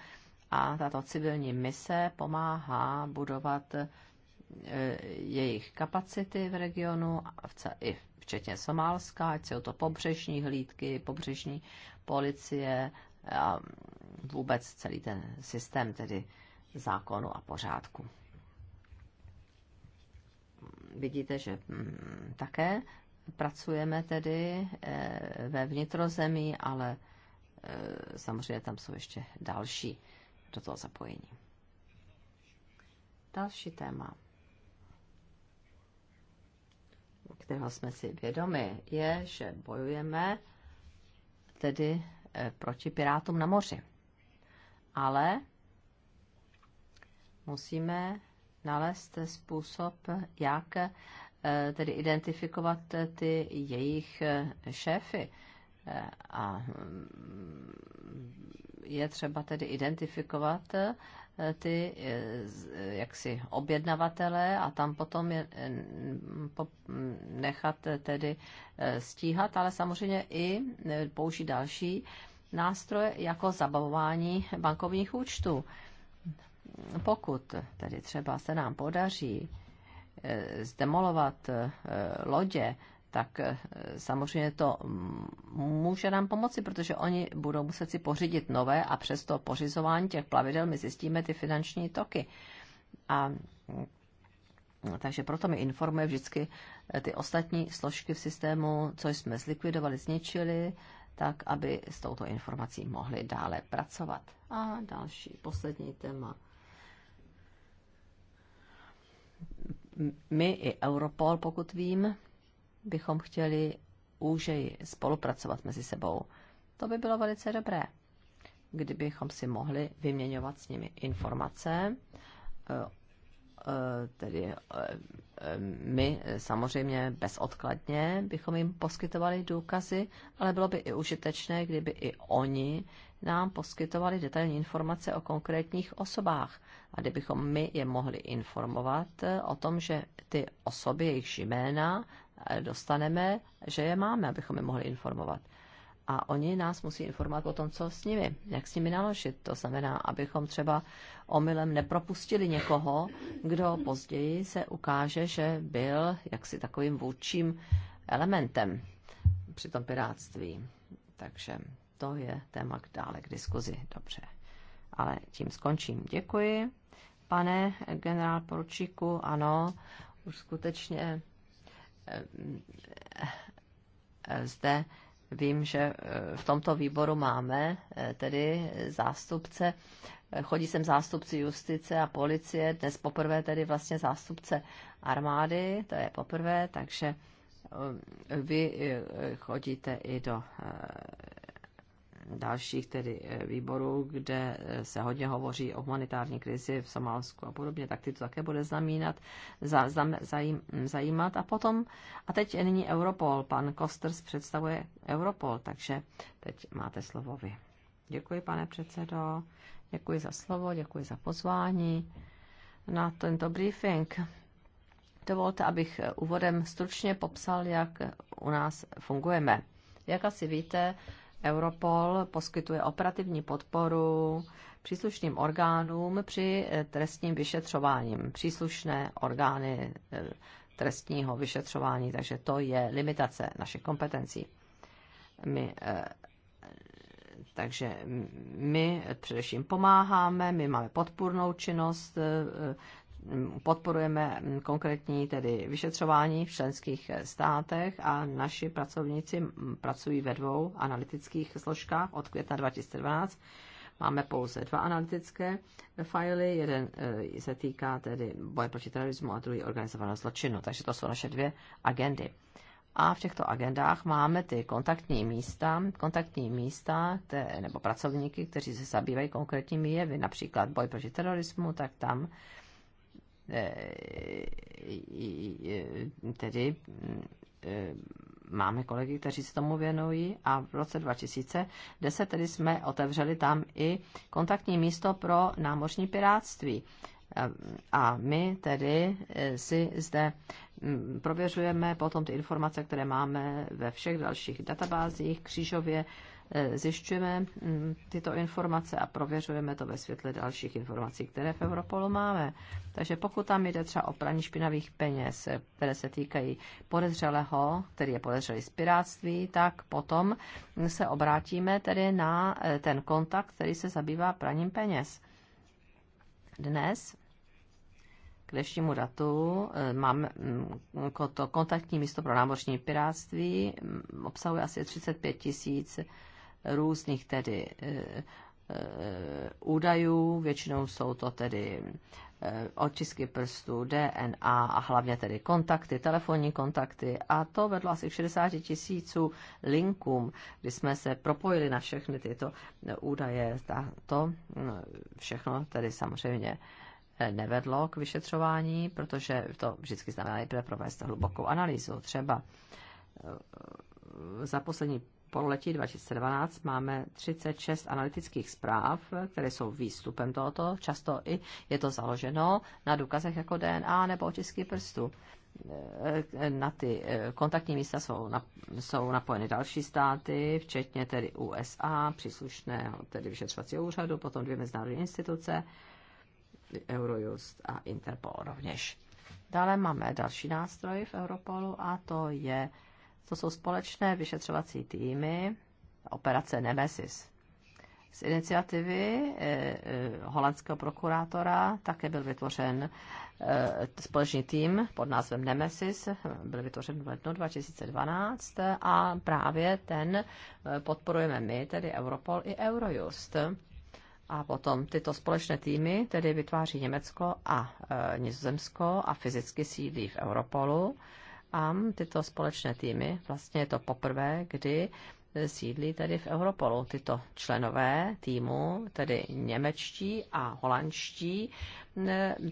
a tato civilní mise pomáhá budovat E, jejich kapacity v regionu, i včetně Somálska, ať jsou to pobřežní hlídky, pobřežní policie a vůbec celý ten systém tedy zákonu a pořádku. Vidíte, že mm, také pracujeme tedy e, ve vnitrozemí, ale e, samozřejmě tam jsou ještě další do toho zapojení. Další téma kterého jsme si vědomi, je, že bojujeme tedy eh, proti pirátům na moři. Ale musíme nalézt způsob, jak eh, tedy identifikovat eh, ty jejich šéfy. A hm, je třeba tedy identifikovat ty eh, eh, jaksi objednavatele a tam potom je eh, mm, nechat tedy stíhat, ale samozřejmě i použít další nástroje jako zabavování bankovních účtů. Pokud tedy třeba se nám podaří zdemolovat lodě tak eh, samozřejmě to mm, může nám pomoci, protože oni budou muset si pořídit nové a přes to pořizování těch plavidel my zjistíme ty finanční toky. A mm, takže proto mi informuje vždycky eh, ty ostatní složky v systému, co jsme zlikvidovali, zničili, tak aby s touto informací mohli dále pracovat. A další, poslední téma. My i Europol, pokud vím, bychom chtěli úžeji spolupracovat mezi sebou. To by bylo velice dobré, kdybychom si mohli vyměňovat s nimi informace. E, e, tedy e, my samozřejmě bezodkladně bychom jim poskytovali důkazy, ale bylo by i užitečné, kdyby i oni nám poskytovali detailní informace o konkrétních osobách a kdybychom my je mohli informovat o tom, že ty osoby, jejich jména dostaneme, že je máme, abychom je mohli informovat. A oni nás musí informovat o tom, co s nimi, jak s nimi naložit. To znamená, abychom třeba omylem nepropustili někoho, kdo později se ukáže, že byl jaksi takovým vůdčím elementem při tom piráctví. Takže to je téma k dále k diskuzi. Dobře. Ale tím skončím. Děkuji, pane generál poručíku. Ano, už skutečně Eh, zde vím, že eh, v tomto výboru máme eh, tedy zástupce, chodí sem zástupci justice a policie, dnes poprvé tedy vlastně zástupce armády, to je poprvé, takže vy chodíte i do dalších tedy eh, výborů, kde eh, se hodně hovoří o humanitární krizi v Somálsku a podobně, tak ty to také bude znamínat, za, za, zajím, zajímat. A potom, a teď je nyní Europol, pan Kosters představuje Europol, takže teď máte slovo vy. Děkuji, pane předsedo, děkuji za slovo, děkuji za pozvání na tento briefing. Dovolte, abych eh, úvodem stručně popsal, jak u nás fungujeme. Jak asi víte, Europol poskytuje operativní podporu příslušným orgánům při eh, trestním vyšetřováním. Příslušné orgány eh, trestního vyšetřování, takže to je limitace našich kompetencí. My, eh, takže my především pomáháme, my máme podpůrnou činnost podporujeme konkrétní tedy vyšetřování v členských státech a naši pracovníci pracují ve dvou analytických složkách od května 2012. Máme pouze dva analytické fajly. jeden eh, se týká tedy boje proti terorismu a druhý organizovaného zločinu, takže to jsou naše dvě agendy. A v těchto agendách máme ty kontaktní místa, kontaktní místa te, nebo pracovníky, kteří se zabývají konkrétními jevy, například boj proti terorismu, tak tam Eh, tedy eh, máme kolegy, kteří se tomu věnují a v roce 2010 tedy jsme otevřeli tam i kontaktní místo pro námořní piráctví. Eh, a my tedy si zde mm, prověřujeme potom ty informace, které máme ve všech dalších databázích, křížově Eh, zjišťujeme mm, tyto informace a prověřujeme to ve světle dalších informací, které v Europolu máme. Takže pokud tam jde třeba o praní špinavých peněz, eh, které se týkají podezřelého, který je podezřelý z piráctví, tak potom se obrátíme tedy na eh, ten kontakt, který se zabývá praním peněz. Dnes k dnešnímu datu mám mm, to kontaktní místo pro námořní piráctví, mm, obsahuje asi 35 tisíc 000 různých tedy e, e, údajů, většinou jsou to tedy e, otisky prstů, DNA a hlavně tedy kontakty, telefonní kontakty. A to vedlo asi k 60 tisíců linkům, kdy jsme se propojili na všechny tyto údaje. Ta, to no, všechno tedy samozřejmě nevedlo k vyšetřování, protože to vždycky znamená nejprve provést hlubokou analýzu. Třeba za poslední pololetí 2012 máme 36 analytických zpráv, které jsou výstupem tohoto. Často i je to založeno na důkazech jako DNA nebo otisky prstů. E, na ty e, kontaktní místa jsou, na, jsou napojeny další státy, včetně tedy USA, příslušného tedy vyšetřovacího úřadu, potom dvě mezinárodní instituce, Eurojust a Interpol rovněž. Dále máme další nástroj v Europolu a to je to jsou společné vyšetřovací týmy operace Nemesis. Z iniciativy eh, eh, holandského prokurátora také byl vytvořen eh, společný tým pod názvem Nemesis, byl vytvořen v lednu 2012 a právě ten podporujeme my, tedy Europol i Eurojust. A potom tyto společné týmy tedy vytváří Německo a e, Nizozemsko a fyzicky sídlí v Europolu. E, a tyto společné týmy, vlastně je to poprvé, kdy sídlí tedy v Europolu. Tyto členové týmu, tedy němečtí a holandští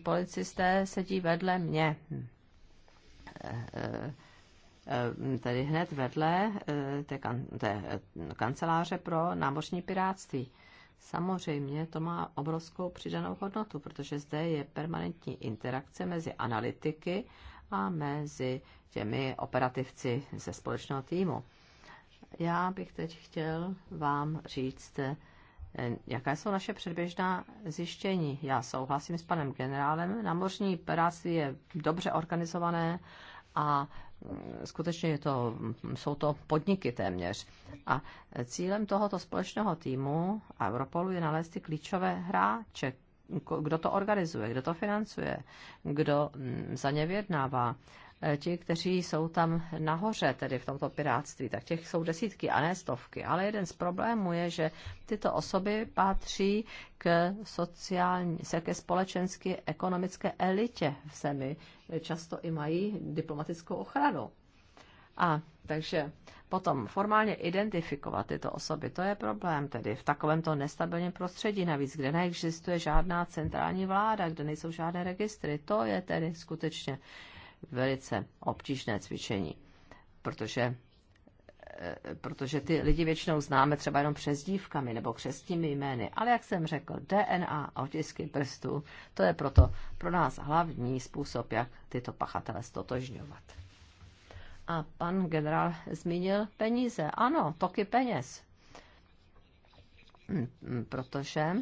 policisté, sedí vedle mě. Eh, eh, tedy hned vedle eh, té, kan- té kanceláře pro námořní piráctví. Samozřejmě to má obrovskou přidanou hodnotu, protože zde je permanentní interakce mezi analytiky, a mezi těmi operativci ze společného týmu. Já bych teď chtěl vám říct, eh, jaké jsou naše předběžná zjištění. Já souhlasím s panem generálem, námořní práci je dobře organizované a mm, skutečně je to, mm, jsou to podniky téměř. A cílem tohoto společného týmu Europolu je nalézt ty klíčové hráče, kdo to organizuje, kdo to financuje, kdo mm, za ně vyjednává. Eh, ti, kteří jsou tam nahoře, tedy v tomto piráctví, tak těch jsou desítky a ne stovky. Ale jeden z problémů je, že tyto osoby patří k sociální, ke společensky ekonomické elitě v zemi. Často i mají diplomatickou ochranu. A takže potom formálně identifikovat tyto osoby, to je problém, tedy v takovémto nestabilním prostředí navíc, kde neexistuje žádná centrální vláda, kde nejsou žádné registry, to je tedy skutečně velice obtížné cvičení, protože eh, protože ty lidi většinou známe třeba jenom přes dívkami nebo křestními jmény. Ale jak jsem řekl, DNA a otisky prstů, to je proto pro nás hlavní způsob, jak tyto pachatele stotožňovat. A pan generál zmínil peníze. Ano, toky peněz. Protože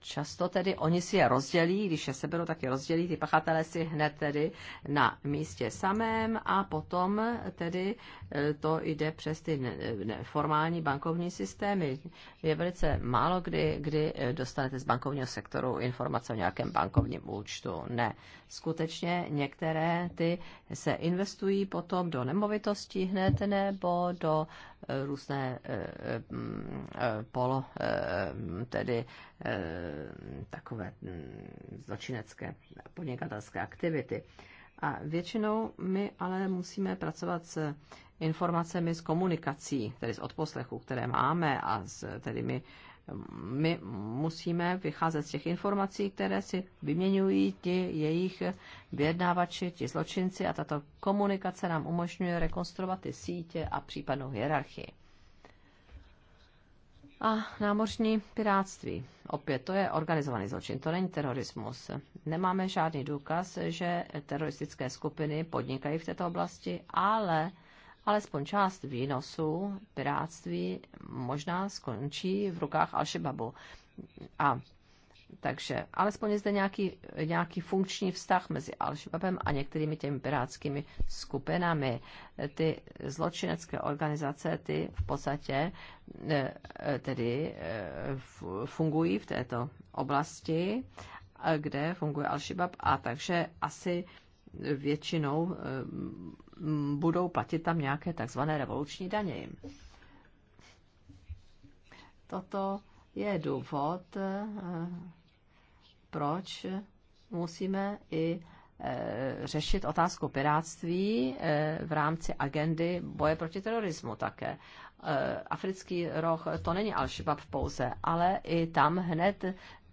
často tedy oni si je rozdělí, když je seberou, tak je rozdělí, ty pachatelé si hned tedy na místě samém a potom tedy eh, to jde přes ty formální bankovní systémy. Je velice málo, kdy, kdy eh, dostanete z bankovního sektoru informace o nějakém bankovním účtu. Ne. Skutečně některé ty se investují potom do nemovitosti hned nebo do různé eh, eh, mm, eh, polo, mm, tedy takové mm, zločinecké podnikatelské aktivity. A většinou my ale musíme pracovat s informacemi z komunikací, tedy z odposlechů, které máme a s, tedy my my musíme vycházet z těch informací, které si vyměňují ti jejich vyjednávači, ti zločinci a tato komunikace nám umožňuje rekonstruovat ty sítě a případnou hierarchii. A námořní piráctví. Opět to je organizovaný zločin, to není terorismus. Nemáme žádný důkaz, že teroristické skupiny podnikají v této oblasti, ale alespoň část výnosu piráctví možná skončí v rukách al A takže alespoň je zde nějaký, nějaký funkční vztah mezi al a některými těmi pirátskými skupinami. Ty zločinecké organizace, ty v podstatě eh, tedy eh, fungují v této oblasti, eh, kde funguje al a takže asi většinou budou platit tam nějaké takzvané revoluční daně. Toto je důvod, eh, proč musíme i eh, řešit otázku piráctví eh, v rámci agendy boje proti terorismu také. Africký roh, to není al pouze, ale i tam hned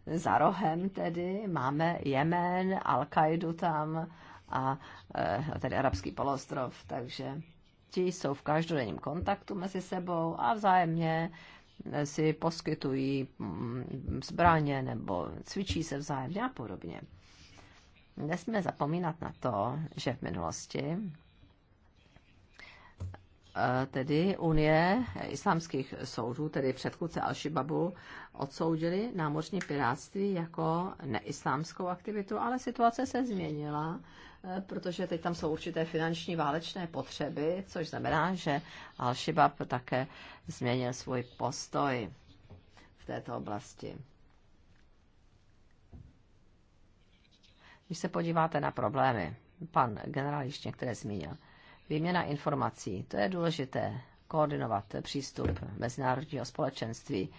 za rohem tedy máme Jemen, al qaidu tam, a e, tedy arabský polostrov, takže ti jsou v každodenním kontaktu mezi sebou a vzájemně e, si poskytují mm, zbraně nebo cvičí se vzájemně a podobně. Nesmíme zapomínat na to, že v minulosti Eh, tedy Unie islámských soudů, tedy předchůdce Al-Shibabu, odsoudili námořní piráctví jako neislámskou aktivitu, ale situace se změnila, eh, protože teď tam jsou určité finanční válečné potřeby, což znamená, že Al-Shibab také změnil svůj postoj v této oblasti. Když se podíváte na problémy, pan generál ještě některé zmínil, Výměna informací, to je důležité, koordinovat přístup mezinárodního společenství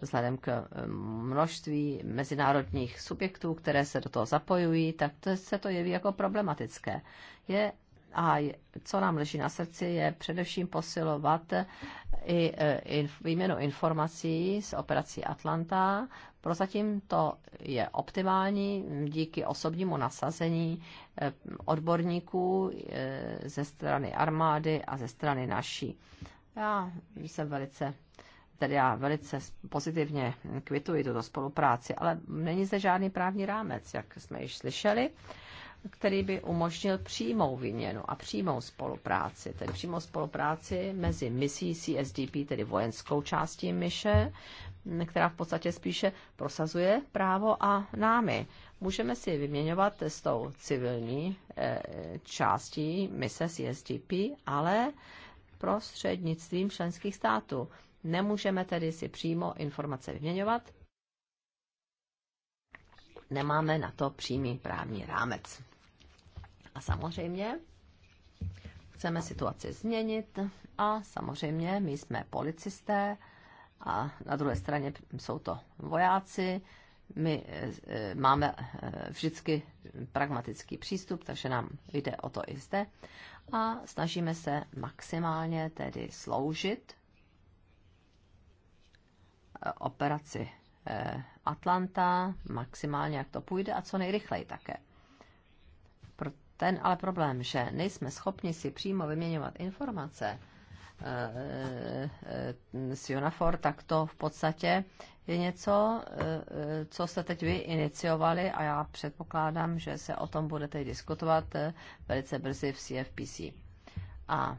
vzhledem k eh, množství mezinárodních subjektů, které se do toho zapojují, tak to se to jeví jako problematické. Je a co nám leží na srdci, je především posilovat i e, výměnu informací z operací Atlanta. Prozatím to je optimální díky osobnímu nasazení e, odborníků e, ze strany armády a ze strany naší. Já jsem velice tedy já velice pozitivně kvituji tuto spolupráci, ale není zde žádný právní rámec, jak jsme již slyšeli který by umožnil přímou výměnu a přímou spolupráci, tedy přímou spolupráci mezi misí CSDP, tedy vojenskou částí myše, která v podstatě spíše prosazuje právo a námi. Můžeme si vyměňovat s tou civilní eh, částí mise CSDP, ale prostřednictvím členských států. Nemůžeme tedy si přímo informace vyměňovat, nemáme na to přímý právní rámec. A samozřejmě chceme situaci změnit a samozřejmě my jsme policisté a na druhé straně jsou to vojáci. My eh, eh, máme eh, vždycky pragmatický přístup, takže nám jde o to i zde a snažíme se maximálně tedy sloužit operaci Atlanta maximálně, jak to půjde a co nejrychleji také. Ten ale problém, že nejsme schopni si přímo vyměňovat informace eh, eh, s Unafor, tak to v podstatě je něco, eh, co jste teď vy iniciovali a já předpokládám, že se o tom budete diskutovat velice brzy v CFPC. A,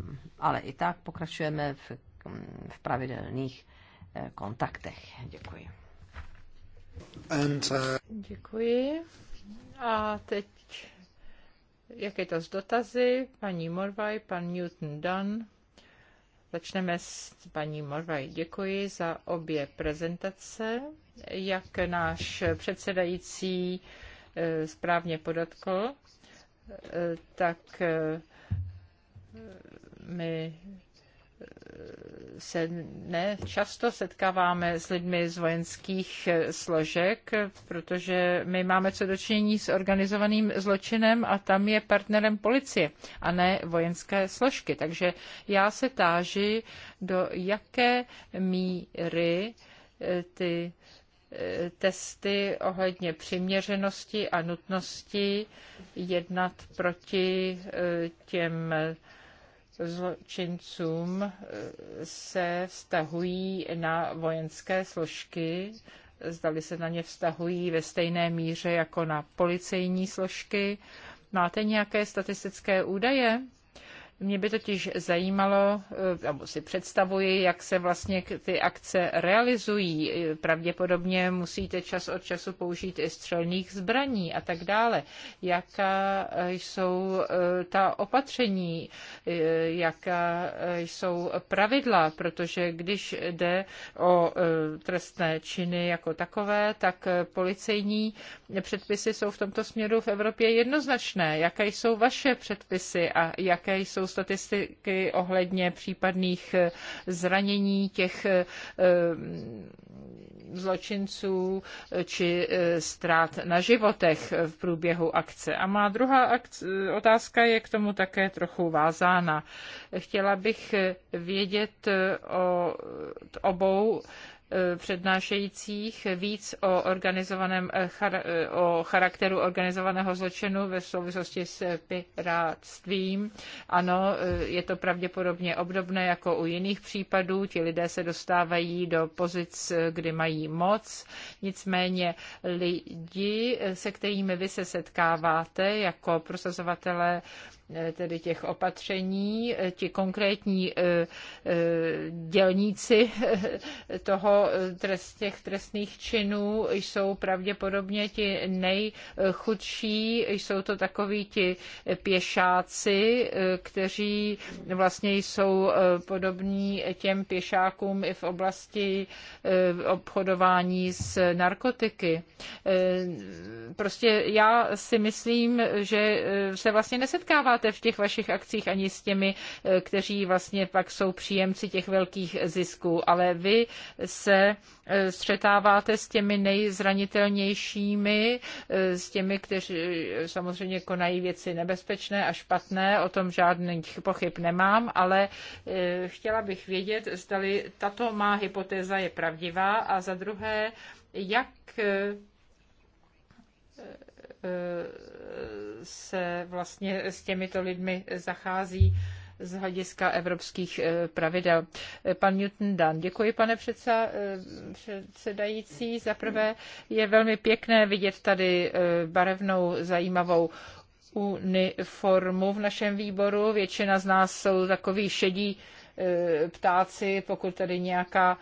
mm, ale i tak pokračujeme v, mm, v pravidelných kontaktech. Děkuji. And, uh... Děkuji. A teď jak je to s dotazy? Paní Morvaj, pan Newton Dunn. Začneme s paní Morvaj. Děkuji za obě prezentace. Jak náš předsedající eh, správně podotkl, eh, tak eh, my se ne často setkáváme s lidmi z vojenských eh, složek, protože my máme co dočinění s organizovaným zločinem a tam je partnerem policie a ne vojenské složky. Takže já se táži, do jaké míry eh, ty eh, testy ohledně přiměřenosti a nutnosti jednat proti těm zločincům eh, se vztahují na vojenské složky, zdali se na ně vztahují ve stejné míře jako na policejní složky. Máte nějaké statistické údaje? Mě by totiž zajímalo, eh, nebo si představuji, jak se vlastně ty akce realizují. Eh, Pravděpodobně musíte čas od času použít i střelných zbraní a tak dále. Jaká eh, jsou ta opatření, jaká jsou pravidla, protože když jde o trestné činy jako takové, tak policejní předpisy jsou v tomto směru v Evropě jednoznačné. Jaké jsou vaše předpisy a jaké jsou statistiky ohledně případných eh, zranění těch eh, eh, zločinců či ztrát na životech v průběhu akce. A má druhá akce, otázka je k tomu také trochu vázána. Chtěla bych vědět o obou Eh, přednášejících víc o, organizovaném, eh, eh, o charakteru organizovaného zločinu ve souvislosti s pirátstvím. Ano, je to pravděpodobně obdobné jako u jiných případů. Ti lidé se dostávají do pozic, kdy mají moc. Nicméně lidi, se kterými vy se setkáváte jako prosazovatelé Eh, tedy těch opatření, eh, ti konkrétní eh, dělníci toho trest, těch trestných činů jsou pravděpodobně ti nejchudší, jsou to takoví ti pěšáci, kteří vlastně jsou podobní těm pěšákům i v oblasti obchodování s narkotiky. Prostě já si myslím, že se vlastně nesetkává neděláte v těch vašich akcích ani s těmi, eh, kteří vlastně pak jsou příjemci těch velkých zisků, ale vy se eh, střetáváte s těmi nejzranitelnějšími, eh, s těmi, kteří samozřejmě konají věci nebezpečné a špatné, o tom žádných pochyb nemám, ale chtěla bych vědět, zdali tato má hypotéza je pravdivá a za druhé, jak se vlastně s těmito lidmi zachází z hlediska evropských eh, pravidel. Eh, pan Newton Dan. Děkuji, pane předsa, eh, předsedající. Za prvé je velmi pěkné vidět tady barevnou, zajímavou uniformu v našem výboru. Většina z nás jsou takový šedí ptáci, pokud tady nějaká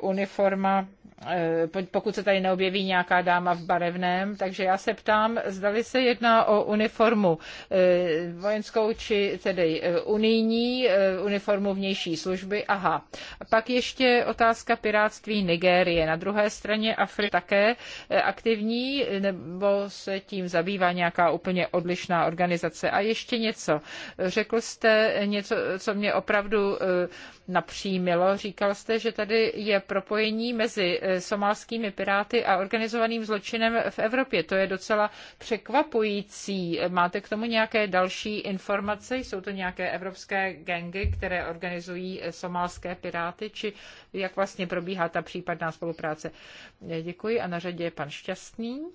uniforma Eh, pokud se tady neobjeví nějaká dáma v barevném. Takže já se ptám, zdali se jedná o uniformu eh, vojenskou či tedy eh, unijní, uniformu vnější služby. Aha. Pak ještě otázka piráctví Nigérie. Na druhé straně Afrika také aktivní, nebo se tím zabývá nějaká úplně odlišná organizace. A ještě něco. Řekl jste něco, co mě opravdu napřímilo. Říkal jste, že tady je propojení mezi somálskými piráty a organizovaným zločinem v Evropě. To je docela překvapující. Máte k tomu nějaké další informace? Jsou to nějaké evropské gengy, které organizují somálské piráty? Či jak vlastně probíhá ta případná spolupráce? Děkuji a na řadě je pan Šťastný.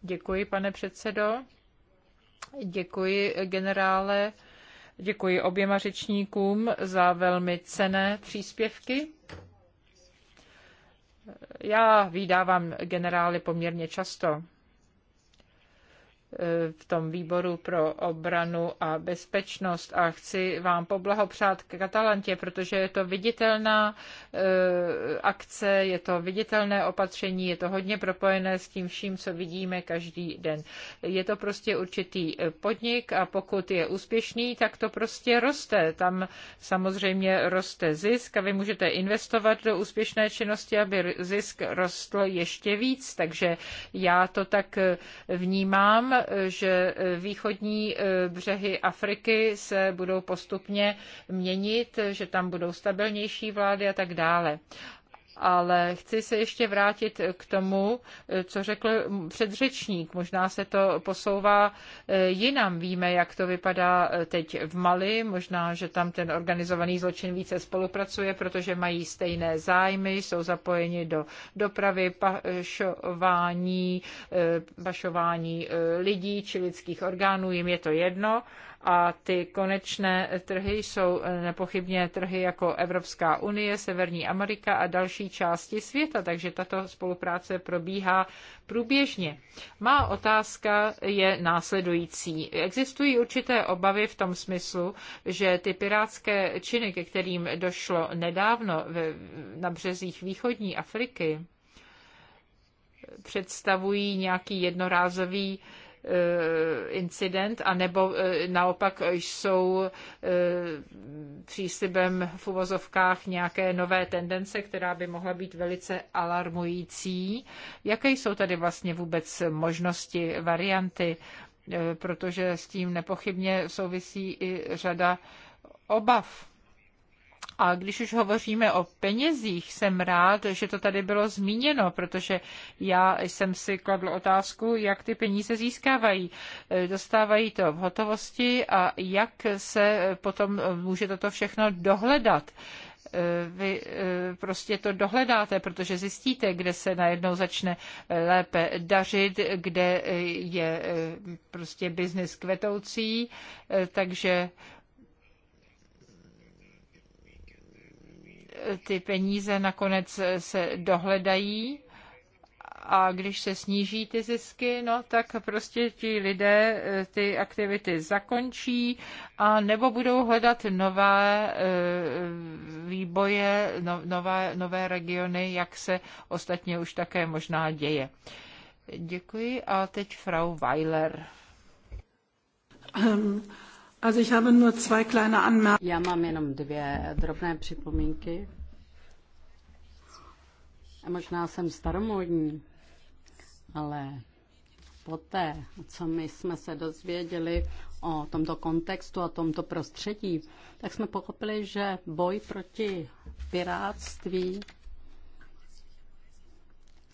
Děkuji, pane předsedo. Děkuji, generále. Děkuji oběma řečníkům za velmi cené příspěvky. Já vydávám generály poměrně často v tom výboru pro obranu a bezpečnost a chci vám poblahopřát k Katalantě, protože je to viditelná eh, akce, je to viditelné opatření, je to hodně propojené s tím vším, co vidíme každý den. Je to prostě určitý eh, podnik a pokud je úspěšný, tak to prostě roste. Tam samozřejmě roste zisk a vy můžete investovat do úspěšné činnosti, aby zisk rostl ještě víc. Takže já to tak eh, vnímám že východní eh, břehy Afriky se budou postupně měnit, že tam budou stabilnější vlády a tak dále ale chci se ještě vrátit k tomu, eh, co řekl předřečník. Možná se to posouvá eh, jinam. Víme, jak to vypadá eh, teď v Mali. Možná, že tam ten organizovaný zločin více spolupracuje, protože mají stejné zájmy, jsou zapojeni do dopravy, pašování, pašování lidí či lidských orgánů. Jim je to jedno a ty konečné trhy jsou eh, nepochybně trhy jako Evropská unie, Severní Amerika a další části světa, takže tato spolupráce probíhá průběžně. Má otázka je následující. Existují určité obavy v tom smyslu, že ty pirátské činy, ke kterým došlo nedávno na březích východní Afriky, představují nějaký jednorázový Eh, incident, anebo eh, naopak jsou eh, příslibem v uvozovkách nějaké nové tendence, která by mohla být velice alarmující. Jaké jsou tady vlastně vůbec možnosti, varianty, protože s tím nepochybně souvisí i řada obav a když už hovoříme o penězích, jsem rád, že to tady bylo zmíněno, protože já jsem si kladl otázku, jak ty peníze získávají. E, dostávají to v hotovosti a jak se potom může toto všechno dohledat e, vy e, prostě to dohledáte, protože zjistíte, kde se najednou začne lépe dařit, kde je prostě biznis kvetoucí, takže ty peníze nakonec se dohledají a když se sníží ty zisky, no tak prostě ti lidé eh, ty aktivity zakončí a nebo budou hledat nové eh, výboje, no, nové, nové regiony, jak se ostatně už také možná děje. Děkuji a teď Frau Weiler. Um. Já mám jenom dvě drobné připomínky. A možná jsem staromodní, ale poté, co my jsme se dozvěděli o tomto kontextu a tomto prostředí, tak jsme pochopili, že boj proti piráctví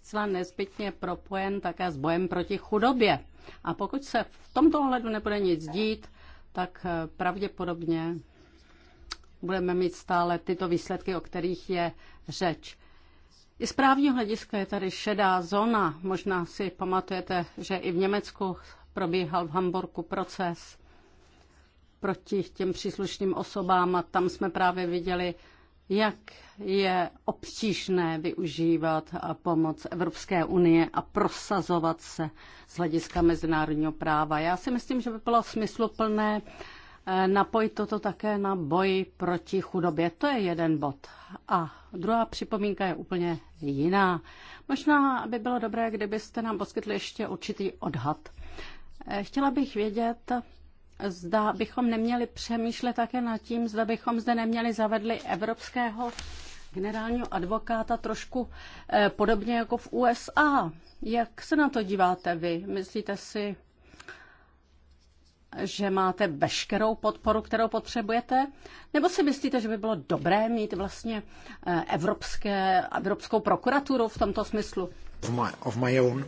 zcela nezbytně propojen také s bojem proti chudobě. A pokud se v tomto ohledu nebude nic dít, tak eh, pravděpodobně budeme mít stále tyto výsledky, o kterých je řeč. I z právního hlediska je tady šedá zóna. Možná si pamatujete, že i v Německu probíhal v Hamburgu proces proti těm příslušným osobám a tam jsme právě viděli jak je obtížné využívat pomoc Evropské unie a prosazovat se z hlediska mezinárodního práva. Já si myslím, že by bylo smysluplné eh, napojit toto také na boj proti chudobě. To je jeden bod. A druhá připomínka je úplně jiná. Možná by bylo dobré, kdybyste nám poskytli ještě určitý odhad. Eh, chtěla bych vědět, zda bychom neměli přemýšlet také nad tím, zda bychom zde neměli zavedli evropského generálního advokáta trošku eh, podobně jako v USA. Jak se na to díváte vy? Myslíte si, že máte veškerou podporu, kterou potřebujete? Nebo si myslíte, že by bylo dobré mít vlastně eh, evropské, evropskou prokuraturu v tomto smyslu? Of my, of my own.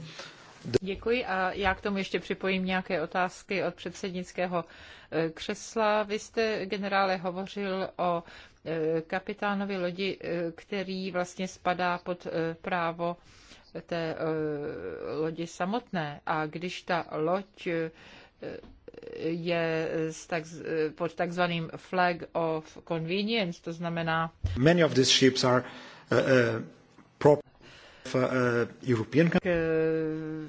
Děkuji a já k tomu ještě připojím nějaké otázky od předsednického eh, křesla. Vy jste, generále, hovořil o eh, kapitánovi lodi, eh, který vlastně spadá pod právo té lodi samotné. A když ta loď je tak, pod takzvaným flag of convenience, to znamená... Many of these ships are, uh, uh, Eh,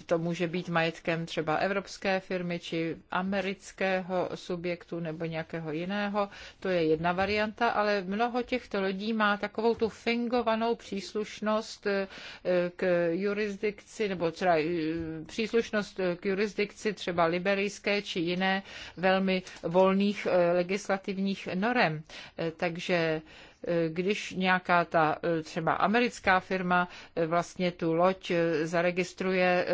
to může být majetkem třeba evropské firmy či amerického subjektu nebo nějakého jiného. To je jedna varianta, ale mnoho těchto lidí má takovou tu fingovanou příslušnost eh, k jurisdikci nebo třeba eh, příslušnost k jurisdikci třeba liberijské či jiné velmi volných legislativních norem. Takže když nějaká ta e, třeba americká firma e, vlastně tu loď e, zaregistruje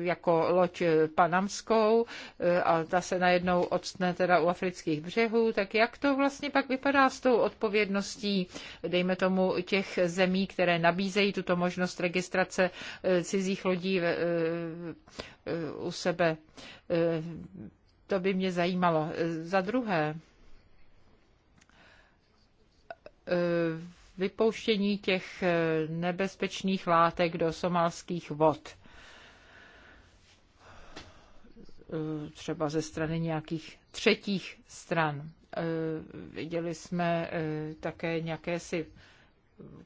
jako loď panamskou a ta se najednou odstne teda u afrických břehů, tak jak to vlastně pak vypadá s tou odpovědností, dejme tomu, těch zemí, které nabízejí tuto možnost registrace cizích lodí u sebe? To by mě zajímalo. Za druhé, Eh, vypouštění těch eh, nebezpečných látek do somalských vod. Eh, třeba ze strany nějakých třetích stran. Viděli jsme také nějaké si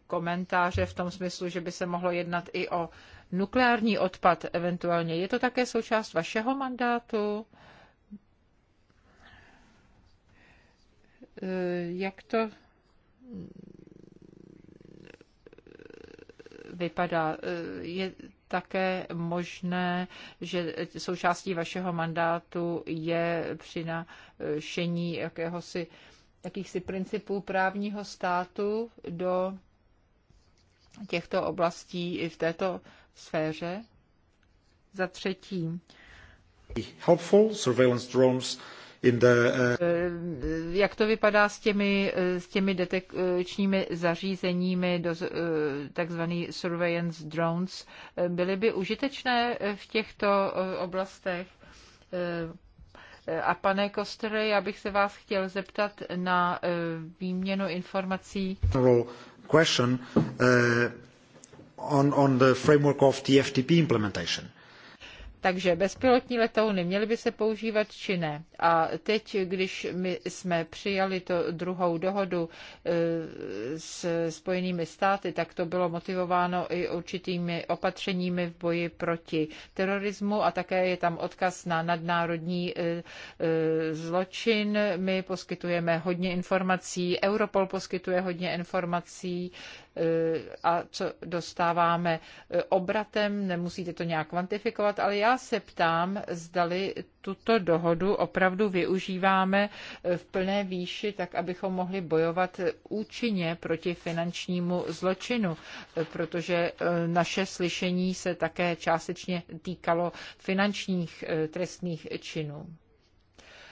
komentáře v tom smyslu, že by se mohlo jednat i o nukleární odpad eventuálně. Je to také součást vašeho mandátu? Jak to vypadá. Je také možné, že součástí vašeho mandátu je přinášení jakéhosi, jakýchsi principů právního státu do těchto oblastí i v této sféře? Za třetí. surveillance drones Eh, jak to vypadá s těmi, eh, s těmi detekčními zařízeními, do, eh, takzvaný surveillance drones? Byly by užitečné v těchto oblastech? A pane Kostere, já bych se vás chtěl zeptat na výměnu informací. Question, uh, on, on the framework of the FTP implementation. Takže bezpilotní letouny měly by se používat či ne. A teď, když my jsme přijali to druhou dohodu e, s Spojenými státy, tak to bylo motivováno i určitými opatřeními v boji proti terorismu a také je tam odkaz na nadnárodní e, e, zločin. My poskytujeme hodně informací, Europol poskytuje hodně informací, Eh, a co dostáváme eh, obratem, nemusíte to nějak kvantifikovat, ale já se ptám, zdali tuto dohodu opravdu využíváme eh, v plné výši, tak abychom mohli bojovat účinně proti finančnímu zločinu, protože naše slyšení se také částečně týkalo finančních trestných činů.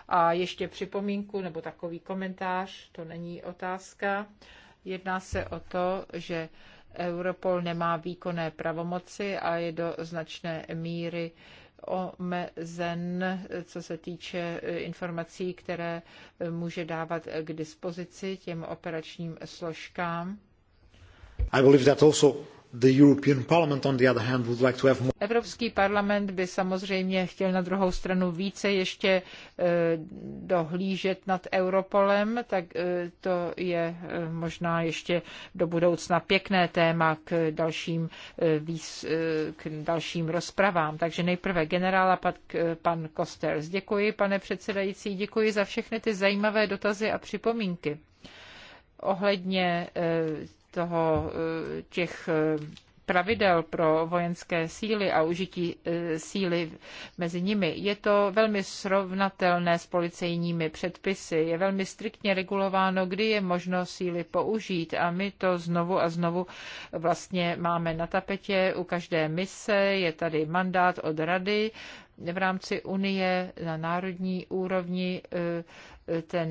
A ještě připomínku nebo takový komentář, to není otázka. Jedná se o to, že Europol nemá výkonné pravomoci a je do značné míry omezen, co se týče e, informací, které e, může dávat k dispozici těm operačním složkám. I believe that also Evropský parlament by samozřejmě chtěl na druhou stranu více ještě eh, dohlížet nad Europolem, tak eh, to je eh, možná ještě do budoucna pěkné téma k dalším, k dalším rozpravám. Takže nejprve a pak pan Kosters. Děkuji, pane předsedající, děkuji za všechny ty zajímavé dotazy a připomínky ohledně toho, eh, těch eh, pravidel pro vojenské síly a užití eh, síly mezi nimi. Je to velmi srovnatelné s policejními předpisy. Je velmi striktně regulováno, kdy je možno síly použít a my to znovu a znovu vlastně máme na tapetě u každé mise. Je tady mandát od rady v rámci Unie na národní úrovni ten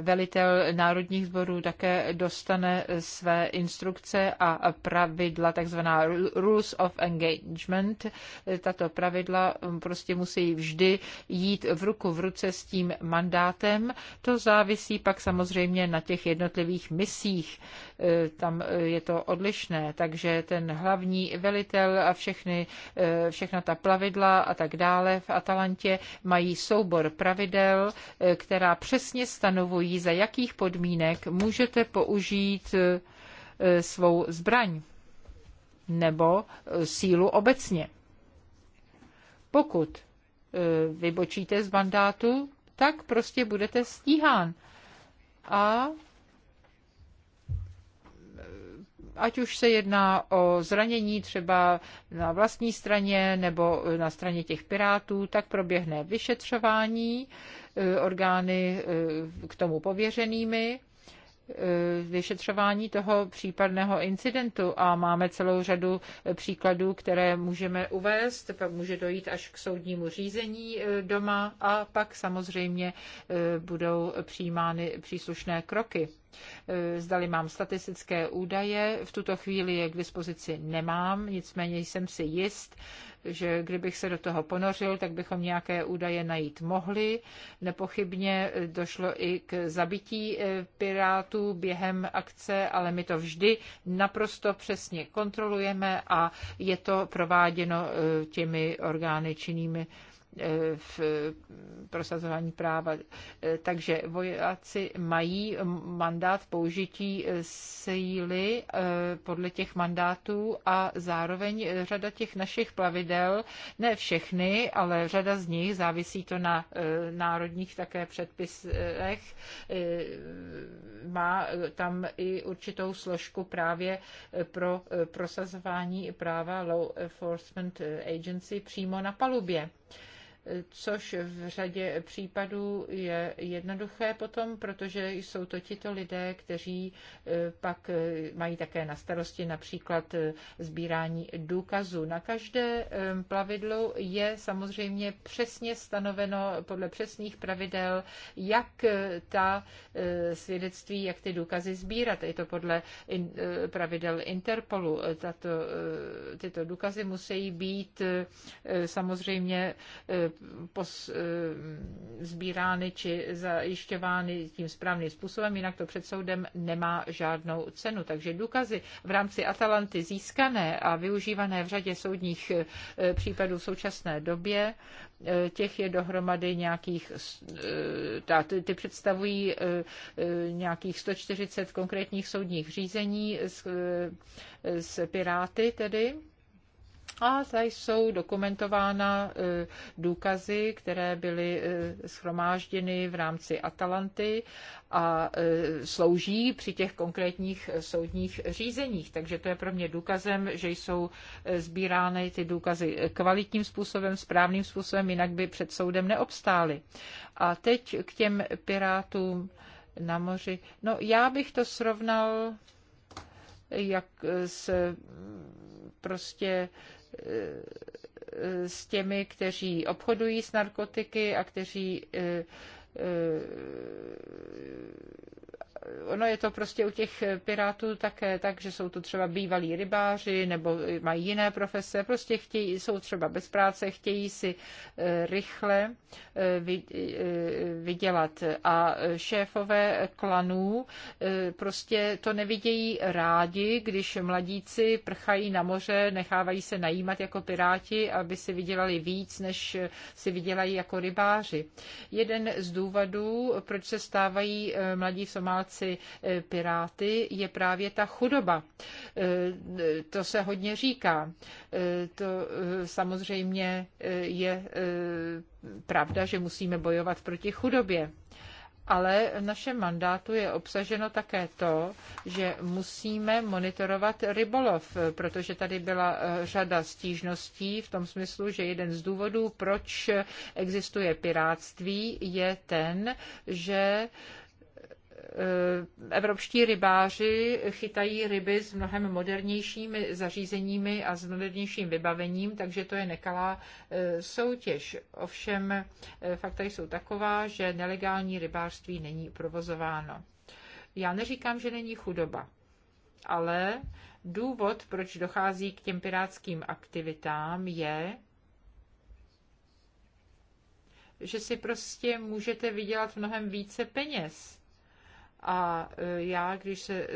velitel národních sborů také dostane své instrukce a pravidla, takzvaná rules of engagement. Tato pravidla prostě musí vždy jít v ruku v ruce s tím mandátem. To závisí pak samozřejmě na těch jednotlivých misích. E, tam je to odlišné, takže ten hlavní velitel a všechny, e, všechna ta plavidla a tak dále v Atalantě mají soubor pravidel, e, která přesně stanoví stanovují, za jakých podmínek můžete použít e, svou zbraň nebo e, sílu obecně. Pokud e, vybočíte z mandátu, tak prostě budete stíhán. A ať už se jedná o zranění třeba na vlastní straně nebo na straně těch pirátů, tak proběhne vyšetřování E, orgány e, k tomu pověřenými e, vyšetřování toho případného incidentu a máme celou řadu příkladů, které můžeme uvést, pak může dojít až k soudnímu řízení doma a pak samozřejmě budou přijímány příslušné kroky. Eh, zdali mám statistické údaje, v tuto chvíli je k dispozici nemám, nicméně jsem si jist, že kdybych se do toho ponořil, tak bychom nějaké údaje najít mohli. Nepochybně eh, došlo i k zabití eh, pirátů během akce, ale my to vždy naprosto přesně kontrolujeme a je to prováděno těmi orgány činnými v prosazování práva. Eh, takže vojáci mají mandát použití eh, síly eh, podle těch mandátů a zároveň řada těch našich plavidel, ne všechny, ale řada z nich, závisí to na národních také předpisech, má tam i určitou složku právě pro prosazování práva Law Enforcement Agency přímo na palubě což v řadě případů je jednoduché potom, protože jsou to tito lidé, kteří eh, pak eh, mají také na starosti například eh, sbírání důkazů. Na každé plavidlu je samozřejmě přesně stanoveno podle přesných pravidel, jak ta svědectví, jak ty důkazy sbírat. Je to podle pravidel Interpolu. Tato, tyto důkazy musí být samozřejmě pos, eh, sbírány či zajišťovány tím správným způsobem, jinak to před soudem nemá žádnou cenu. Takže důkazy v rámci Atalanty získané a využívané v řadě soudních eh, případů v současné době, eh, těch je dohromady nějakých, ty, ty představují nějakých 140 konkrétních soudních řízení s, s piráty tedy, a zde jsou dokumentována eh, důkazy, které byly eh, schromážděny v rámci Atalanty a eh, slouží při těch konkrétních soudních řízeních. Takže to je pro mě důkazem, že jsou sbírány ty důkazy kvalitním způsobem, správným způsobem, jinak by před soudem neobstály. A teď k těm pirátům na moři. No, já bych to srovnal jak s mm, prostě s těmi, kteří obchodují s narkotiky a kteří eh, eh, ono je to prostě u těch pirátů také tak, že jsou to třeba bývalí rybáři nebo mají jiné profese, prostě chtějí, jsou třeba bez práce, chtějí si eh, rychle eh, eh, vydělat. A šéfové klanů prostě to nevidějí rádi, když mladíci prchají na moře, nechávají se najímat jako piráti, aby si vydělali víc, než si vydělají jako rybáři. Jeden z důvodů, proč se stávají mladí Somálci mezi e, piráty, je právě ta chudoba. E, to se hodně říká. E, to samozřejmě je pravda, že musíme bojovat proti chudobě ale v našem mandátu je obsaženo také to, že musíme monitorovat rybolov, protože tady byla řada stížností v tom smyslu, že jeden z důvodů, proč existuje piráctví, je ten, že Eh, evropští rybáři chytají ryby s mnohem modernějšími zařízeními a s modernějším vybavením, takže to je nekalá eh, soutěž. Ovšem eh, fakta jsou taková, že nelegální rybářství není provozováno. Já neříkám, že není chudoba, ale důvod, proč dochází k těm pirátským aktivitám, je, že si prostě můžete vydělat mnohem více peněz a e, já, když se e,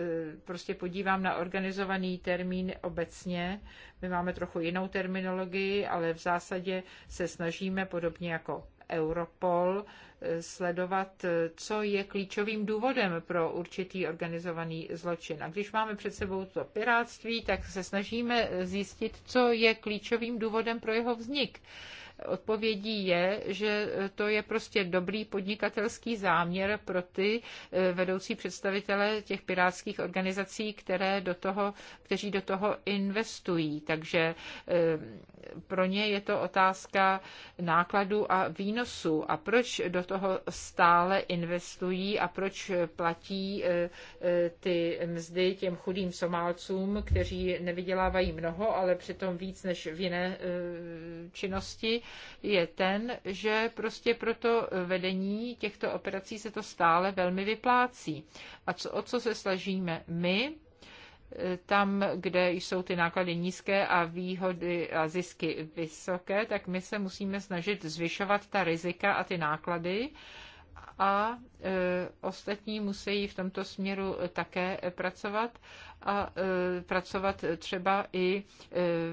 prostě podívám na organizovaný termín obecně, my máme trochu jinou terminologii, ale v zásadě se snažíme podobně jako Europol e, sledovat, co je klíčovým důvodem pro určitý organizovaný zločin. A když máme před sebou to piráctví, tak se snažíme zjistit, co je klíčovým důvodem pro jeho vznik. Odpovědí je, že to je prostě dobrý podnikatelský záměr pro ty eh, vedoucí představitele těch pirátských organizací, které do toho, kteří do toho investují. Takže eh, pro ně je to otázka nákladu a výnosu A proč do toho stále investují a proč platí eh, ty mzdy těm chudým Somálcům, kteří nevydělávají mnoho, ale přitom víc než v jiné činnosti je ten, že prostě pro to vedení těchto operací se to stále velmi vyplácí. A co, o co se snažíme my? tam, kde jsou ty náklady nízké a výhody a zisky vysoké, tak my se musíme snažit zvyšovat ta rizika a ty náklady a e, ostatní musí v tomto směru také pracovat a e, pracovat třeba i e,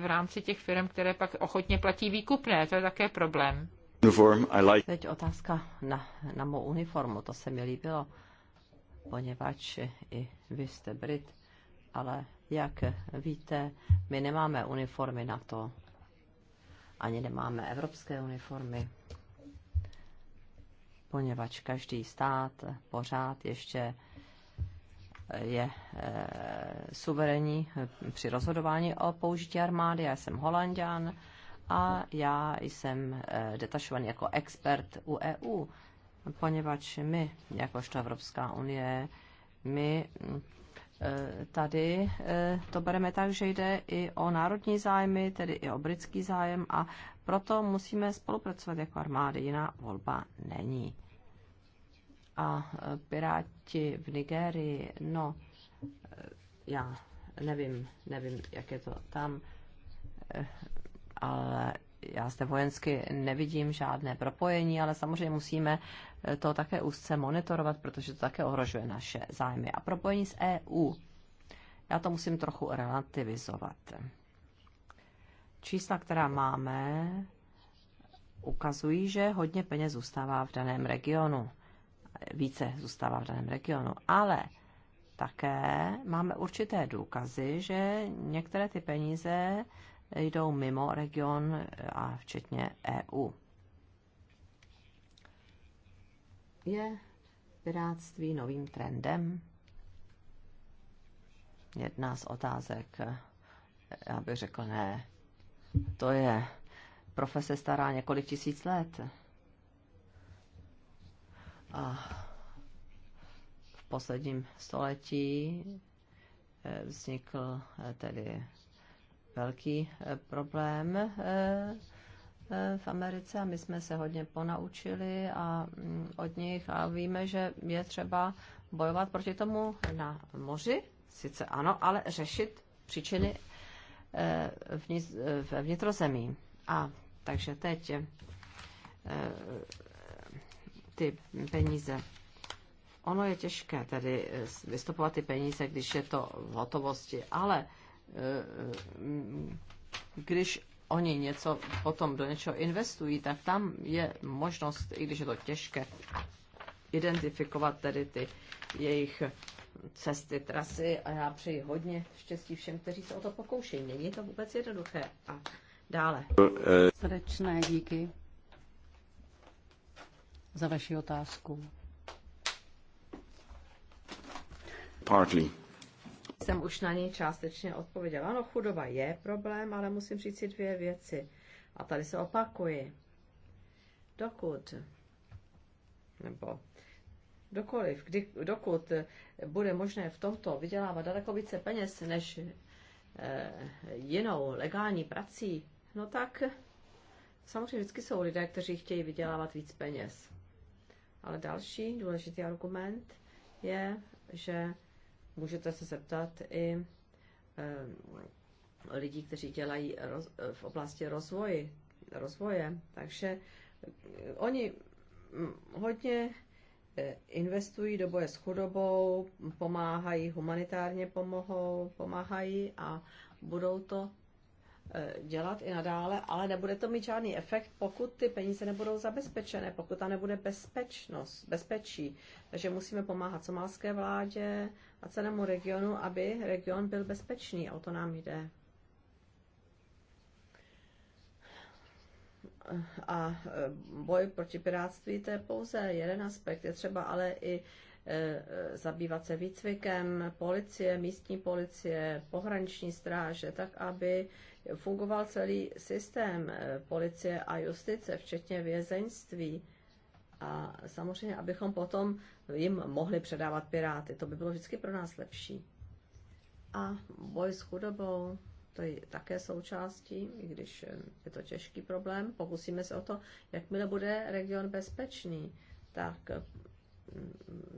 v rámci těch firm, které pak ochotně platí výkupné. To je také problém. Uniform, like. Teď otázka na, na mou uniformu, to se mi líbilo, poněvadž i vy jste Brit, ale jak víte, my nemáme uniformy na to, ani nemáme evropské uniformy poněvadž každý stát pořád ještě je e, suverénní při rozhodování o použití armády. Já jsem holandian a já jsem e, detašovaný jako expert u EU, poněvadž my, jakožto Evropská unie, my hm, Eh, tady eh, to bereme tak, že jde i o národní zájmy, tedy i o britský zájem a proto musíme spolupracovat jako armády, jiná volba není. A eh, piráti v Nigérii, no, já nevím, nevím, jak je to tam, ale já zde vojensky nevidím žádné propojení, ale samozřejmě musíme to také úzce monitorovat, protože to také ohrožuje naše zájmy. A propojení s EU, já to musím trochu relativizovat. Čísla, která máme, ukazují, že hodně peněz zůstává v daném regionu. Více zůstává v daném regionu. Ale také máme určité důkazy, že některé ty peníze jdou mimo region a včetně EU. Je pirátství novým trendem? Jedna z otázek, já eh, bych řekl ne. To je profese stará několik tisíc let. A v posledním století eh, vznikl eh, tedy velký problém v Americe a my jsme se hodně ponaučili a mm, od nich a víme, že je třeba bojovat proti tomu na moři, sice ano, ale řešit příčiny eh, eh, ve vnitrozemí. A takže teď eh, ty peníze. Ono je těžké tedy vystupovat ty peníze, když je to v hotovosti, ale mm, když oni něco potom do něčeho investují, tak tam je možnost, i když je to těžké, identifikovat tedy ty jejich cesty, trasy a já přeji hodně štěstí všem, kteří se o to pokoušejí. Není to vůbec jednoduché. A dále. Srdečné díky za vaši otázku. Partly jsem už na něj částečně odpověděla. Ano, chudoba je problém, ale musím říct si dvě věci. A tady se opakuji. Dokud, nebo dokoliv, kdy, dokud bude možné v tomto vydělávat daleko více peněz než eh, jinou legální prací, no tak samozřejmě vždycky jsou lidé, kteří chtějí vydělávat víc peněz. Ale další důležitý argument je, že Můžete se zeptat i eh, lidí, kteří dělají roz, eh, v oblasti rozvoji, rozvoje. Takže eh, oni hm, hodně investují do boje s chudobou, pomáhají, humanitárně pomohou, pomáhají a budou to Eh, dělat i nadále, ale nebude to mít žádný efekt, pokud ty peníze nebudou zabezpečené, pokud tam nebude bezpečnost, bezpečí. Takže musíme pomáhat somalské vládě a celému regionu, aby region byl bezpečný. A o to nám jde. A eh, boj proti pirátství to je pouze jeden aspekt. Je třeba ale i eh, zabývat se výcvikem policie, místní policie, pohraniční stráže, tak aby fungoval celý systém eh, policie a justice, včetně vězeňství. A samozřejmě, abychom potom jim mohli předávat piráty. To by bylo vždycky pro nás lepší. A boj s chudobou, to je také součástí, i když eh, je to těžký problém. Pokusíme se o to, jakmile bude region bezpečný, tak eh,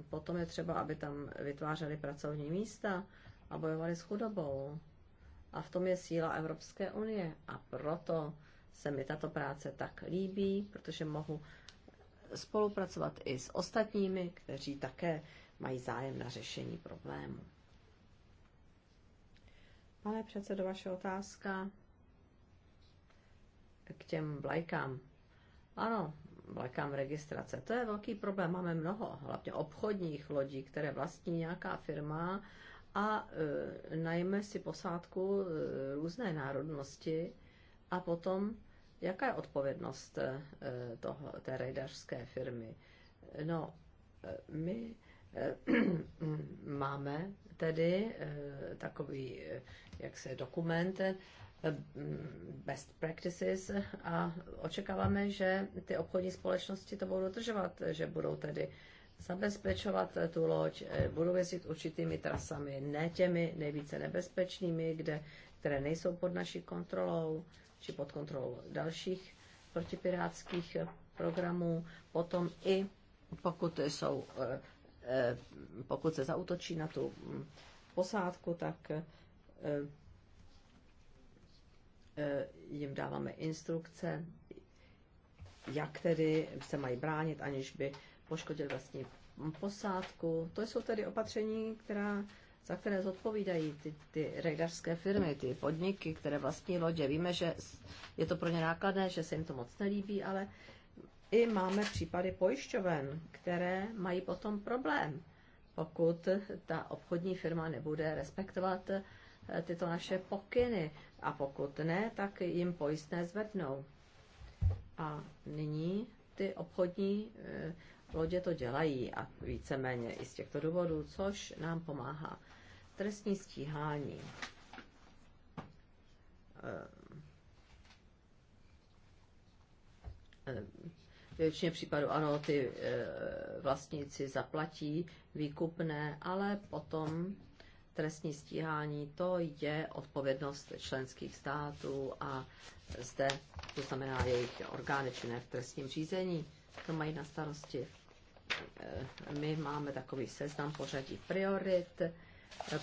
potom je třeba, aby tam vytvářeli pracovní místa a bojovali s chudobou. A v tom je síla Evropské unie. A proto se mi tato práce tak líbí, protože mohu spolupracovat i s ostatními, kteří také mají zájem na řešení problému. Pane předsedo, vaše otázka k těm vlajkám. Ano, vlajkám registrace. To je velký problém. Máme mnoho, hlavně obchodních lodí, které vlastní nějaká firma a e, najme si posádku e, různé národnosti a potom, jaká je odpovědnost e, toho, té rejdařské firmy. No, e, my e, máme tedy e, takový, e, jak se dokument, e, best practices a očekáváme, že ty obchodní společnosti to budou dodržovat, že budou tedy e, zabezpečovat tu loď, eh, budou jezdit určitými trasami, ne těmi nejvíce nebezpečnými, kde, které nejsou pod naší kontrolou, či pod kontrolou dalších protipirátských programů. Potom i pokud, jsou, eh, eh, pokud se zautočí na tu mm, posádku, tak jim dáváme instrukce, jak tedy se mají bránit, aniž by poškodili vlastní posádku. To jsou tedy opatření, která, za které zodpovídají ty, ty rejdařské firmy, ty podniky, které vlastní lodě. Víme, že je to pro ně nákladné, že se jim to moc nelíbí, ale i máme případy pojišťoven, které mají potom problém, pokud ta obchodní firma nebude respektovat eh, tyto naše pokyny a pokud ne, tak jim pojistné zvednou. A nyní ty obchodní eh, lodě to dělají a víceméně i z těchto důvodů, což nám pomáhá. Trestní stíhání. Eh, eh, většině případů ano, ty eh, vlastníci zaplatí výkupné, ale potom trestní stíhání, to je odpovědnost členských států a zde, to znamená jejich orgány činné v trestním řízení, to mají na starosti. Eh, my máme takový seznam pořadí priorit. Eh,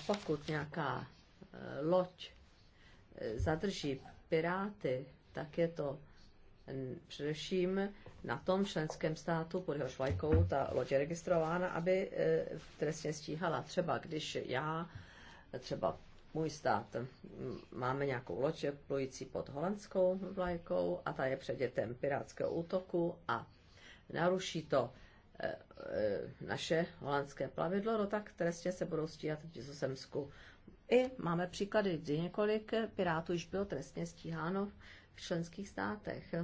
pokud nějaká eh, loď zadrží piráty, tak je to mm, především na tom členském státu, pod jeho švajkou, ta loď je registrována, aby trestně stíhala. Třeba když já, třeba můj stát, mm, máme nějakou loď plující pod holandskou vlajkou a ta je předětem pirátského útoku a naruší to Eh, naše holandské plavidlo, no tak trestně se budou stíhat v Nizozemsku. I máme příklady, kdy několik pirátů již bylo trestně stíháno v členských státech.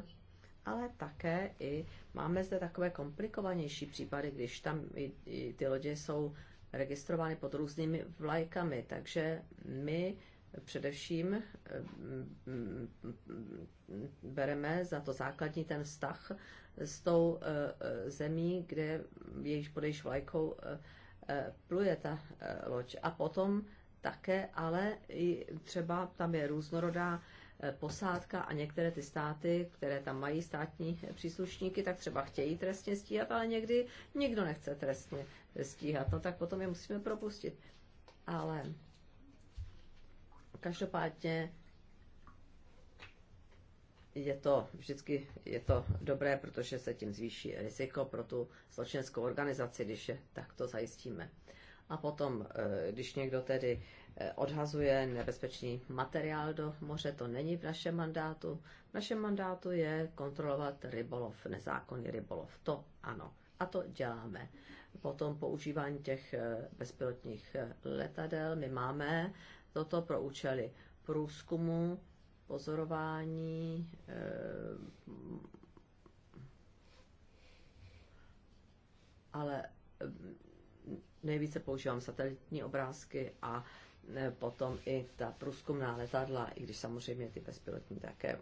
Ale také i máme zde takové komplikovanější případy, když tam i, i ty lodě jsou registrovány pod různými vlajkami, takže my především eh, mm, bereme za to základní ten vztah s tou eh, eh, zemí, kde jejíž pod jejíž vlajkou pluje ta loď. A potom také, ale i třeba tam je různorodá posádka a některé ty státy, které tam mají státní příslušníky, tak třeba chtějí trestně stíhat, ale někdy nikdo nechce trestně stíhat. No tak potom je musíme propustit. Ale Každopádně je to vždycky je to dobré, protože se tím zvýší riziko pro tu zločineckou organizaci, když je takto zajistíme. A potom, eh, když někdo tedy eh, odhazuje nebezpečný materiál do moře, to není v našem mandátu. V našem mandátu je kontrolovat rybolov, nezákonný rybolov. To ano. A to děláme. Potom používání těch eh, bezpilotních letadel. My máme toto pro účely průzkumu, pozorování, eh, ale eh, nejvíce používám satelitní obrázky a eh, potom i ta průzkumná letadla, i když samozřejmě ty bezpilotní také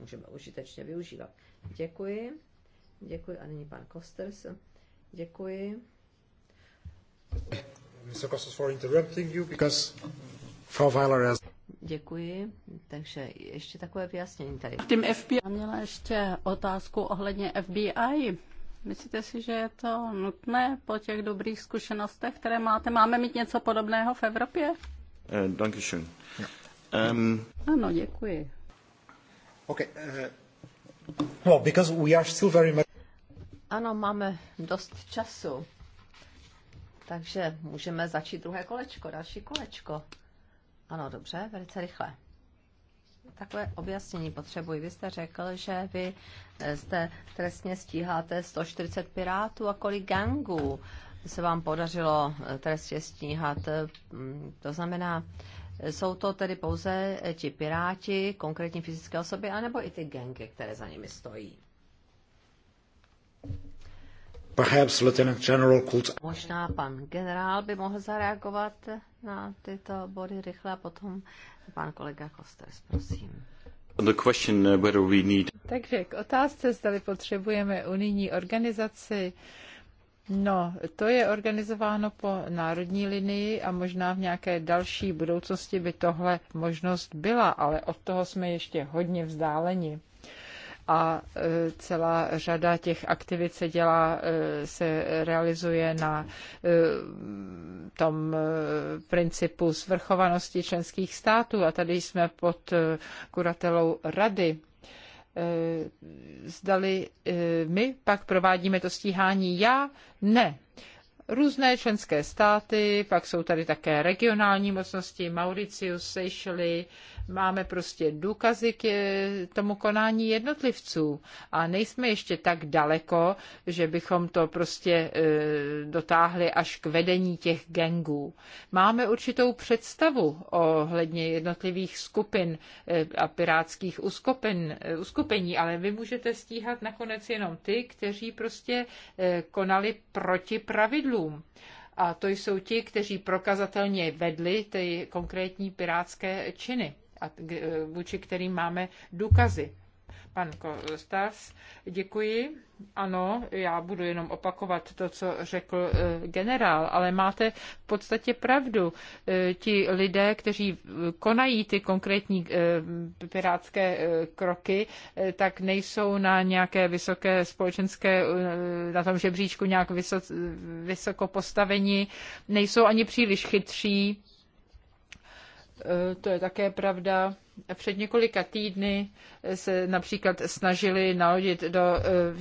můžeme užitečně využívat. Děkuji. Děkuji a nyní pan Kosters. Děkuji. Mr. Kosters for interrupting you because Frau Weiler. Děkuji. Takže ještě takové vyjasnění tady. Tím FBI měla ještě otázku ohledně FBI. Myslíte si, že je to nutné po těch dobrých zkušenostech, které máte? Máme mít něco podobného v Evropě? Uh, Um... Ano, děkuji. Okay, uh, well, because we are still very much... Ano, máme dost času. Takže můžeme začít druhé kolečko, další kolečko. Ano, dobře, velice rychle. Takové objasnění potřebuji. Vy jste řekl, že vy eh, jste trestně stíháte 140 pirátů a kolik gangů se vám podařilo eh, trestně stíhat. Mm, to znamená, jsou to tedy pouze eh, ti piráti, konkrétní fyzické osoby, anebo i ty gangy, které za nimi stojí? Perhaps Lieutenant General could... Možná pan generál by mohl zareagovat na tyto body rychle a potom pan kolega Kosters, prosím. The question uh, whether we need... Takže k otázce, zda potřebujeme unijní organizaci, No, to je organizováno po národní linii a možná v nějaké další budoucnosti by tohle možnost byla, ale od toho jsme ještě hodně vzdáleni a e, celá řada těch aktivit se dělá, e, se realizuje na e, tom principu svrchovanosti členských států a tady jsme pod kuratelou rady zdali my pak provádíme to stíhání. Já ne různé členské státy, pak jsou tady také regionální mocnosti, Mauritius, Seychely, máme prostě důkazy k tomu konání jednotlivců a nejsme ještě tak daleko, že bychom to prostě e, dotáhli až k vedení těch gangů. Máme určitou představu ohledně jednotlivých skupin e, a pirátských uskupin, e, uskupení, ale vy můžete stíhat nakonec jenom ty, kteří prostě konali proti pravidlu. Pirátům. A to jsou ti, kteří prokazatelně vedli ty konkrétní pirátské činy a eh, vůči kterým máme důkazy. Pan Kostas, děkuji. Ano, já budu jenom opakovat to, co řekl eh, generál, ale máte v podstatě pravdu. Eh, ti lidé, kteří konají ty konkrétní eh, pirátské kroky, tak nejsou na nějaké vysoké společenské, na tom žebříčku nějak vysoko, vysoko postaveni, nejsou ani příliš chytří, Eh, to je také pravda. Před několika týdny se například snažili nalodit do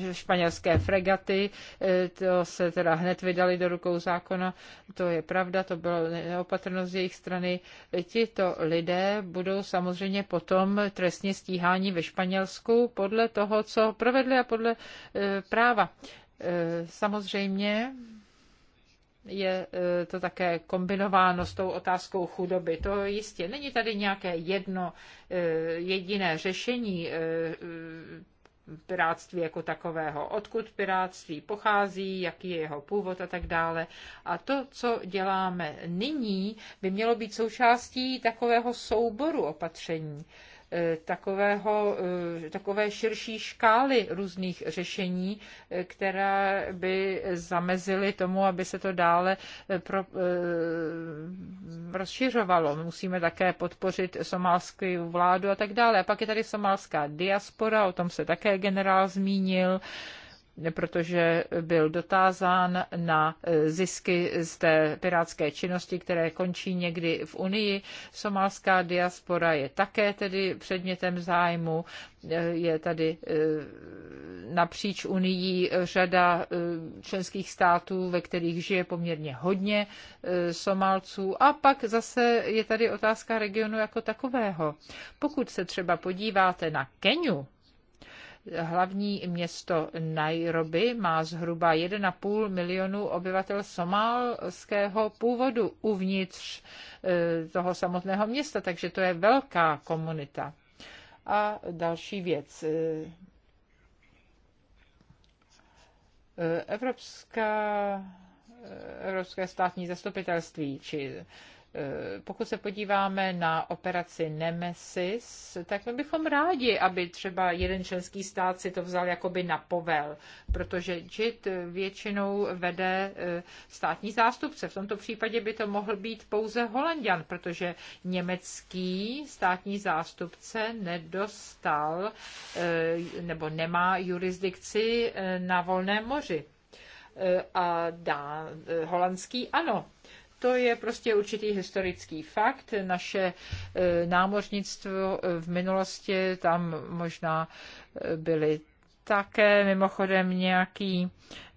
eh, španělské fregaty, eh, to se teda hned vydali do rukou zákona, to je pravda, to byla neopatrnost z jejich strany. Tito lidé budou samozřejmě potom trestně stíháni ve Španělsku podle toho, co provedli a podle práva. Samozřejmě je eh, to také kombinováno s tou otázkou chudoby. To jistě není tady nějaké jedno eh, jediné řešení eh, piráctví jako takového, odkud piráctví pochází, jaký je jeho původ a tak dále. A to, co děláme nyní, by mělo být součástí takového souboru opatření. Eh, takového, eh, takové širší škály různých řešení, eh, která by zamezily tomu, aby se to dále pro, rozšiřovalo. Musíme také podpořit somálskou vládu a tak dále. A pak je tady somálská diaspora, o tom se také generál zmínil protože byl dotázán na e, zisky z té pirátské činnosti, které končí někdy v Unii. Somálská diaspora je také tedy předmětem zájmu. E, je tady e, napříč Unii řada členských států, ve kterých žije poměrně hodně Somálců. A pak zase je tady otázka regionu jako takového. Pokud se třeba podíváte na Keniu, Hlavní město Nairobi má zhruba 1,5 milionu obyvatel somálského původu uvnitř e, toho samotného města, takže to je velká komunita. A další věc. E, e, Evropská, Evropské státní zastupitelství či Eh, pokud se podíváme na operaci Nemesis, tak my bychom rádi, aby třeba jeden členský stát si to vzal jakoby na povel, protože JIT většinou vede eh, státní zástupce. V tomto případě by to mohl být pouze Holandian, protože německý státní zástupce nedostal eh, nebo nemá jurisdikci na volném moři. A dá, holandský ano to je prostě určitý historický fakt. Naše e, námořnictvo e, v minulosti, tam možná e, byly také mimochodem nějaký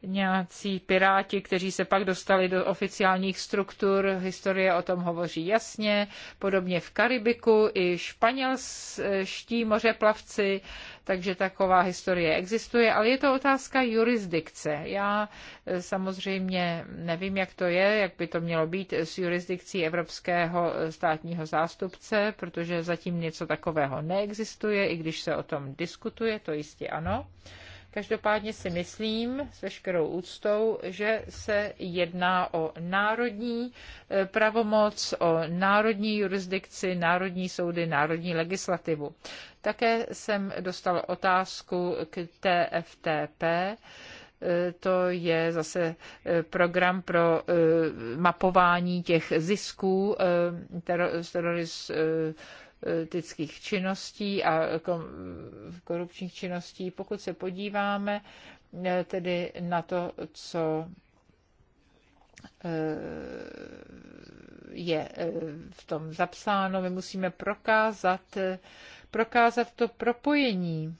nějací piráti, kteří se pak dostali do oficiálních struktur. Historie o tom hovoří jasně. Podobně v Karibiku i španělští mořeplavci, takže taková historie existuje, ale je to otázka jurisdikce. Já eh, samozřejmě nevím, jak to je, jak by to mělo být s jurisdikcí evropského eh, státního zástupce, protože zatím něco takového neexistuje, i když se o tom diskutuje, to jistě ano. Každopádně si myslím s veškerou úctou, že se jedná o národní eh, pravomoc, o národní jurisdikci, národní soudy, národní legislativu. Také jsem dostal otázku k TFTP eh, to je zase eh, program pro mapování těch zisků politických činností a korupčních činností. Pokud se podíváme eh, tedy na to, co eh, je eh, v tom zapsáno, my musíme prokázat, prokázat to propojení.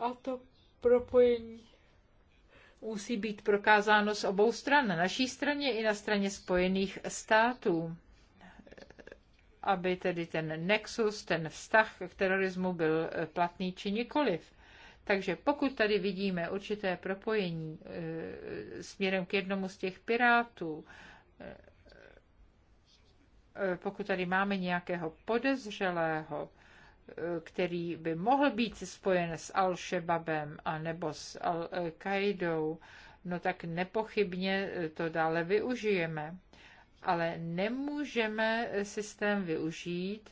A to propojení musí být prokázáno z obou stran, na naší straně i na straně Spojených států, aby tedy ten nexus, ten vztah k terorismu byl platný či nikoliv. Takže pokud tady vidíme určité propojení e, směrem k jednomu z těch pirátů, e, e pokud tady máme nějakého podezřelého, který by mohl být spojen s Al-Shebabem a nebo s Al-Kaidou, no tak nepochybně to dále využijeme. Ale nemůžeme systém využít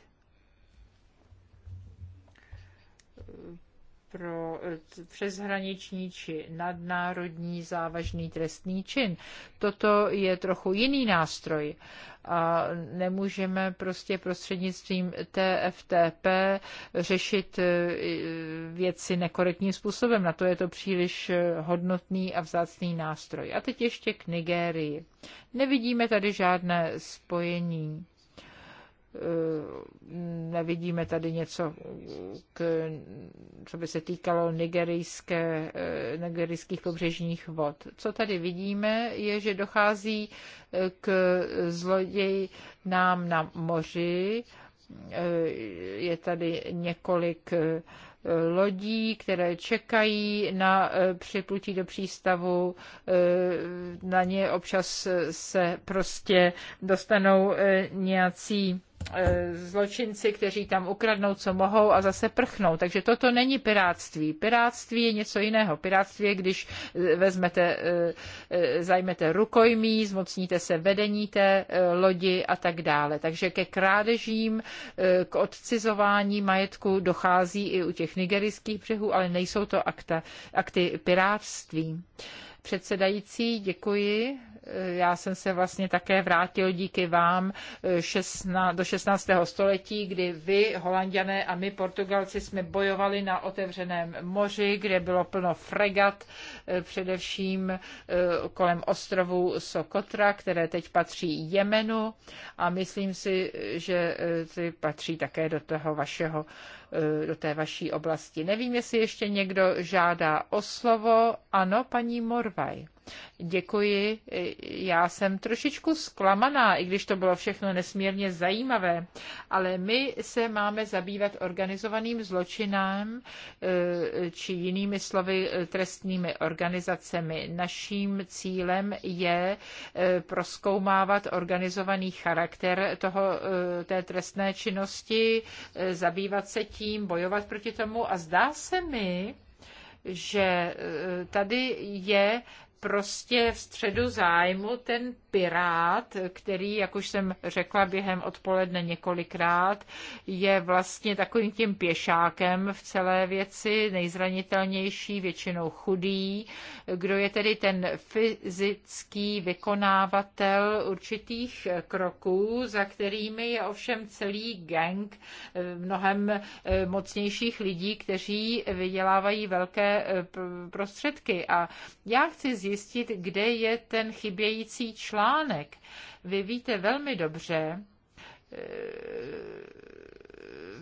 pro eh, přeshraniční či nadnárodní závažný trestný čin. Toto je trochu jiný nástroj a nemůžeme prostě prostřednictvím TFTP řešit eh, věci nekorektním způsobem. Na to je to příliš eh, hodnotný a vzácný nástroj. A teď ještě k Nigérii. Nevidíme tady žádné spojení Eh, nevidíme tady něco, k, co by se týkalo nigerijské, eh, nigerijských pobřežních vod. Co tady vidíme, je, že dochází eh, k zloději nám na moři. Je tady několik lodí, které čekají na připlutí do přístavu. Na ně občas se prostě dostanou nějací E, zločinci, kteří tam ukradnou, co mohou a zase prchnou. Takže toto není piráctví. Piráctví je něco jiného. Piráctví je, když e, vezmete, e, zajmete rukojmí, zmocníte se vedení té lodi a tak dále. Takže ke krádežím, k odcizování majetku dochází i u těch nigerijských břehů, ale nejsou to akta, akty piráctví. Předsedající, děkuji já jsem se vlastně také vrátil díky vám eh, do 16. století, kdy vy, holanděné a my, Portugalci, jsme bojovali na otevřeném moři, kde bylo plno fregat, eh, především eh, kolem ostrovu Sokotra, které teď patří Jemenu a myslím si, že ty patří také do toho vašeho Eh, do té vaší oblasti. Nevím, jestli ještě někdo žádá o slovo. Ano, paní Morvaj. Děkuji. Já jsem trošičku zklamaná, i když to bylo všechno nesmírně zajímavé, ale my se máme zabývat organizovaným zločinem eh, či jinými slovy eh, trestními organizacemi. Naším cílem je proskoumávat organizovaný charakter toho, té trestné činnosti, zabývat se tím, bojovat proti tomu a zdá se mi, že eh, tady je prostě v středu zájmu ten pirát, který, jak už jsem řekla během odpoledne několikrát, je vlastně takovým tím pěšákem v celé věci, nejzranitelnější, většinou chudý, kdo je tedy ten fyzický vykonávatel určitých kroků, za kterými je ovšem celý gang eh, mnohem eh, mocnějších lidí, kteří vydělávají velké eh, prostředky. A já chci zjistit, zjistit, kde je ten chybějící článek. Vy víte velmi dobře, eh,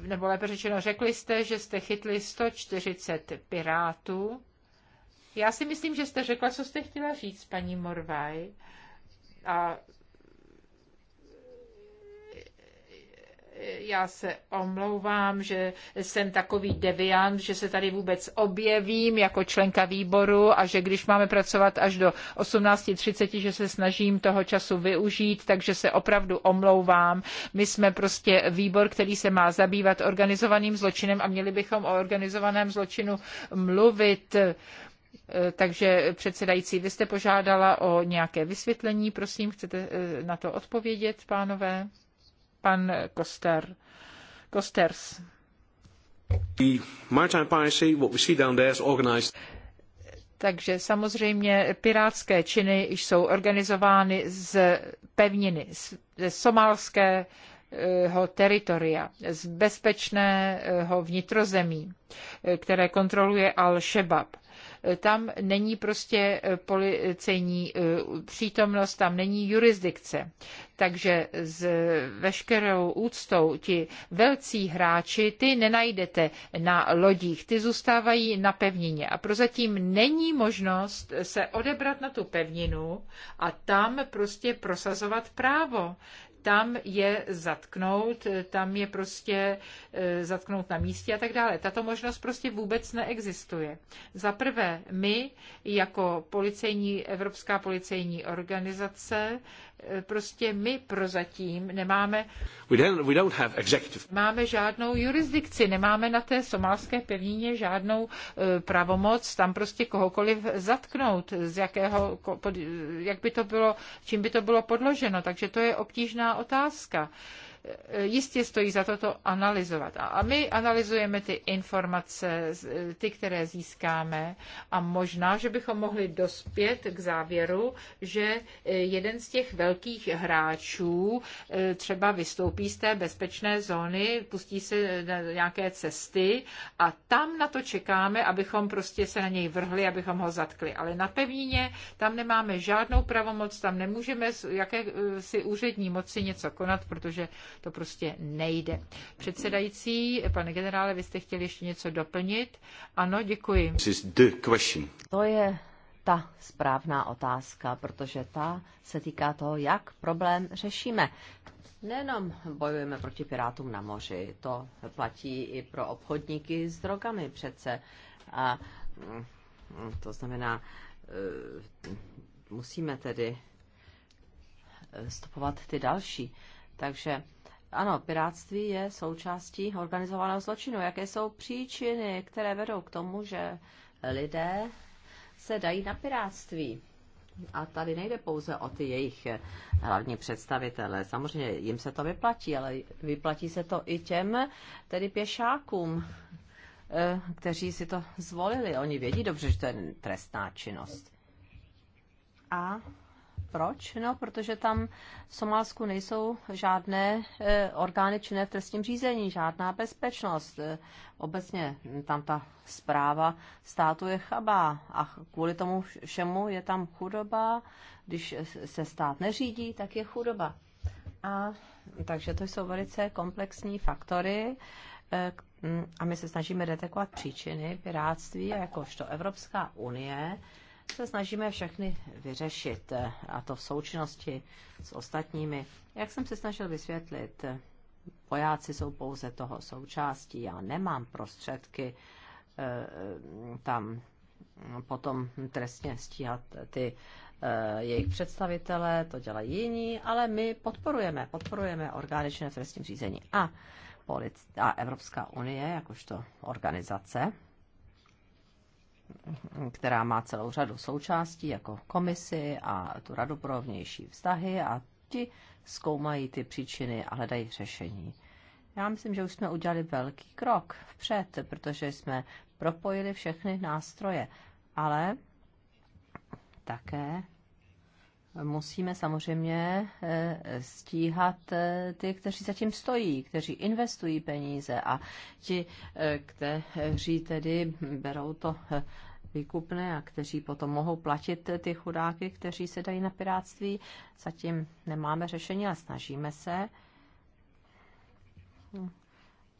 nebo lépe řečeno, řekli jste, že jste chytli 140 pirátů. Já si myslím, že jste řekla, co jste chtěla říct, paní Morvaj. A já se omlouvám, že jsem takový deviant, že se tady vůbec objevím jako členka výboru a že když máme pracovat až do 18.30, že se snažím toho času využít, takže se opravdu omlouvám. My jsme prostě výbor, který se má zabývat organizovaným zločinem a měli bychom o organizovaném zločinu mluvit. E, takže předsedající, vy jste požádala o nějaké vysvětlení, prosím, chcete e, na to odpovědět, pánové? pan Koster. Kosters. The maritime piracy, what we see down there is organized. Takže samozřejmě pirátské činy jsou organizovány z pevniny, ze somálské Eh, teritoria, z bezpečného vnitrozemí, eh, které kontroluje Al-Shabaab eh, tam není prostě policejní přítomnost, tam není jurisdikce. Takže s veškerou úctou ti velcí hráči, ty nenajdete na lodích, ty zůstávají na pevnině. A prozatím není možnost se odebrat na tu pevninu a tam prostě prosazovat právo tam je zatknout, tam je prostě eh, zatknout na místě a tak dále. Tato možnost prostě vůbec neexistuje. Za prvé, my jako policejní, Evropská policejní organizace prostě my prozatím nemáme, we don't, we don't have executive. máme žádnou jurisdikci, nemáme na té somálské pevnině žádnou e, pravomoc tam prostě kohokoliv zatknout, z jakého, pod, jak by to bylo, čím by to bylo podloženo. Takže to je obtížná otázka. E, jistě stojí za to to analyzovat. A my analyzujeme ty informace, ty, které získáme a možná, že bychom mohli dospět k závěru, že e, jeden z těch velkých hráčů e, třeba vystoupí z té bezpečné zóny, pustí se na nějaké cesty a tam na to čekáme, abychom prostě se na něj vrhli, abychom ho zatkli. Ale na pevnině tam nemáme žádnou pravomoc, tam nemůžeme jaké e, si úřední moci něco konat, protože to prostě nejde. Předsedající, pane generále, vy jste chtěli ještě něco doplnit? Ano, děkuji. To je ta správná otázka, protože ta se týká toho, jak problém řešíme. Nejenom bojujeme proti pirátům na moři, to platí i pro obchodníky s drogami přece. A mm, to znamená, e, musíme tedy e, stopovat ty další. Takže ano, pirátství je součástí organizovaného zločinu. Jaké jsou příčiny, které vedou k tomu, že lidé se dají na pirátství? A tady nejde pouze o ty jejich eh, hlavní představitele. Samozřejmě jim se to vyplatí, ale vyplatí se to i těm, tedy pěšákům, eh, kteří si to zvolili. Oni vědí dobře, že to je trestná činnost. A proč? No, protože tam v Somálsku nejsou žádné eh, orgány činné v trestním řízení, žádná bezpečnost. Eh, obecně tam ta zpráva státu je chabá a kvůli tomu všemu je tam chudoba. Když se stát neřídí, tak je chudoba. A takže to jsou velice komplexní faktory eh, mm, a my se snažíme detekovat příčiny piráctví jakožto Evropská unie se snažíme všechny vyřešit, eh, a to v součinnosti s ostatními. Jak jsem se snažil vysvětlit, vojáci jsou pouze toho součástí, já nemám prostředky eh, eh, tam potom trestně stíhat ty jejich představitelé, to dělají jiní, ale my podporujeme, podporujeme orgány činné v trestním řízení. A, polic- a Evropská unie, jakožto organizace, která má celou řadu součástí, jako komisi a tu radu pro vnější vztahy a ti zkoumají ty příčiny a hledají řešení. Já myslím, že už jsme udělali velký krok vpřed, protože jsme propojili všechny nástroje, ale také musíme samozřejmě eh, stíhat eh, ty, kteří zatím stojí, kteří investují peníze a ti, eh, kteří tedy berou to výkupné a kteří potom mohou platit ty chudáky, kteří se dají na piráctví. Zatím nemáme řešení a snažíme se.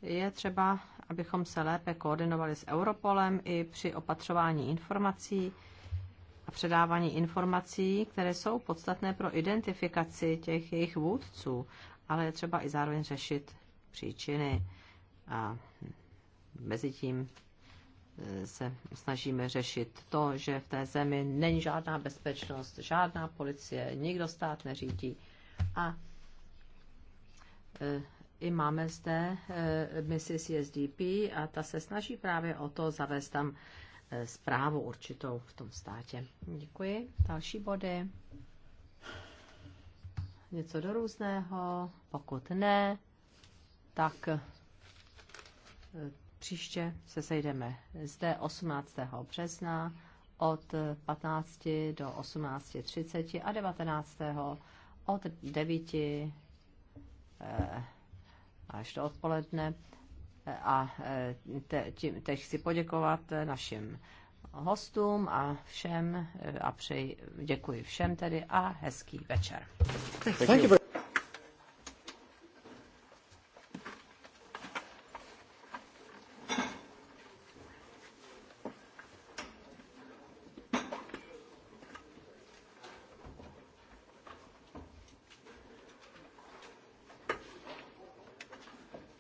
Je třeba, abychom se lépe koordinovali s Europolem i při opatřování informací předávání informací, které jsou podstatné pro identifikaci těch jejich vůdců, ale je třeba i zároveň řešit příčiny. A mezi tím e, se snažíme řešit to, že v té zemi není žádná bezpečnost, žádná policie, nikdo stát neřídí. A e, i máme zde e, misi CSDP a ta se snaží právě o to zavést tam Eh, zprávu určitou v tom státě. Děkuji. Další body? Něco do různého? Pokud ne, tak eh, příště se sejdeme zde 18. března od 15 eh, do 18.30 a 19. od 9 až do odpoledne a e, teď chci poděkovat e, našim hostům a všem e, a přeji, děkuji všem tedy a hezký večer. Thank you.